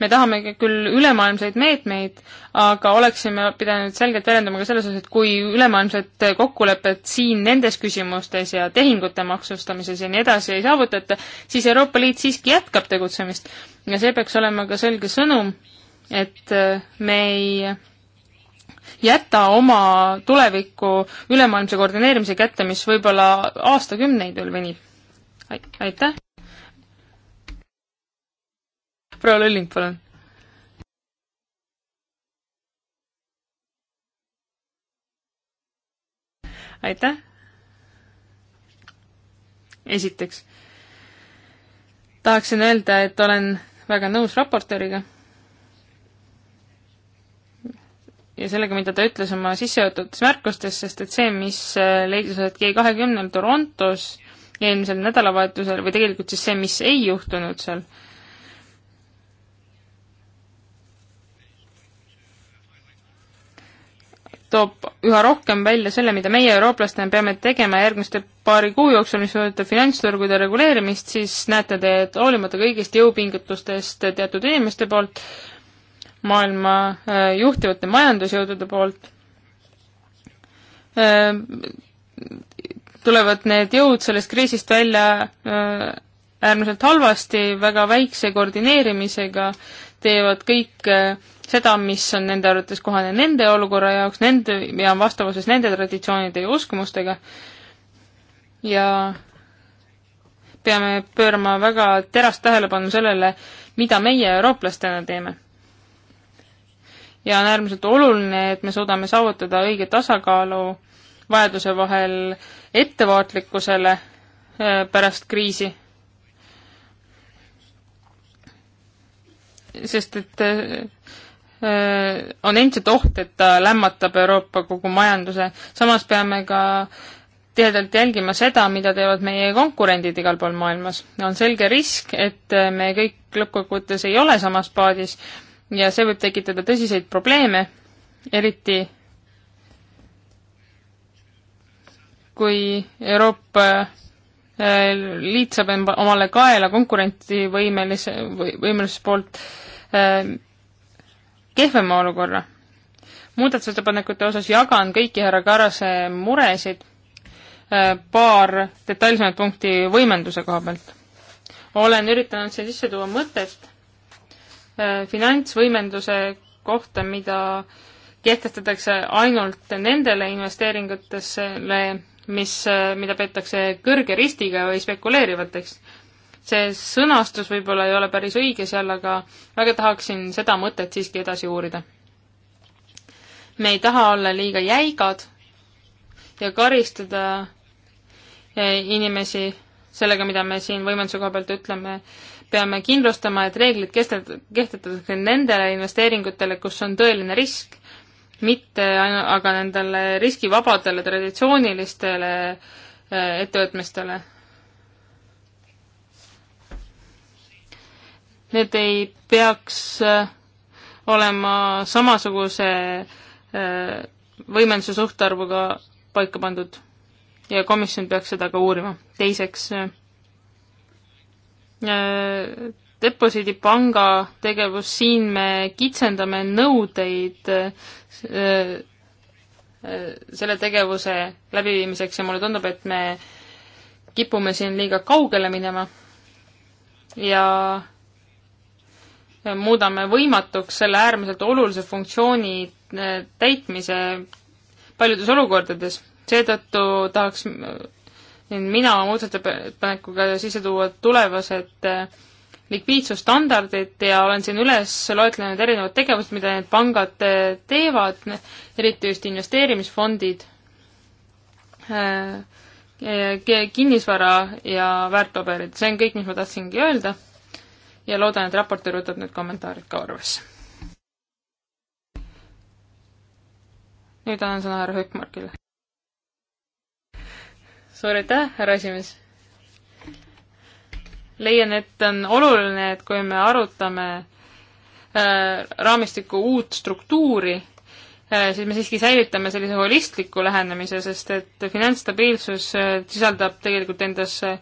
me tahame küll ülemaailmseid meetmeid, aga oleksime pidanud selgelt väljendama ka selles osas, et kui ülemaailmset kokkulepet siin nendes küsimustes ja tehingute maksustamises ja nii edasi ei saavutata, siis Euroopa Liit siiski jätkab tegutsemist. ja see peaks olema ka selge sõnum, et äh, me ei jäta oma tulevikku ülemaailmse koordineerimise kätte, mis võib-olla aastakümneid veel venib. aitäh! proua Lolling, palun. aitäh. esiteks tahaksin öelda, et olen väga nõus raportööriga. ja sellega, mida ta ütles oma sissejuhatavates märkustes, sest et see, mis äh, leidis aset G kahekümnel Torontos eelmisel nädalavahetusel või tegelikult siis see, mis ei juhtunud seal, toob üha rohkem välja selle, mida meie eurooplastena peame tegema järgmiste paari kuu jooksul, mis puudutab finantsturgude reguleerimist, siis näete te, et hoolimata kõigist jõupingutustest teatud inimeste poolt, maailma äh, juhtivate majandusjõudude poolt, äh, tulevad need jõud sellest kriisist välja äh, äärmiselt halvasti, väga väikse koordineerimisega, teevad kõik seda, mis on nende arvates kohane nende olukorra jaoks, nende ja vastavuses nende traditsioonide ja uskumustega. ja peame pöörama väga terast tähelepanu sellele, mida meie eurooplastena teeme. ja on äärmiselt oluline, et me suudame saavutada õige tasakaalu vajaduse vahel ettevaatlikkusele äh, pärast kriisi sest et äh, Äh, on endiselt oht, et ta lämmatab Euroopa kogu majanduse, samas peame ka tihedalt jälgima seda, mida teevad meie konkurendid igal pool maailmas. on selge risk, et äh, me kõik lõppkokkuvõttes ei ole samas paadis ja see võib tekitada tõsiseid probleeme, eriti kui Euroopa äh, Liit saab omale kaela konkurentsivõimelise, võimelise poolt kehvema olukorra. muudatusettepanekute osas jagan kõiki härra Karase muresid, äh, paar detailsemat punkti võimenduse koha pealt. olen üritanud siia sisse tuua mõtet äh, finantsvõimenduse kohta, mida kehtestatakse ainult nendele investeeringutesse, mis, äh, mida peetakse kõrge ristiga või spekuleerivateks see sõnastus võib-olla ei ole päris õige seal, aga väga tahaksin seda mõtet siiski edasi uurida. me ei taha olla liiga jäigad ja karistada eh, inimesi sellega, mida me siin võimenduse koha pealt ütleme, peame kindlustama, et reeglid kehtestatakse nendele investeeringutele, kus on tõeline risk, mitte aga nendele riskivabadele traditsioonilistele eh, ettevõtmistele need ei peaks äh, olema samasuguse äh, võimenduse suhtarvuga paika pandud ja komisjon peaks seda ka uurima. teiseks, äh, deposiidipanga tegevus, siin me kitsendame nõudeid selle tegevuse läbiviimiseks ja mulle tundub, et me kipume siin liiga kaugele minema ja muudame võimatuks selle äärmiselt olulise funktsiooni äh, täitmise paljudes olukordades. seetõttu tahaks äh, mina oma muudatusettepanekuga sisse tuua tulevased äh, likviidsusstandardid ja olen siin üles loetlenud erinevad tegevused, mida need pangad teevad, eriti just investeerimisfondid, kinnisvara ja väärtpaberid, see on kõik, mis ma tahtsingi öelda ja loodan, et raportöör võtab need kommentaarid ka arvesse. nüüd annan sõna härra Hökmarkile. suur aitäh, härra esimees! leian, et on oluline, et kui me arutame äh, raamistiku uut struktuuri äh,, siis me siiski säilitame sellise holistliku lähenemise, sest et finantsstabiilsus äh, sisaldab tegelikult endas äh,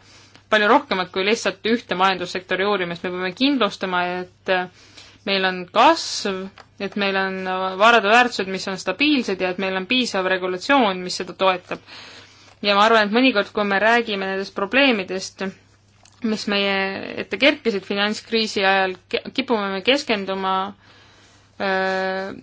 palju rohkemat kui lihtsalt ühte majandussektori uurimist, me peame kindlustama, et äh, meil on kasv, et meil on äh, varade väärtused, mis on stabiilsed ja et meil on piisav regulatsioon, mis seda toetab. ja ma arvan, et mõnikord, kui me räägime nendest probleemidest, mis meie ette kerkisid finantskriisi ajal, kipume me keskenduma öö, äh,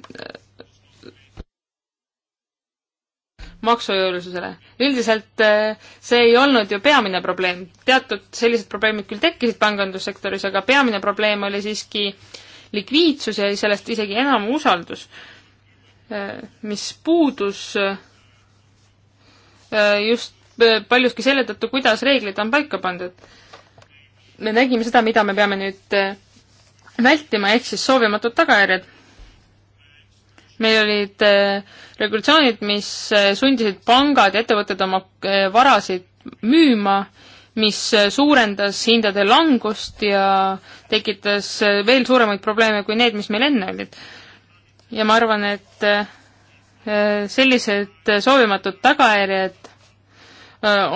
maksujõulisusele. üldiselt äh, see ei olnud ju peamine probleem. teatud sellised probleemid küll tekkisid pangandussektoris, aga peamine probleem oli siiski likviidsus ja sellest isegi enam usaldus, äh, mis puudus äh, just paljuski selle tõttu, kuidas reeglid on paika pandud. me nägime seda, mida me peame nüüd vältima, ehk siis soovimatud tagajärjed meil olid äh, regulatsioonid, mis äh, sundisid pangad ja ettevõtted oma äh, varasid müüma, mis suurendas hindade langust ja tekitas veel suuremaid probleeme kui need, mis meil enne olid. ja ma arvan, et sellised soovimatud tagajärjed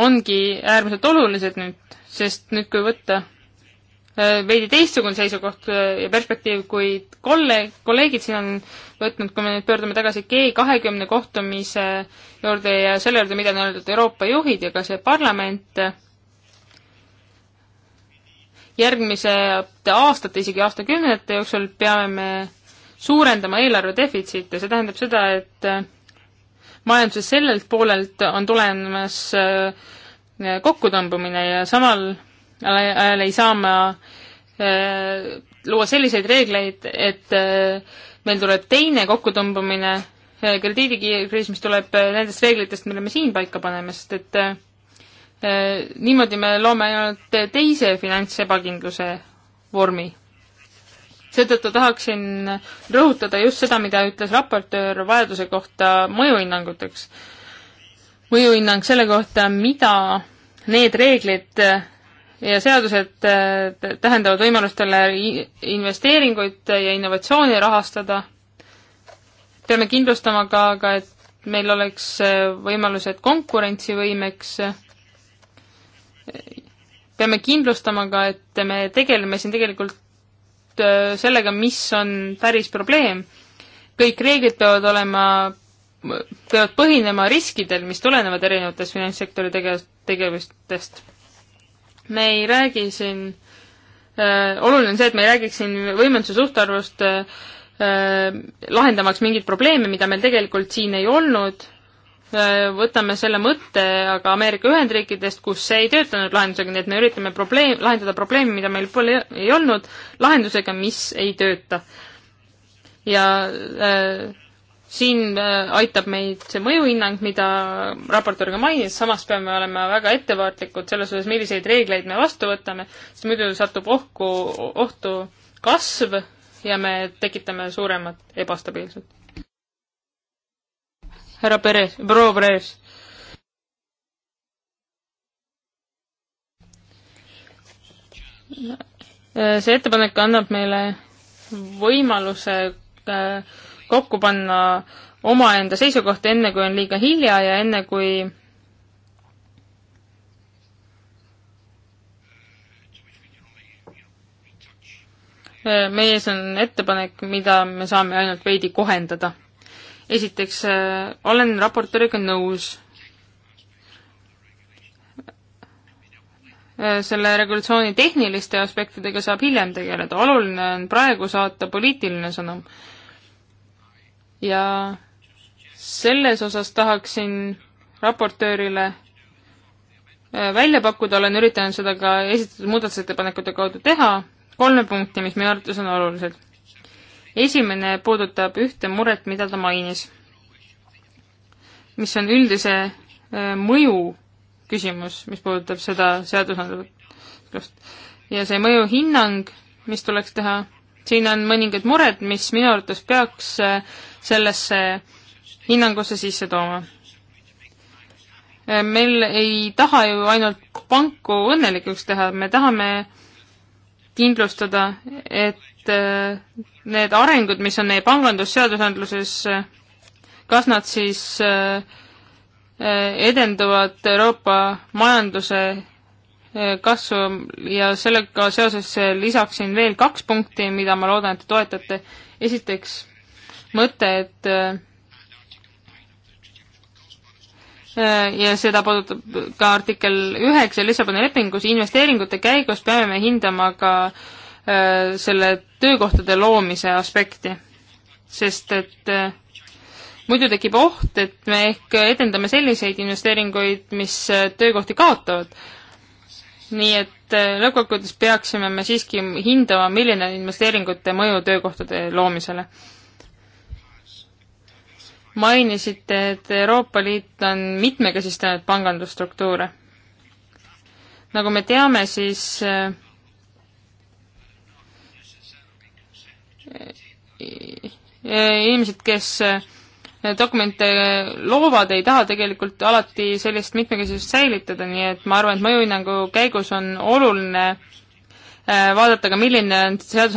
ongi äärmiselt olulised nüüd, sest nüüd, kui võtta Äh, veidi teistsugune seisukoht äh, ja perspektiiv, kuid kolleeg, kolleegid siin on võtnud, kui me nüüd pöördume tagasi G kahekümne kohtumise juurde ja selle juurde, mida on öeldud Euroopa juhid ja ka see parlament, järgmisete aastate, isegi aastakümnete jooksul peame me suurendama eelarve defitsiite, see tähendab seda, et äh, majanduses sellelt poolelt on tulemas kokkutõmbumine ja samal Äh, ajal ei saa ma äh, luua selliseid reegleid, et äh, meil tuleb teine kokkutõmbamine, krediidikriis, mis tuleb nendest reeglitest, mille me siin paika paneme, sest et niimoodi me loome ainult teise finantsebakindluse vormi. seetõttu tahaksin rõhutada just seda, mida ütles raportöör vajaduse kohta mõjuhinnanguteks. mõjuhinnang selle kohta, mida need reeglid ja seadused äh, tähendavad võimalustele investeeringuid ja innovatsiooni rahastada. peame kindlustama ka, aga et meil oleks äh, võimalused konkurentsivõimeks. peame kindlustama ka, et me tegeleme siin tegelikult äh, sellega, mis on päris probleem. kõik reeglid peavad olema, peavad põhinema riskidel, mis tulenevad erinevatest finantssektori tegev-, tegevustest me ei räägi siin äh,, oluline on see, et me ei räägiks siin võimenduse suhtarvust äh, lahendamaks mingit probleemi, mida meil tegelikult siin ei olnud äh,, võtame selle mõtte aga Ameerika Ühendriikidest, kus see ei töötanud lahendusega, nii et me üritame probleem, lahendada probleemi, mida meil pole, ei olnud, lahendusega, mis ei tööta. ja äh, siin äh, aitab meid see mõjuhinnang, mida raportöör ka mainis, samas peame olema väga ettevaatlikud selles osas, milliseid reegleid me vastu võtame, sest muidu satub ohku, ohtu kasv ja me tekitame suuremat ebastabiilsust. härra Perez, proua Perez. Äh, see ettepanek annab meile võimaluse äh, kokku panna omaenda seisukohti, enne kui on liiga hilja ja enne kui meie ees on ettepanek, mida me saame ainult veidi kohendada. esiteks, äh, olen raportööriga nõus. Äh, selle regulatsiooni tehniliste aspektidega saab hiljem tegeleda, oluline on praegu saata poliitiline sõnum ja selles osas tahaksin raportöörile äh, välja pakkuda, olen üritanud seda ka esitatud muudatusettepanekute kaudu teha, kolme punkti, mis minu arvates on olulised. esimene puudutab ühte muret, mida ta mainis, mis on üldise äh, mõju küsimus, mis puudutab seda seadusandlust. ja see mõjuhinnang, mis tuleks teha, siin on mõningad mured, mis minu arvates peaks äh, sellesse hinnangusse sisse tooma. meil ei taha ju ainult panku õnnelikuks teha, me tahame kindlustada, et äh, need arengud, mis on meie pangandusseadusandluses, kas nad siis äh, äh, edenduvad Euroopa majanduse kasvu ja sellega seoses lisaksin veel kaks punkti, mida ma loodan, et te toetate. esiteks mõte, et äh, ja seda puudutab ka artikkel üheksa Lissaboni lepingus, investeeringute käigus peame me hindama ka äh, selle töökohtade loomise aspekti. sest et äh, muidu tekib oht, et me ehk edendame selliseid investeeringuid, mis töökohti kaotavad nii et lõppkokkuvõttes peaksime me siiski hindama, milline on investeeringute mõju töökohtade loomisele mainisite, et Euroopa Liit on mitmekesistanud pangandusstruktuure. nagu me teame, siis äh, äh, inimesed, kes äh, dokumente loovad, ei taha tegelikult alati sellist mitmekesisust säilitada, nii et ma arvan, et mõjuhinnangu käigus on oluline vaadata ka, milline on seadus,